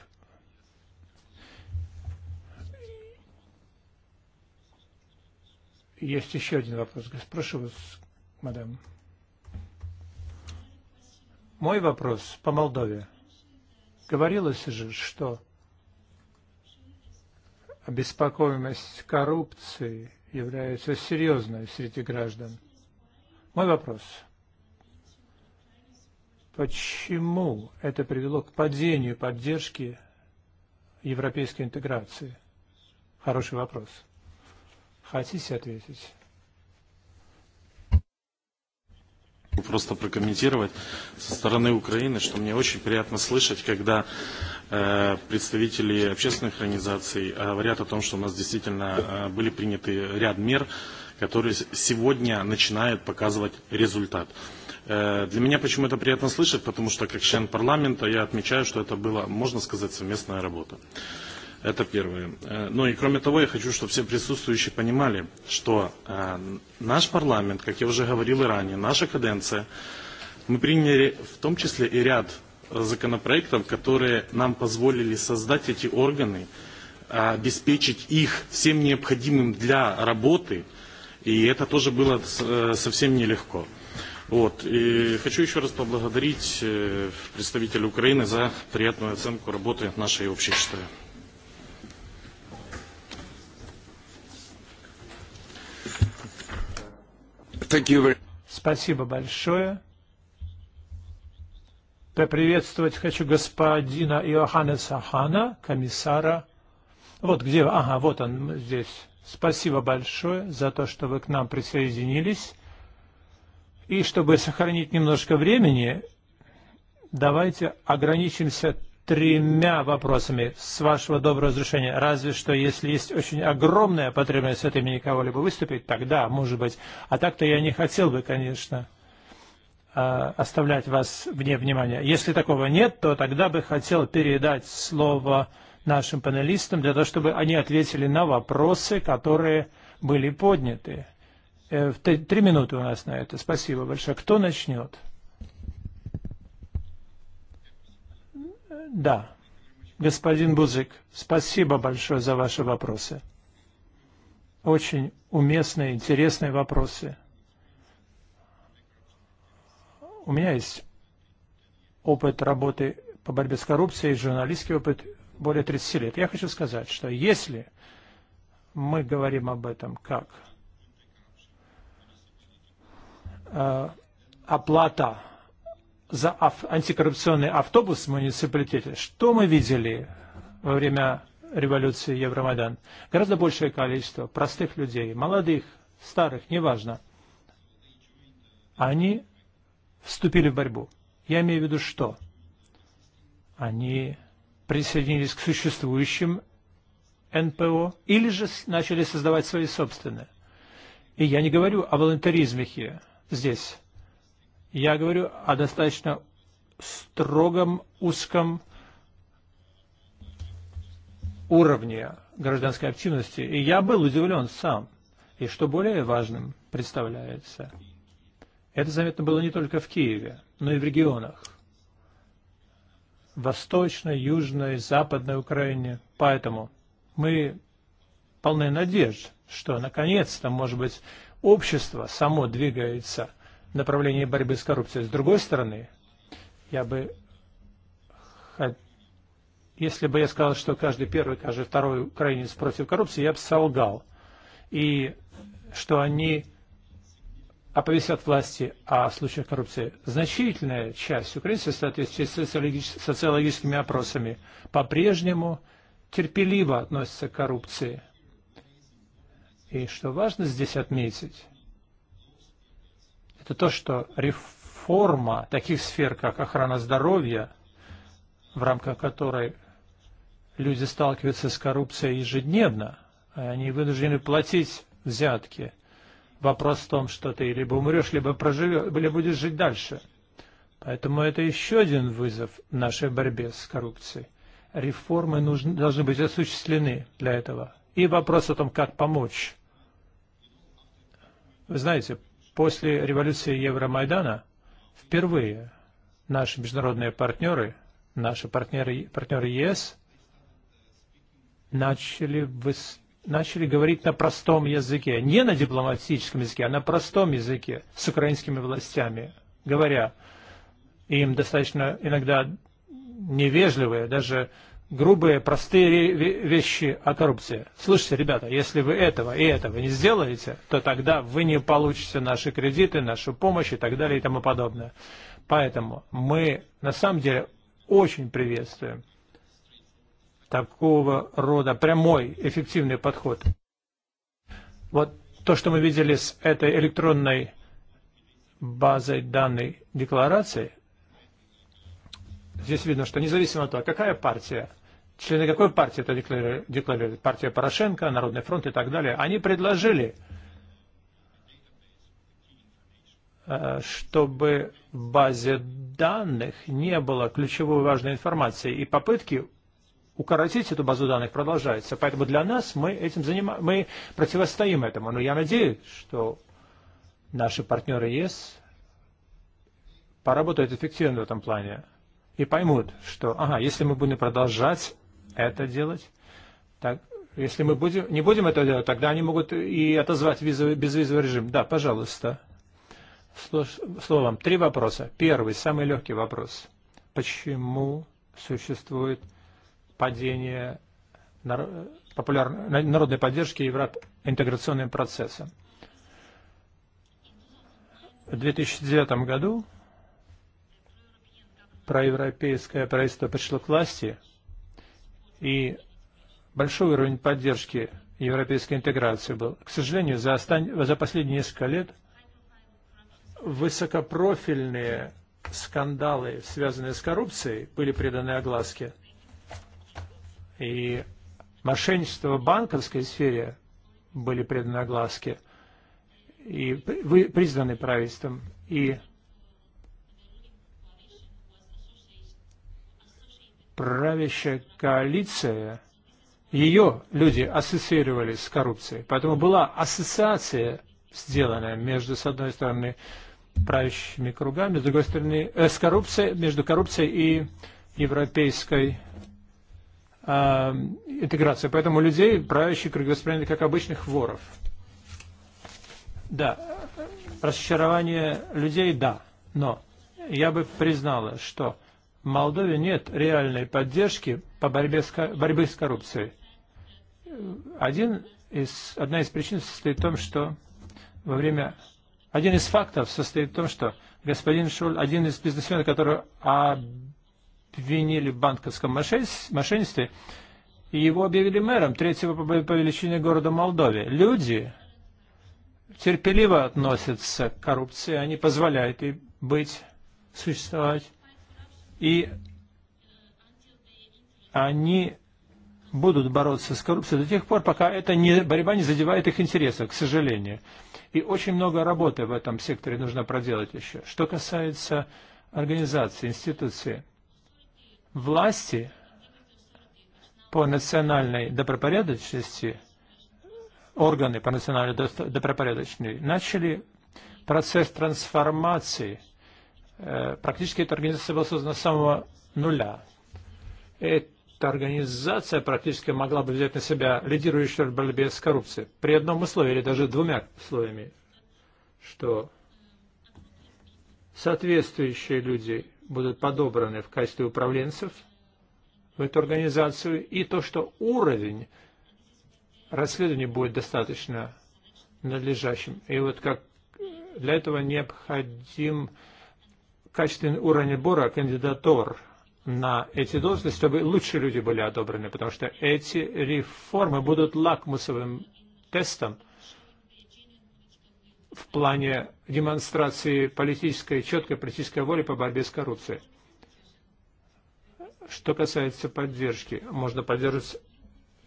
Есть еще один вопрос. Прошу вас, мадам. Мой вопрос по Молдове. Говорилось же, что обеспокоенность коррупции является серьезной среди граждан. Мой вопрос. Почему это привело к падению поддержки европейской интеграции? Хороший вопрос. Хотите ответить? Просто прокомментировать со стороны Украины, что мне очень приятно слышать, когда э, представители общественных организаций э, говорят о том, что у нас действительно э, были приняты ряд мер, которые сегодня начинают показывать результат. Э, для меня почему это приятно слышать, потому что как член парламента я отмечаю, что это была, можно сказать, совместная работа. Это первое. Э, ну и кроме того, я хочу, чтобы все присутствующие понимали, что э, наш парламент, как я уже говорил и ранее, наша каденция, мы приняли в том числе и ряд законопроектов, которые нам позволили создать эти органы, э, обеспечить их всем необходимым для работы, и это тоже было совсем нелегко. Вот. И хочу еще раз поблагодарить представителя Украины за приятную оценку работы нашей общей штабы. Thank you very Спасибо большое. Поприветствовать хочу господина Иохана Сахана, комиссара. Вот где, ага, вот он здесь. Спасибо большое за то, что вы к нам присоединились. И чтобы сохранить немножко времени, давайте ограничимся тремя вопросами, с вашего доброго разрешения. Разве что, если есть очень огромная потребность от имени кого-либо выступить, тогда, может быть. А так-то я не хотел бы, конечно, оставлять вас вне внимания. Если такого нет, то тогда бы хотел передать слово нашим панелистам, для того, чтобы они ответили на вопросы, которые были подняты. Э, три минуты у нас на это. Спасибо большое. Кто начнет? — Да. Господин Бузык, спасибо большое за ваши вопросы. Очень уместные, интересные вопросы. У меня есть опыт работы по борьбе с коррупцией, журналистский опыт более 30 лет. Я хочу сказать, что если мы говорим об этом как э, оплата за антикоррупционный автобус в муниципалитете, что мы видели во время революции Евромайдан? Гораздо большее количество простых людей, молодых, старых, неважно. Они вступили в борьбу. Я имею в виду что? Они присоединились к существующим НПО или же начали создавать свои собственные. И я не говорю о волонтеризме здесь. Я говорю о достаточно строгом, узком уровне гражданской активности. И я был удивлен сам. И что более важным представляется, это заметно было не только в Киеве, но и в регионах. Восточной, Южной, Западной Украине. Поэтому мы полны надежд, что наконец-то, может быть, общество само двигается – направлении борьбы с коррупцией. С другой стороны, я бы, если бы я сказал, что каждый первый, каждый второй украинец против коррупции, я бы солгал. И что они оповестят власти о случаях коррупции. Значительная часть украинцев в соответствии с социологическими опросами по-прежнему терпеливо относится к коррупции. И что важно здесь отметить, это то, что реформа таких сфер, как охрана здоровья, в рамках которой люди сталкиваются с коррупцией ежедневно, они вынуждены платить взятки. Вопрос в том, что ты либо умрешь, либо проживешь, или будешь жить дальше. Поэтому это еще один вызов в нашей борьбе с коррупцией. Реформы нужны, должны быть осуществлены для этого. И вопрос о том, как помочь. Вы знаете, После революции Евромайдана впервые наши международные партнеры, наши партнеры, партнеры ЕС начали, выс... начали говорить на простом языке, не на дипломатическом языке, а на простом языке с украинскими властями, говоря им достаточно иногда невежливые, даже грубые, простые вещи о коррупции. Слушайте, ребята, если вы этого и этого не сделаете, то тогда вы не получите наши кредиты, нашу помощь и так далее и тому подобное. Поэтому мы на самом деле очень приветствуем такого рода прямой, эффективный подход. Вот то, что мы видели с этой электронной базой данной декларации – Здесь видно, что независимо от того, какая партия члены какой партии это декларируют, партия Порошенко, Народный фронт и так далее, они предложили, э, чтобы в базе данных не было ключевой важной информации, и попытки укоротить эту базу данных продолжаются. Поэтому для нас мы этим занимаемся, мы противостоим этому. Но я надеюсь, что наши партнеры ЕС поработают эффективно в этом плане и поймут, что, ага, если мы будем продолжать это делать. Так, если мы будем, не будем это делать, тогда они могут и отозвать визовый, безвизовый режим. Да, пожалуйста. Словом, Три вопроса. Первый, самый легкий вопрос. Почему существует падение народной поддержки евроинтеграционным процессом? В 2009 году проевропейское правительство пришло к власти – и большой уровень поддержки европейской интеграции был. К сожалению, за, остан... за последние несколько лет высокопрофильные скандалы, связанные с коррупцией, были преданы огласке. И мошенничество в банковской сфере были преданы огласке и вы признаны правительством. И правящая коалиция, ее люди ассоциировали с коррупцией. Поэтому была ассоциация сделанная между, с одной стороны, правящими кругами, с другой стороны, э, с коррупцией, между коррупцией и европейской э, интеграцией. Поэтому людей правящие круги восприняли как обычных воров. Да, э, э, расчарование людей, да, но я бы признала, что Молдове нет реальной поддержки по борьбе с, борьбы с коррупцией. Один из, одна из причин состоит в том, что во время... Один из фактов состоит в том, что господин Шуль, один из бизнесменов, которого обвинили в банковском мошенничестве, его объявили мэром третьего по величине города Молдове. Люди терпеливо относятся к коррупции, они позволяют ей быть, существовать. И они будут бороться с коррупцией до тех пор, пока эта не, борьба не задевает их интересов, к сожалению. И очень много работы в этом секторе нужно проделать еще. Что касается организации, институции, власти по национальной добропорядочности, органы по национальной добропорядочности начали процесс трансформации – Практически эта организация была создана с самого нуля. Эта организация практически могла бы взять на себя лидирующую роль в борьбе с коррупцией. При одном условии, или даже двумя условиями, что соответствующие люди будут подобраны в качестве управленцев в эту организацию, и то, что уровень расследования будет достаточно надлежащим. И вот как для этого необходим качественный уровень отбора кандидатур на эти должности, чтобы лучшие люди были одобрены, потому что эти реформы будут лакмусовым тестом в плане демонстрации политической, четкой политической воли по борьбе с коррупцией. Что касается поддержки, можно поддерживать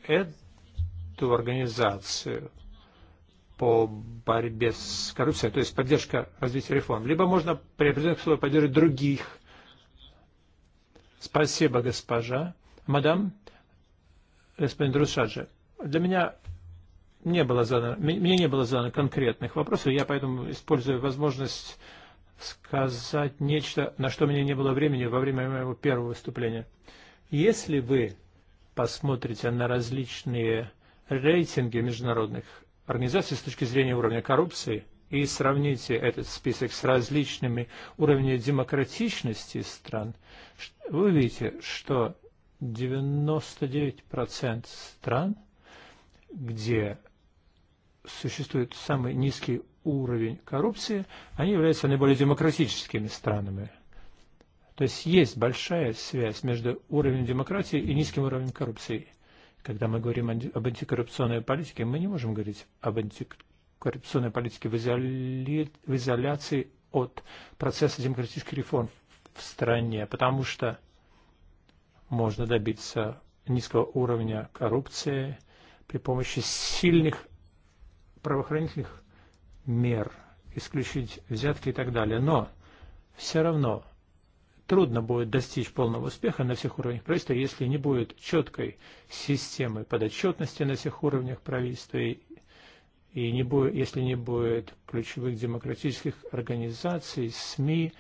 эту организацию – по борьбе с коррупцией, то есть поддержка развития реформ, либо можно при определенных условиях поддержать других. Спасибо, госпожа. Мадам, господин Друшаджи, для меня не было задано, мне не было задано конкретных вопросов, я поэтому использую возможность сказать нечто, на что у меня не было времени во время моего первого выступления. Если вы посмотрите на различные рейтинги международных Организации с точки зрения уровня коррупции и сравните этот список с различными уровнями демократичности стран, вы увидите, что 99% стран, где существует самый низкий уровень коррупции, они являются наиболее демократическими странами. То есть есть большая связь между уровнем демократии и низким уровнем коррупции. Когда мы говорим об антикоррупционной политике, мы не можем говорить об антикоррупционной политике в, изоли... в изоляции от процесса демократических реформ в стране, потому что можно добиться низкого уровня коррупции при помощи сильных правоохранительных мер, исключить взятки и так далее. Но все равно трудно будет достичь полного успеха на всех уровнях правительства, если не будет четкой системы подотчетности на всех уровнях правительства, и не будет, если не будет ключевых демократических организаций, СМИ,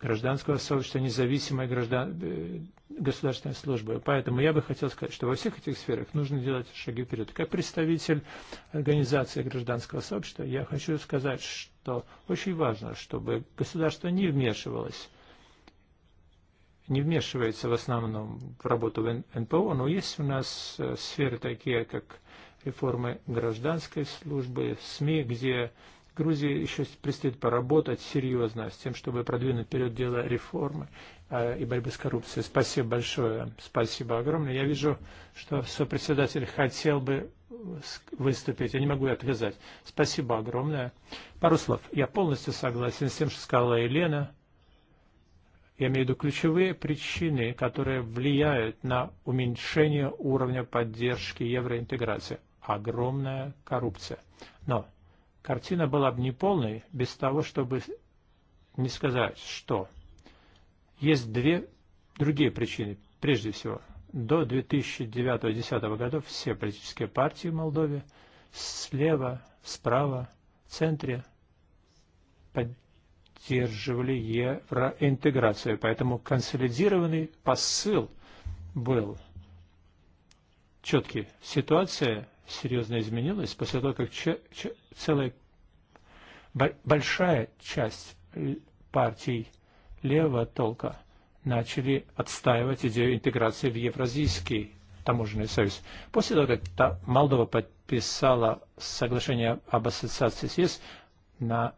гражданского сообщества, независимой граждан... Э, государственной службы. Поэтому я бы хотел сказать, что во всех этих сферах нужно делать шаги вперед. Как представитель организации гражданского сообщества, я хочу сказать, что очень важно, чтобы государство не вмешивалось не вмешивается в основном в работу НПО, но есть у нас э, сферы такие, как реформы гражданской службы, СМИ, где Грузии еще предстоит поработать серьезно с тем, чтобы продвинуть вперед дело реформы э, и борьбы с коррупцией. Спасибо большое, спасибо огромное. Я вижу, что сопредседатель хотел бы э, выступить, я не могу отвязать. Спасибо огромное. Пару слов. Я полностью согласен с тем, что сказала Елена Я имею в виду ключевые причины, которые влияют на уменьшение уровня поддержки евроинтеграции. Огромная коррупция. Но картина была бы неполной без того, чтобы не сказать, что есть две другие причины. Прежде всего, до 2009-2010 года все политические партии в Молдове слева, справа, в центре поддерживали евроинтеграцию. Поэтому консолидированный посыл был четкий. Ситуация серьезно изменилась после того, как целая большая часть партий левого толка начали отстаивать идею интеграции в Евразийский таможенный союз. После того, как Молдова подписала соглашение об ассоциации с ЕС, на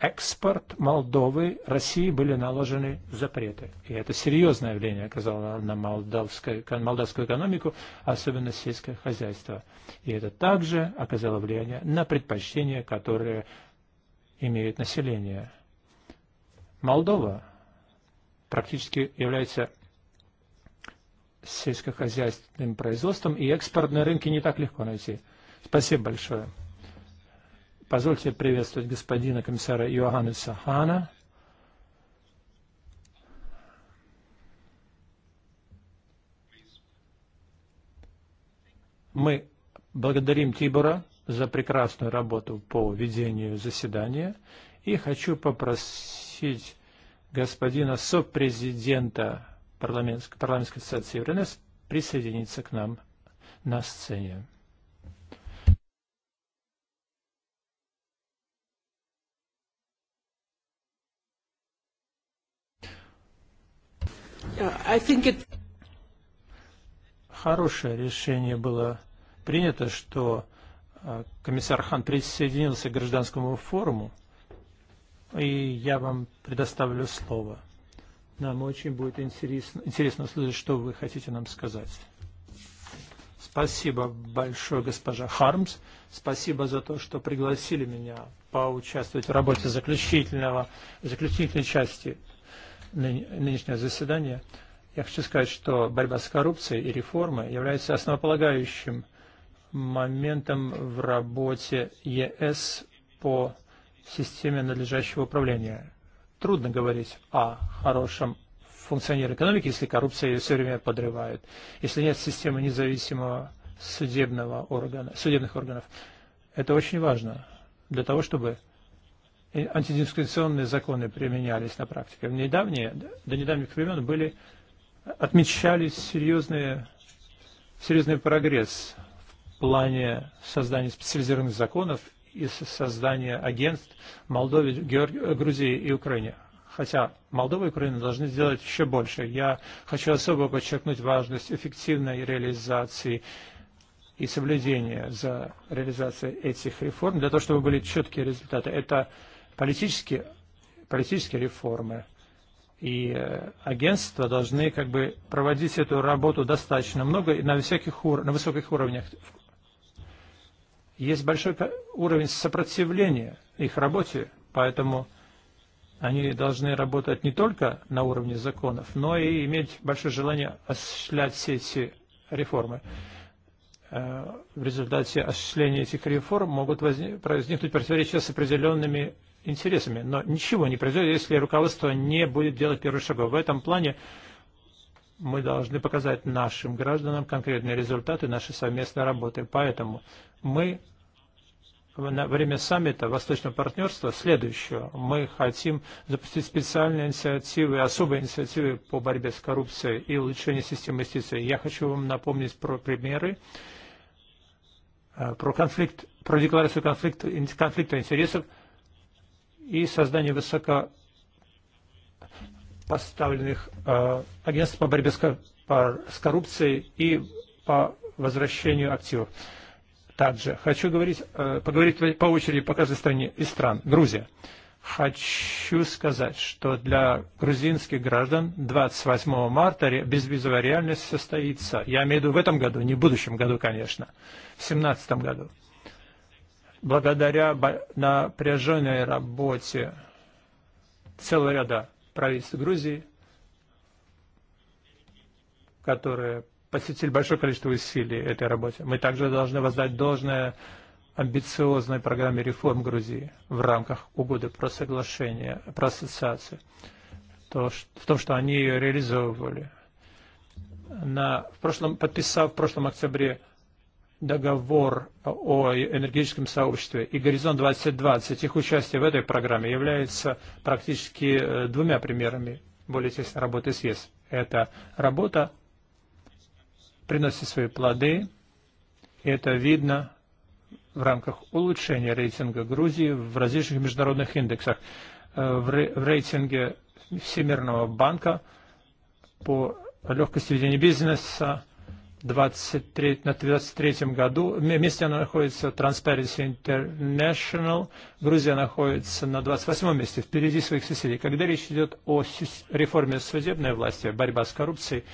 экспорт Молдовы, России были наложены запреты. И это серьезное явление оказало на молдавскую, молдавскую экономику, особенно сельское хозяйство. И это также оказало влияние на предпочтения, которые имеют население. Молдова практически является сельскохозяйственным производством, и экспортные рынки не так легко найти. Спасибо большое. Позвольте приветствовать господина комиссара Иоанна Сахана. Мы благодарим Тибора за прекрасную работу по ведению заседания и хочу попросить господина сопрезидента парламентской, парламентской ассоциации РНС присоединиться к нам на сцене. I think it... Хорошее решение было принято, что комиссар Хан присоединился к гражданскому форуму, и я вам предоставлю слово. Нам очень будет интересно, интересно услышать, что вы хотите нам сказать. Спасибо большое, госпожа Хармс. Спасибо за то, что пригласили меня поучаствовать в работе заключительного, заключительной части нынешнее заседание, я хочу сказать, что борьба с коррупцией и реформы является основополагающим моментом в работе ЕС по системе надлежащего управления. Трудно говорить о хорошем функционере экономики, если коррупция ее все время подрывает, если нет системы независимого судебного органа, судебных органов. Это очень важно для того, чтобы Э, антидискриминационные законы применялись на практике. В недавние, до недавних времен были, отмечались серьезные, серьезный прогресс в плане создания специализированных законов и создания агентств Молдове, э, Грузии и Украине. Хотя Молдова и Украина должны сделать еще больше. Я хочу особо подчеркнуть важность эффективной реализации и соблюдения за реализацией этих реформ, для того, чтобы были четкие результаты. Это политические, политические реформы. И э, агентства должны как бы проводить эту работу достаточно много и на, всяких ур на высоких уровнях. Есть большой уровень сопротивления их работе, поэтому они должны работать не только на уровне законов, но и иметь большое желание осуществлять все эти реформы. Э, в результате осуществления этих реформ могут возникнуть противоречия с определенными интересами. Но ничего не произойдет, если руководство не будет делать первых шагов. В этом плане мы должны показать нашим гражданам конкретные результаты нашей совместной работы. Поэтому мы на время саммита Восточного партнерства следующего. Мы хотим запустить специальные инициативы, особые инициативы по борьбе с коррупцией и улучшению системы инвестиций. Я хочу вам напомнить про примеры, э, про конфликт, про декларацию конфликта, конфликта интересов, и создание высоко поставленных э, агентств по борьбе с, по, с коррупцией и по возвращению активов. Также хочу говорить, э, поговорить по очереди по каждой стране и стран. Грузия. Хочу сказать, что для грузинских граждан 28 марта безвизовая реальность состоится. Я имею в виду в этом году, не в будущем году, конечно, в 2017 году благодаря напряженной работе целого ряда правительств Грузии, которые посетили большое количество усилий этой работе. Мы также должны воздать должное амбициозной программе реформ Грузии в рамках угоды про соглашение, про ассоциацию, то, в том, что они ее реализовывали. На, в прошлом, подписав в прошлом октябре договор о энергетическом сообществе и «Горизонт 2020», их участие в этой программе является практически э, двумя примерами более тесной работы с ЕС. Эта работа приносит свои плоды, и это видно в рамках улучшения рейтинга Грузии в различных международных индексах. Э, в рейтинге Всемирного банка по легкости ведения бизнеса 23, на 23 году. Вместе она находится Transparency International. Грузия находится на 28 м месте, впереди своих соседей. Когда речь идет о реформе судебной власти, борьба с коррупцией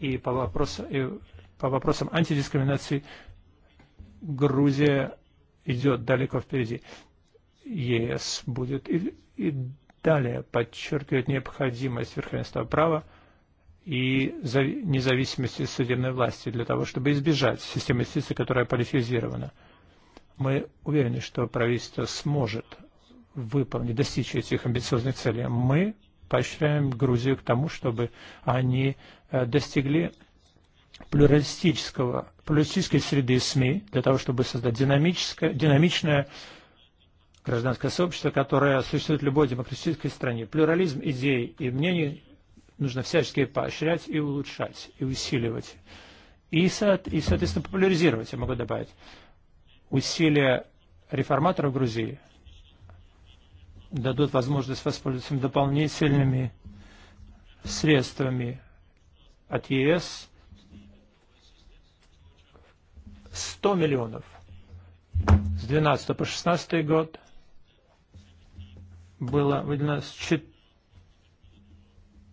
и по, вопросу, и по вопросам антидискриминации, Грузия идет далеко впереди. ЕС будет и, и далее подчеркивать необходимость верховенства права – и независимости судебной власти для того, чтобы избежать системы юстиции, которая политизирована. Мы уверены, что правительство сможет выполнить, достичь этих амбициозных целей. Мы поощряем Грузию к тому, чтобы они э, достигли плюралистического, плюралистической среды СМИ для того, чтобы создать динамическое, динамичное гражданское сообщество, которое существует в любой демократической стране. Плюрализм идей и мнений нужно всячески поощрять и улучшать, и усиливать. И, и соответственно, популяризировать, я могу добавить. Усилия реформаторов Грузии дадут возможность воспользоваться дополнительными средствами от ЕС 100 миллионов с 12 по 16 год было выделено 4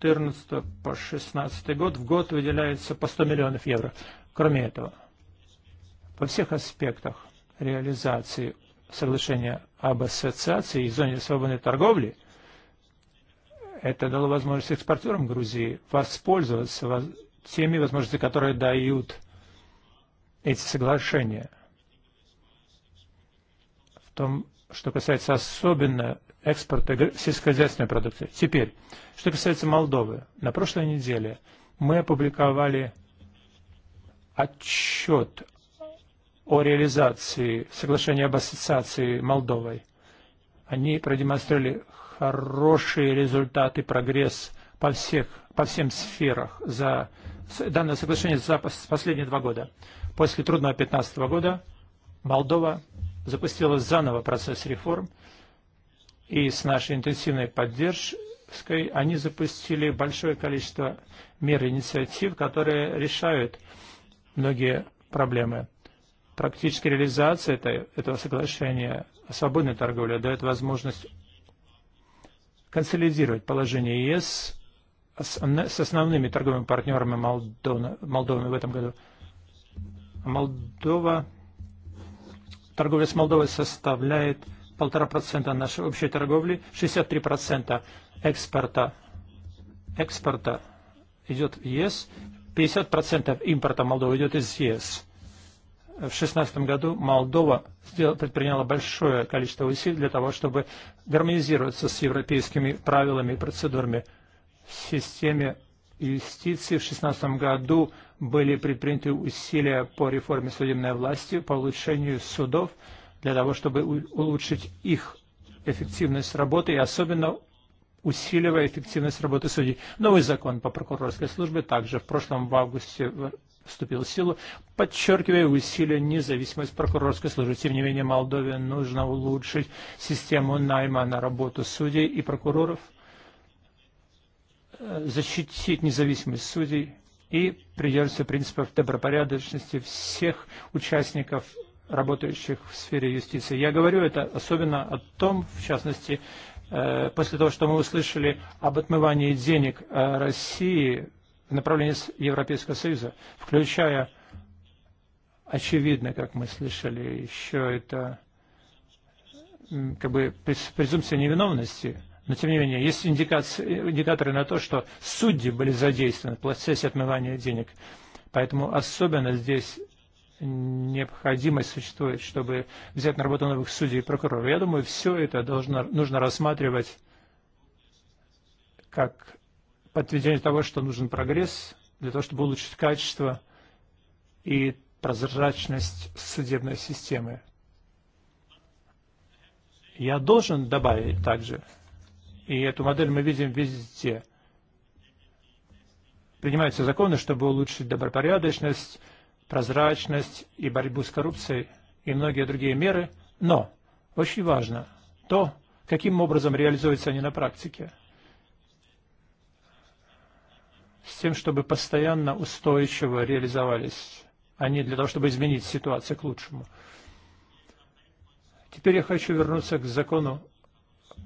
14 по 16 год в год выделяется по 100 миллионов евро. Кроме этого, во всех аспектах реализации соглашения об ассоциации и зоне свободной торговли это дало возможность экспортерам Грузии воспользоваться теми возможностями, которые дают эти соглашения. В том, что касается особенно экспорта сельскохозяйственной продукции. Теперь, что касается Молдовы. На прошлой неделе мы опубликовали отчет о реализации соглашения об ассоциации Молдовой. Они продемонстрировали хорошие результаты, прогресс по, всех, по всем сферах за данное соглашение за последние два года. После трудного 2015 года Молдова запустила заново процесс реформ – И с нашей интенсивной поддержкой они запустили большое количество мер и инициатив, которые решают многие проблемы. Практически реализация это, этого соглашения о свободной торговле дает возможность консолидировать положение ЕС с основными торговыми партнерами Молдовы, Молдовы в этом году. Молдова, торговля с Молдовой составляет полтора процента нашей общей торговли, 63 процента экспорта, экспорта идет в ЕС, 50 процентов импорта Молдовы идет из ЕС. В 2016 году Молдова сделала, предприняла большое количество усилий для того, чтобы гармонизироваться с европейскими правилами и процедурами в системе юстиции. В 2016 году были предприняты усилия по реформе судебной власти, по улучшению судов, для того, чтобы улучшить их эффективность работы и особенно усиливая эффективность работы судей. Новый закон по прокурорской службе также в прошлом в августе вступил в силу, подчеркивая усилия независимость прокурорской службы. Тем не менее, Молдове нужно улучшить систему найма на работу судей и прокуроров, э, защитить независимость судей и придерживаться принципов добропорядочности всех участников работающих в сфере юстиции. Я говорю это особенно о том, в частности, э, после того, что мы услышали об отмывании денег э, России в направлении Европейского Союза, включая, очевидно, как мы слышали, еще это как бы презумпция невиновности, но тем не менее есть индикаторы на то, что судьи были задействованы в процессе отмывания денег. Поэтому особенно здесь необходимость существует, чтобы взять на работу новых судей и прокуроров. Я думаю, все это должно, нужно рассматривать как подтверждение того, что нужен прогресс для того, чтобы улучшить качество и прозрачность судебной системы. Я должен добавить также, и эту модель мы видим везде, принимаются законы, чтобы улучшить добропорядочность, прозрачность и борьбу с коррупцией и многие другие меры, но очень важно то, каким образом реализуются они на практике. С тем, чтобы постоянно устойчиво реализовались они для того, чтобы изменить ситуацию к лучшему. Теперь я хочу вернуться к закону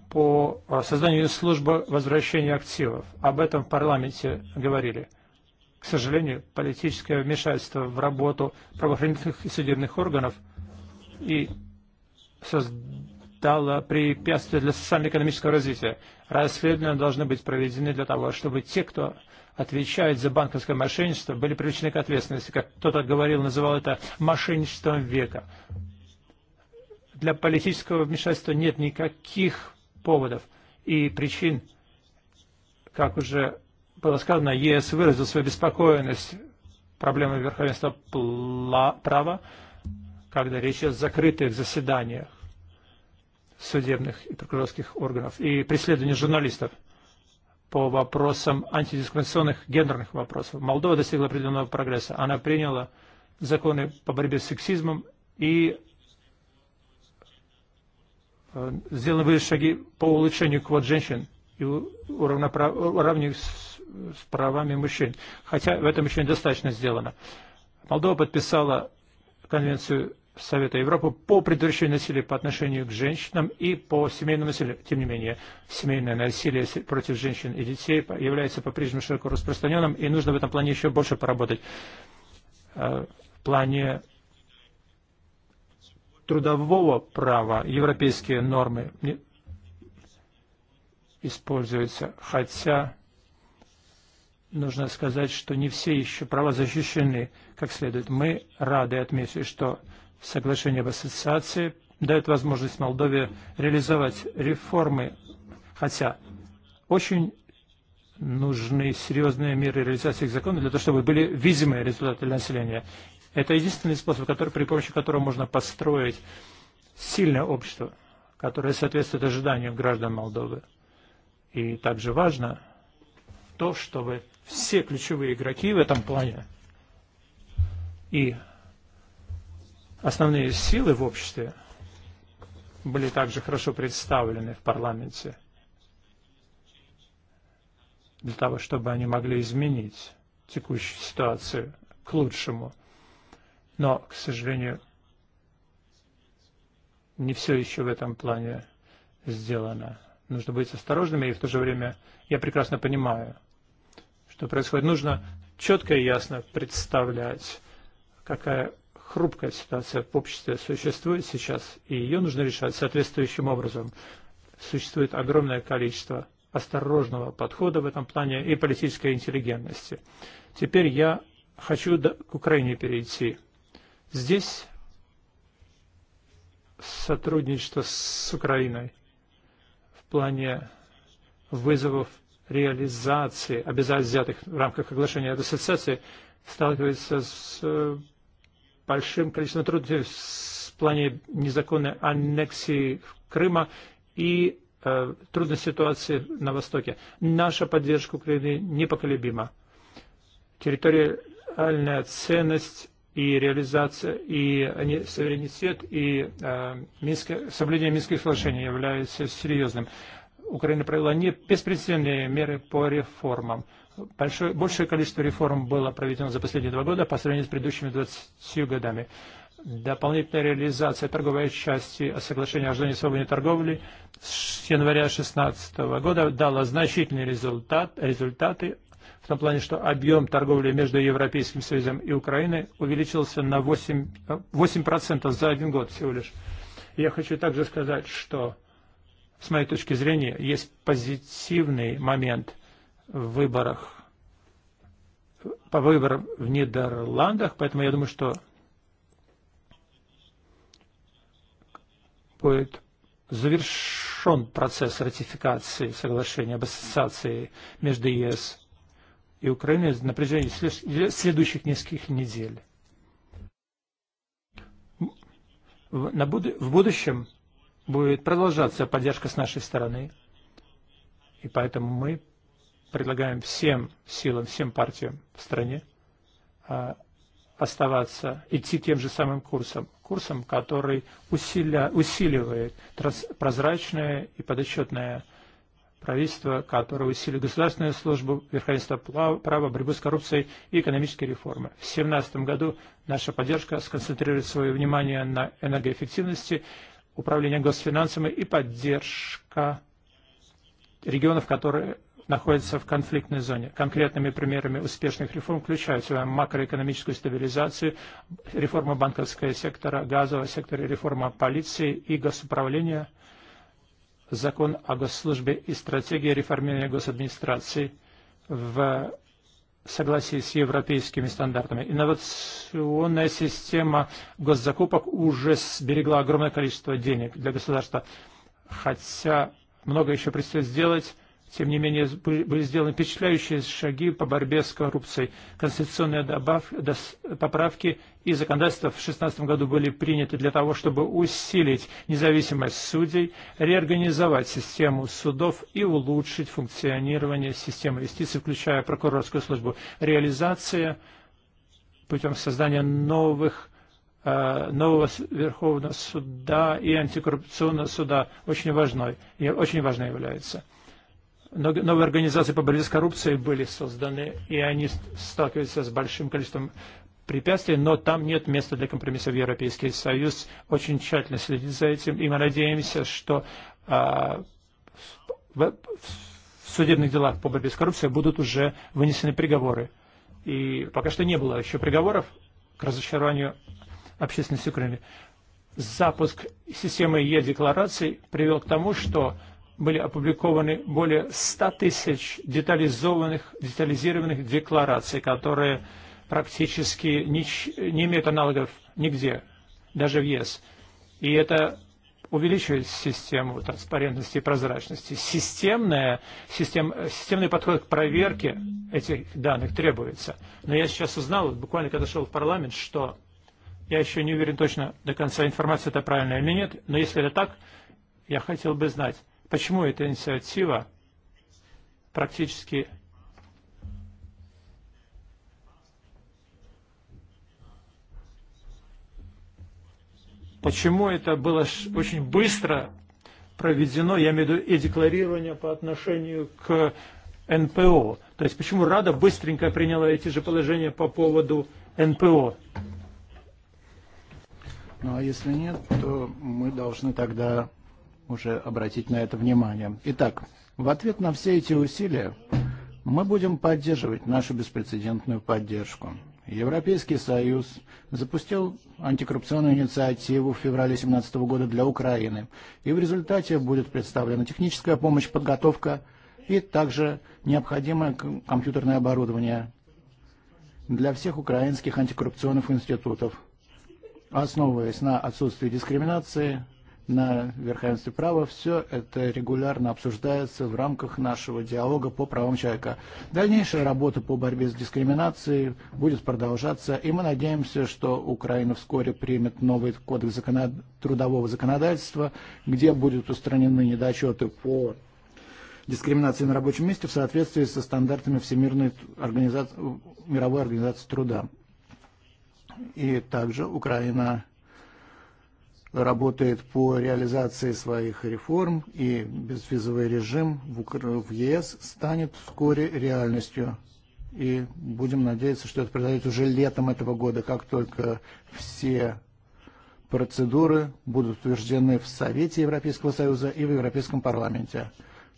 по созданию службы возвращения активов. Об этом в парламенте говорили. К сожалению, политическое вмешательство в работу правоохранительных и судебных органов и создало препятствия для социально-экономического развития. Расследования должны быть проведены для того, чтобы те, кто отвечает за банковское мошенничество, были привлечены к ответственности. Как кто-то говорил, называл это мошенничеством века. Для политического вмешательства нет никаких поводов и причин, как уже было сказано, ЕС выразил свою беспокоенность проблемой верховенства права, когда речь о закрытых заседаниях судебных и прокурорских органов и преследовании журналистов по вопросам антидискриминационных гендерных вопросов. Молдова достигла определенного прогресса. Она приняла законы по борьбе с сексизмом и сделаны высшие шаги по улучшению квот женщин и уравнению с правами мужчин. Хотя в этом еще недостаточно сделано. Молдова подписала конвенцию Совета Европы по предотвращению насилия по отношению к женщинам и по семейному насилию. Тем не менее, семейное насилие против женщин и детей является по-прежнему широко распространенным, и нужно в этом плане еще больше поработать. Э, в плане трудового права европейские нормы используются, хотя нужно сказать, что не все еще права защищены как следует. Мы рады отметить, что соглашение об ассоциации дает возможность Молдове реализовать реформы, хотя очень нужны серьезные меры реализации их закона для того, чтобы были видимые результаты для населения. Это единственный способ, который, при помощи которого можно построить сильное общество, которое соответствует ожиданиям граждан Молдовы. И также важно то, чтобы все ключевые игроки в этом плане и основные силы в обществе были также хорошо представлены в парламенте для того, чтобы они могли изменить текущую ситуацию к лучшему. Но, к сожалению, не все еще в этом плане сделано. Нужно быть осторожными, и в то же время я прекрасно понимаю что происходит. Нужно четко и ясно представлять, какая хрупкая ситуация в обществе существует сейчас, и ее нужно решать соответствующим образом. Существует огромное количество осторожного подхода в этом плане и политической интеллигентности. Теперь я хочу к Украине перейти. Здесь сотрудничество с Украиной в плане вызовов реализации обязательств, взятых в рамках оглашения этой ассоциации, сталкивается с э, большим количеством трудностей в плане незаконной аннексии Крыма и э, трудной ситуации на Востоке. Наша поддержка Украины непоколебима. Территориальная ценность и реализация, и они, суверенитет, и э, Минск, соблюдение Минских соглашений является серьезным. Украина провела не беспрецедентные меры по реформам. Большое, большее количество реформ было проведено за последние два года по сравнению с предыдущими 20 годами. Дополнительная реализация торговой части соглашения о зоне свободной торговли с января 2016 года дала значительные результат, результаты в том плане, что объем торговли между Европейским Союзом и Украиной увеличился на 8%, 8 за один год всего лишь. Я хочу также сказать, что С моей точки зрения, есть позитивный момент в выборах, по выборам в Нидерландах, поэтому я думаю, что будет завершен процесс ратификации соглашения об ассоциации между ЕС и Украиной на протяжении следующих нескольких недель. в будущем будет продолжаться поддержка с нашей стороны. И поэтому мы предлагаем всем силам, всем партиям в стране оставаться, идти тем же самым курсом, курсом, который усиля, усиливает прозрачное и подотчетное правительство, которое усилит государственную службу, верховенство права, борьбу с коррупцией и экономические реформы. В 2017 году наша поддержка сконцентрирует свое внимание на энергоэффективности, управление госфинансами и поддержка регионов, которые находятся в конфликтной зоне. Конкретными примерами успешных реформ включают макроэкономическую стабилизацию, реформа банковского сектора, газового сектора, реформа полиции и госуправления, закон о госслужбе и стратегия реформирования госадминистрации в согласии с европейскими стандартами. Инновационная система госзакупок уже сберегла огромное количество денег для государства, хотя много еще предстоит сделать Тем не менее, были сделаны впечатляющие шаги по борьбе с коррупцией. Конституционные поправки и законодательства в 2016 году были приняты для того, чтобы усилить независимость судей, реорганизовать систему судов и улучшить функционирование системы юстиции, включая прокурорскую службу. Реализация путем создания новых э, нового Верховного Суда и антикоррупционного суда очень важной, очень важной является. Новые организации по борьбе с коррупцией были созданы, и они сталкиваются с большим количеством препятствий, но там нет места для компромиссов. Европейский Союз очень тщательно следит за этим, и мы надеемся, что а, в, в судебных делах по борьбе с коррупцией будут уже вынесены приговоры. И пока что не было еще приговоров к разочарованию общественности Украины. Запуск системы Е-деклараций привел к тому, что были опубликованы более 100 тысяч детализованных, детализированных деклараций, которые практически не, не имеют аналогов нигде, даже в ЕС. И это увеличивает систему транспарентности и прозрачности. Системная, систем, системный подход к проверке этих данных требуется. Но я сейчас узнал, буквально когда шел в парламент, что я еще не уверен точно до конца, информация это правильная или нет, но если это так, я хотел бы знать, Почему эта инициатива практически Почему это было очень быстро проведено, я имею в виду и декларирование по отношению к НПО. То есть почему Рада быстренько приняла эти же положения по поводу НПО? Ну а если нет, то мы должны тогда уже обратить на это внимание. Итак, в ответ на все эти усилия мы будем поддерживать нашу беспрецедентную поддержку. Европейский Союз запустил антикоррупционную инициативу в феврале 2017 года для Украины, и в результате будет представлена техническая помощь, подготовка и также необходимое компьютерное оборудование для всех украинских антикоррупционных институтов, основываясь на отсутствии дискриминации, на верховенстве права, все это регулярно обсуждается в рамках нашего диалога по правам человека. Дальнейшая работа по борьбе с дискриминацией будет продолжаться, и мы надеемся, что Украина вскоре примет новый кодекс законод... трудового законодательства, где будут устранены недочеты по дискриминации на рабочем месте в соответствии со стандартами Всемирной организации, мировой организации труда. И также Украина работает по реализации своих реформ, и безвизовый режим в ЕС станет вскоре реальностью. И будем надеяться, что это произойдет уже летом этого года, как только все процедуры будут утверждены в Совете Европейского Союза и в Европейском парламенте.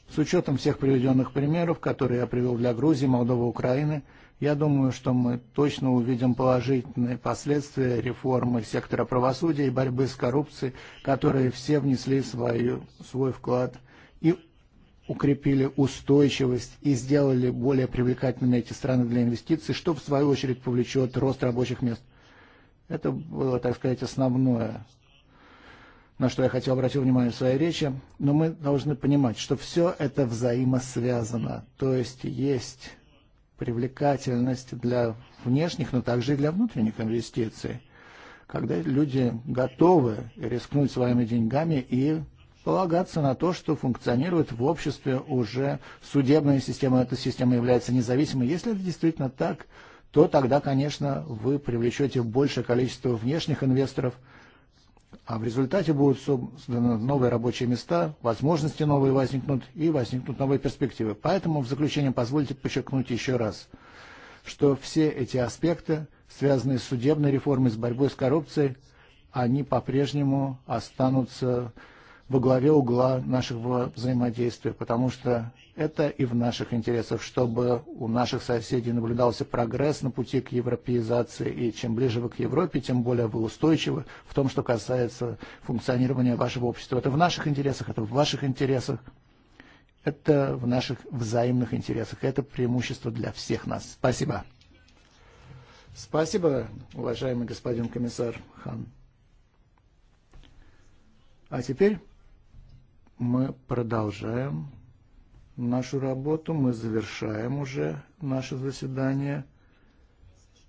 С учетом всех приведенных примеров, которые я привел для Грузии, Молдовы, Украины – Я думаю, что мы точно увидим положительные последствия реформы сектора правосудия и борьбы с коррупцией, которые все внесли свою, свой вклад и укрепили устойчивость и сделали более привлекательными эти страны для инвестиций, что в свою очередь повлечет рост рабочих мест. Это было, так сказать, основное, на что я хотел обратить внимание в своей речи. Но мы должны понимать, что все это взаимосвязано. То есть есть привлекательность для внешних, но также и для внутренних инвестиций, когда люди готовы рискнуть своими деньгами и полагаться на то, что функционирует в обществе уже судебная система, эта система является независимой. Если это действительно так, то тогда, конечно, вы привлечете большее количество внешних инвесторов – А в результате будут созданы новые рабочие места, возможности новые возникнут и возникнут новые перспективы. Поэтому в заключение позвольте подчеркнуть еще раз, что все эти аспекты, связанные с судебной реформой, с борьбой с коррупцией, они по-прежнему останутся во главе угла нашего взаимодействия, потому что это и в наших интересах, чтобы у наших соседей наблюдался прогресс на пути к европеизации, и чем ближе вы к Европе, тем более вы устойчивы в том, что касается функционирования вашего общества. Это в наших интересах, это в ваших интересах, это в наших взаимных интересах, это преимущество для всех нас. Спасибо. Спасибо, уважаемый господин комиссар Хан. А теперь мы продолжаем нашу работу, мы завершаем уже наше заседание,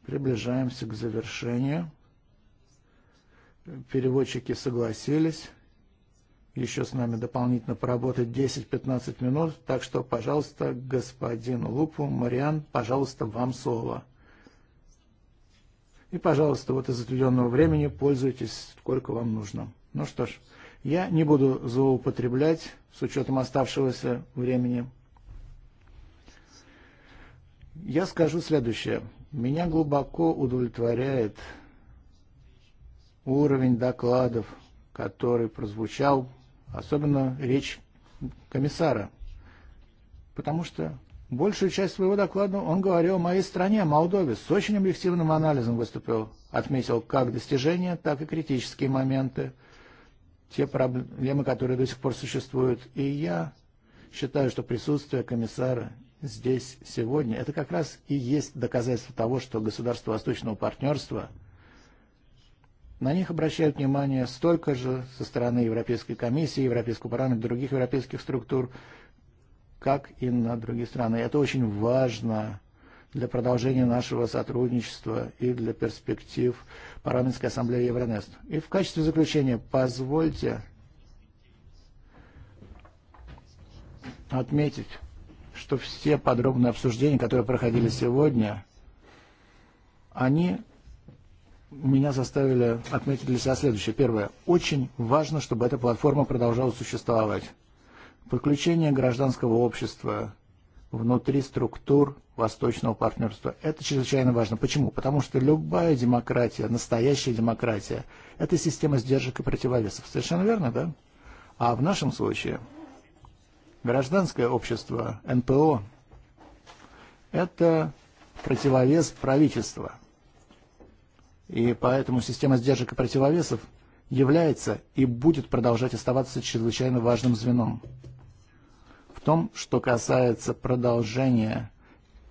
приближаемся к завершению. Переводчики согласились еще с нами дополнительно поработать 10-15 минут, так что, пожалуйста, господин Лупу, Мариан, пожалуйста, вам слово. И, пожалуйста, вот из отведенного времени пользуйтесь сколько вам нужно. Ну что ж. Я не буду злоупотреблять с учетом оставшегося времени. Я скажу следующее. Меня глубоко удовлетворяет уровень докладов, который прозвучал, особенно речь комиссара. Потому что большую часть своего доклада он говорил о моей стране, о Молдове, с очень объективным анализом выступил. Отметил как достижения, так и критические моменты – те проблемы, которые до сих пор существуют. И я считаю, что присутствие комиссара здесь сегодня, это как раз и есть доказательство того, что государство восточного партнерства, на них обращают внимание столько же со стороны Европейской комиссии, Европейского парламента, других европейских структур, как и на другие страны. Это очень важно для продолжения нашего сотрудничества и для перспектив Парламентской ассамблеи Евронест. И в качестве заключения позвольте отметить, что все подробные обсуждения, которые проходили сегодня, они меня заставили отметить для себя следующее. Первое. Очень важно, чтобы эта платформа продолжала существовать. Подключение гражданского общества – внутри структур Восточного партнерства. Это чрезвычайно важно. Почему? Потому что любая демократия, настоящая демократия, это система сдержек и противовесов. Совершенно верно, да? А в нашем случае гражданское общество, НПО, это противовес правительства. И поэтому система сдержек и противовесов является и будет продолжать оставаться чрезвычайно важным звеном том, что касается продолжения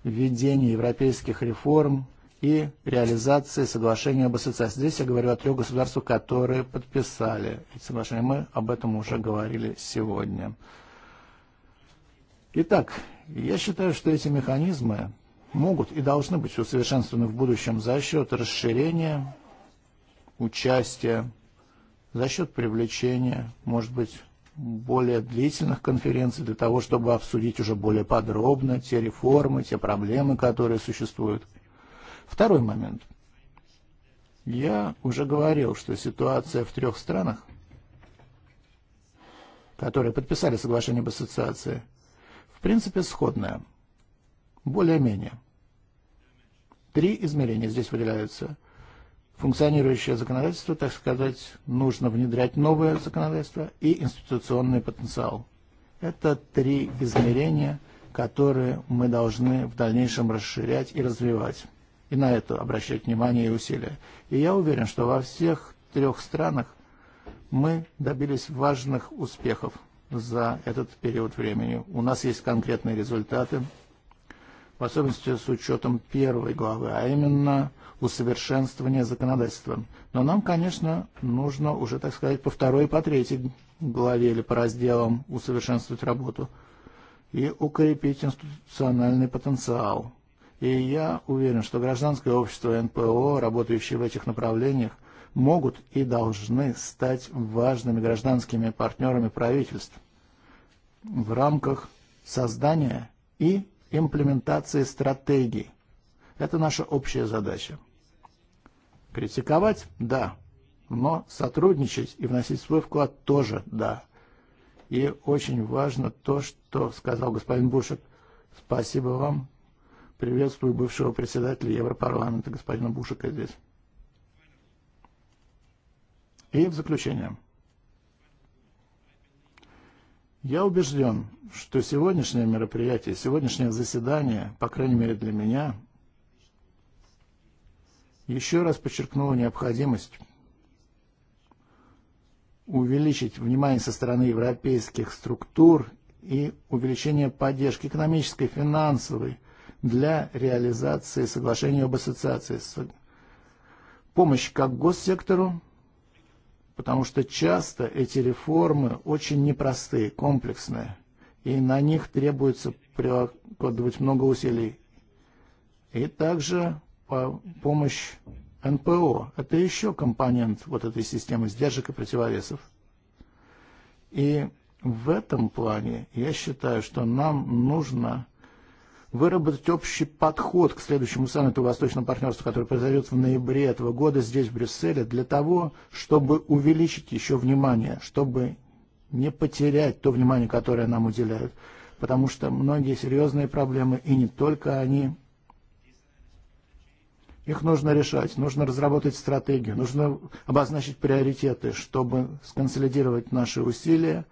введения европейских реформ и реализации соглашения об ассоциации. Здесь я говорю о трех государствах, которые подписали эти соглашения. Мы об этом уже говорили сегодня. Итак, я считаю, что эти механизмы могут и должны быть усовершенствованы в будущем за счет расширения, участия, за счет привлечения, может быть, более длительных конференций для того, чтобы обсудить уже более подробно те реформы, те проблемы, которые существуют. Второй момент. Я уже говорил, что ситуация в трех странах, которые подписали соглашение об ассоциации, в принципе сходная, более-менее. Три измерения здесь выделяются функционирующее законодательство, так сказать, нужно внедрять новое законодательство и институционный потенциал. Это три измерения, которые мы должны в дальнейшем расширять и развивать. И на это обращать внимание и усилия. И я уверен, что во всех трех странах мы добились важных успехов за этот период времени. У нас есть конкретные результаты, в особенности с учетом первой главы, а именно – усовершенствования законодательства. Но нам, конечно, нужно уже, так сказать, по второй и по третьей главе или по разделам усовершенствовать работу и укрепить институциональный потенциал. И я уверен, что гражданское общество НПО, работающие в этих направлениях, могут и должны стать важными гражданскими партнерами правительств в рамках создания и имплементации стратегий Это наша общая задача. Критиковать – да, но сотрудничать и вносить свой вклад тоже – да. И очень важно то, что сказал господин Бушек. Спасибо вам. Приветствую бывшего председателя Европарламента господина Бушика здесь. И в заключение. Я убежден, что сегодняшнее мероприятие, сегодняшнее заседание, по крайней мере для меня, еще раз подчеркнула необходимость увеличить внимание со стороны европейских структур и увеличение поддержки экономической, финансовой для реализации соглашения об ассоциации. Помощь как госсектору, потому что часто эти реформы очень непростые, комплексные, и на них требуется прикладывать много усилий. И также помощь НПО. Это еще компонент вот этой системы сдержек и противовесов. И в этом плане я считаю, что нам нужно выработать общий подход к следующему саммиту Восточного партнерства, который произойдет в ноябре этого года здесь, в Брюсселе, для того, чтобы увеличить еще внимание, чтобы не потерять то внимание, которое нам уделяют. Потому что многие серьезные проблемы, и не только они, Их нужно решать, нужно разработать стратегию, нужно обозначить приоритеты, чтобы сконсолидировать наши усилия,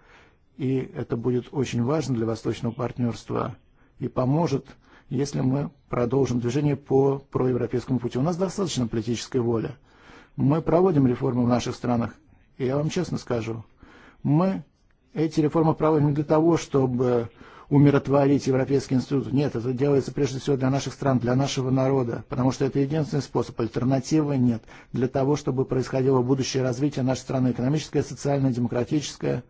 и это будет очень важно для Восточного партнерства и поможет, если мы продолжим движение по проевропейскому пути. У нас достаточно политической воли. Мы проводим реформы в наших странах, и я вам честно скажу, мы эти реформы проводим для того, чтобы умиротворить Европейский институт. Нет, это делается прежде всего для наших стран, для нашего народа, потому что это единственный способ, альтернативы нет для того, чтобы происходило будущее развитие нашей страны экономическое, социальное, демократическое,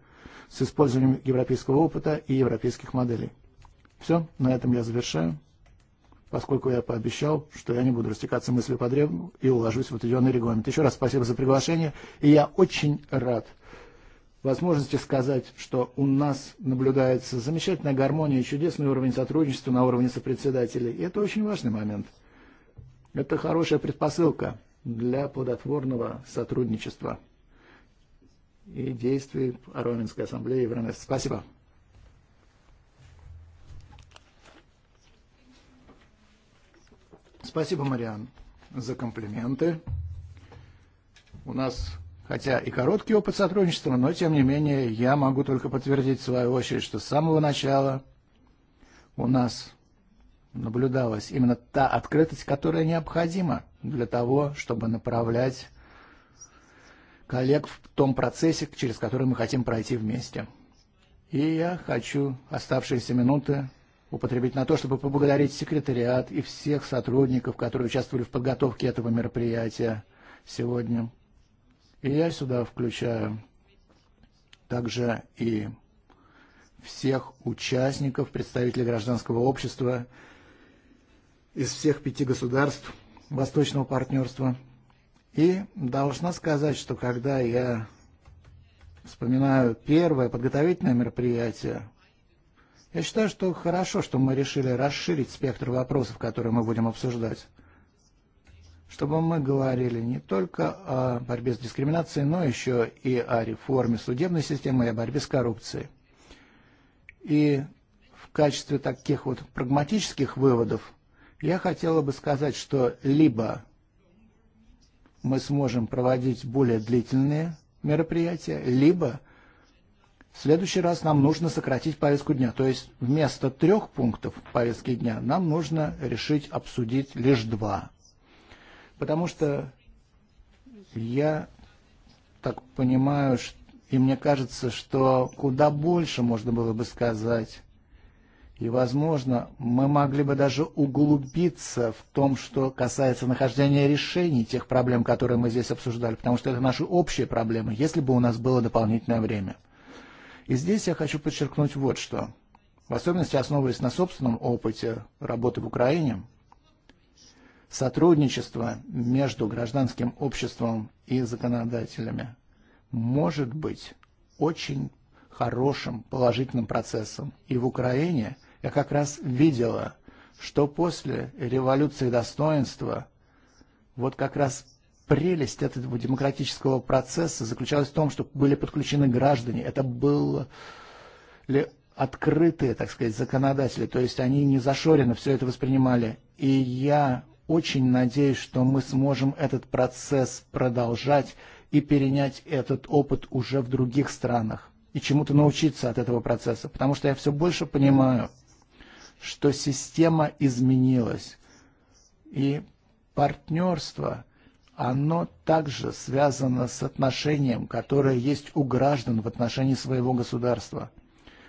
с использованием европейского опыта и европейских моделей. Все, на этом я завершаю, поскольку я пообещал, что я не буду растекаться мыслью по древу и уложусь в определенный регламент. Еще раз спасибо за приглашение, и я очень рад – возможности сказать, что у нас наблюдается замечательная гармония и чудесный уровень сотрудничества на уровне сопредседателей. И это очень важный момент. Это хорошая предпосылка для плодотворного сотрудничества и действий Парламентской ассамблеи Евронест. Спасибо. Спасибо, Мариан, за комплименты. У нас Хотя и короткий опыт сотрудничества, но тем не менее я могу только подтвердить в свою очередь, что с самого начала у нас наблюдалась именно та открытость, которая необходима для того, чтобы направлять коллег в том процессе, через который мы хотим пройти вместе. И я хочу оставшиеся минуты употребить на то, чтобы поблагодарить секретариат и всех сотрудников, которые участвовали в подготовке этого мероприятия сегодня. И я сюда включаю также и всех участников, представителей гражданского общества из всех пяти государств Восточного партнерства. И должна сказать, что когда я вспоминаю первое подготовительное мероприятие, я считаю, что хорошо, что мы решили расширить спектр вопросов, которые мы будем обсуждать чтобы мы говорили не только о борьбе с дискриминацией, но еще и о реформе судебной системы и о борьбе с коррупцией. И в качестве таких вот прагматических выводов я хотела бы сказать, что либо мы сможем проводить более длительные мероприятия, либо в следующий раз нам нужно сократить повестку дня. То есть вместо трех пунктов повестки дня нам нужно решить обсудить лишь два. Потому что я так понимаю, и мне кажется, что куда больше можно было бы сказать. И, возможно, мы могли бы даже углубиться в том, что касается нахождения решений тех проблем, которые мы здесь обсуждали, потому что это наши общие проблемы, если бы у нас было дополнительное время. И здесь я хочу подчеркнуть вот что. В особенности, основываясь на собственном опыте работы в Украине – Сотрудничество между гражданским обществом и законодателями может быть очень хорошим, положительным процессом. И в Украине я как раз видела, что после революции достоинства вот как раз прелесть этого демократического процесса заключалась в том, что были подключены граждане. Это были открытые, так сказать, законодатели, то есть они не зашоренно все это воспринимали. И я Очень надеюсь, что мы сможем этот процесс продолжать и перенять этот опыт уже в других странах и чему-то научиться от этого процесса, потому что я все больше понимаю, что система изменилась, и партнерство, оно также связано с отношением, которое есть у граждан в отношении своего государства.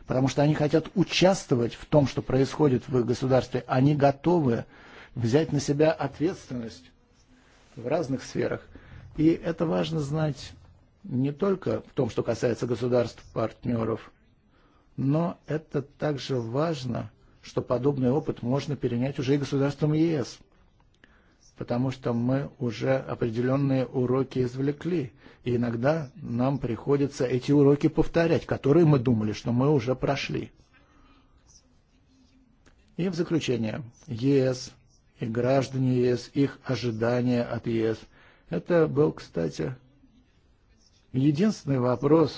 Потому что они хотят участвовать в том, что происходит в их государстве. Они готовы взять на себя ответственность в разных сферах. И это важно знать не только в том, что касается государств-партнеров, но это также важно, что подобный опыт можно перенять уже и государством ЕС, потому что мы уже определенные уроки извлекли, и иногда нам приходится эти уроки повторять, которые мы думали, что мы уже прошли. И в заключение, ЕС и граждане ЕС, их ожидания от ЕС. Это был, кстати, единственный вопрос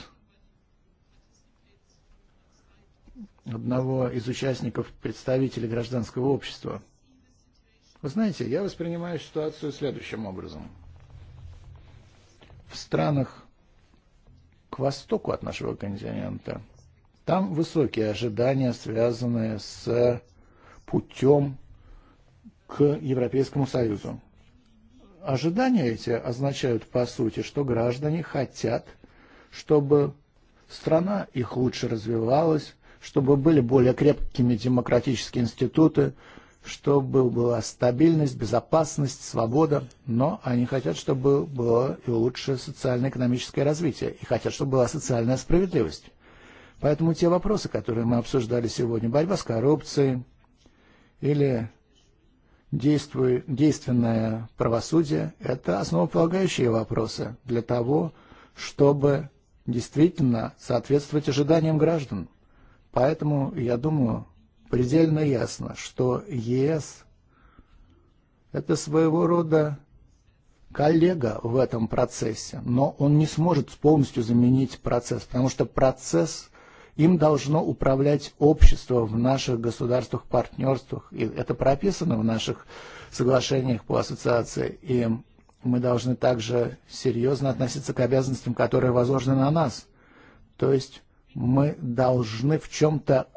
одного из участников, представителей гражданского общества. Вы знаете, я воспринимаю ситуацию следующим образом. В странах к востоку от нашего континента там высокие ожидания, связанные с путем к Европейскому Союзу. Ожидания эти означают, по сути, что граждане хотят, чтобы страна их лучше развивалась, чтобы были более крепкими демократические институты, чтобы была стабильность, безопасность, свобода, но они хотят, чтобы было и лучше социально-экономическое развитие, и хотят, чтобы была социальная справедливость. Поэтому те вопросы, которые мы обсуждали сегодня, борьба с коррупцией или действуй, действенное правосудие – это основополагающие вопросы для того, чтобы действительно соответствовать ожиданиям граждан. Поэтому, я думаю, предельно ясно, что ЕС – это своего рода коллега в этом процессе, но он не сможет полностью заменить процесс, потому что процесс Им должно управлять общество в наших государствах, партнерствах. И это прописано в наших соглашениях по ассоциации. И мы должны также серьезно относиться к обязанностям, которые возложены на нас. То есть мы должны в чем-то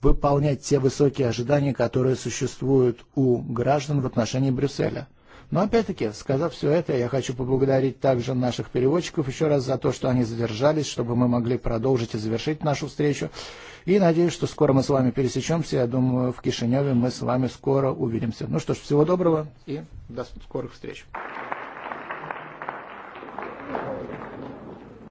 выполнять те высокие ожидания, которые существуют у граждан в отношении Брюсселя. Но опять-таки, сказав все это, я хочу поблагодарить также наших переводчиков еще раз за то, что они задержались, чтобы мы могли продолжить и завершить нашу встречу. И надеюсь, что скоро мы с вами пересечемся. Я думаю, в Кишиневе мы с вами скоро увидимся. Ну что ж, всего доброго и до скорых встреч.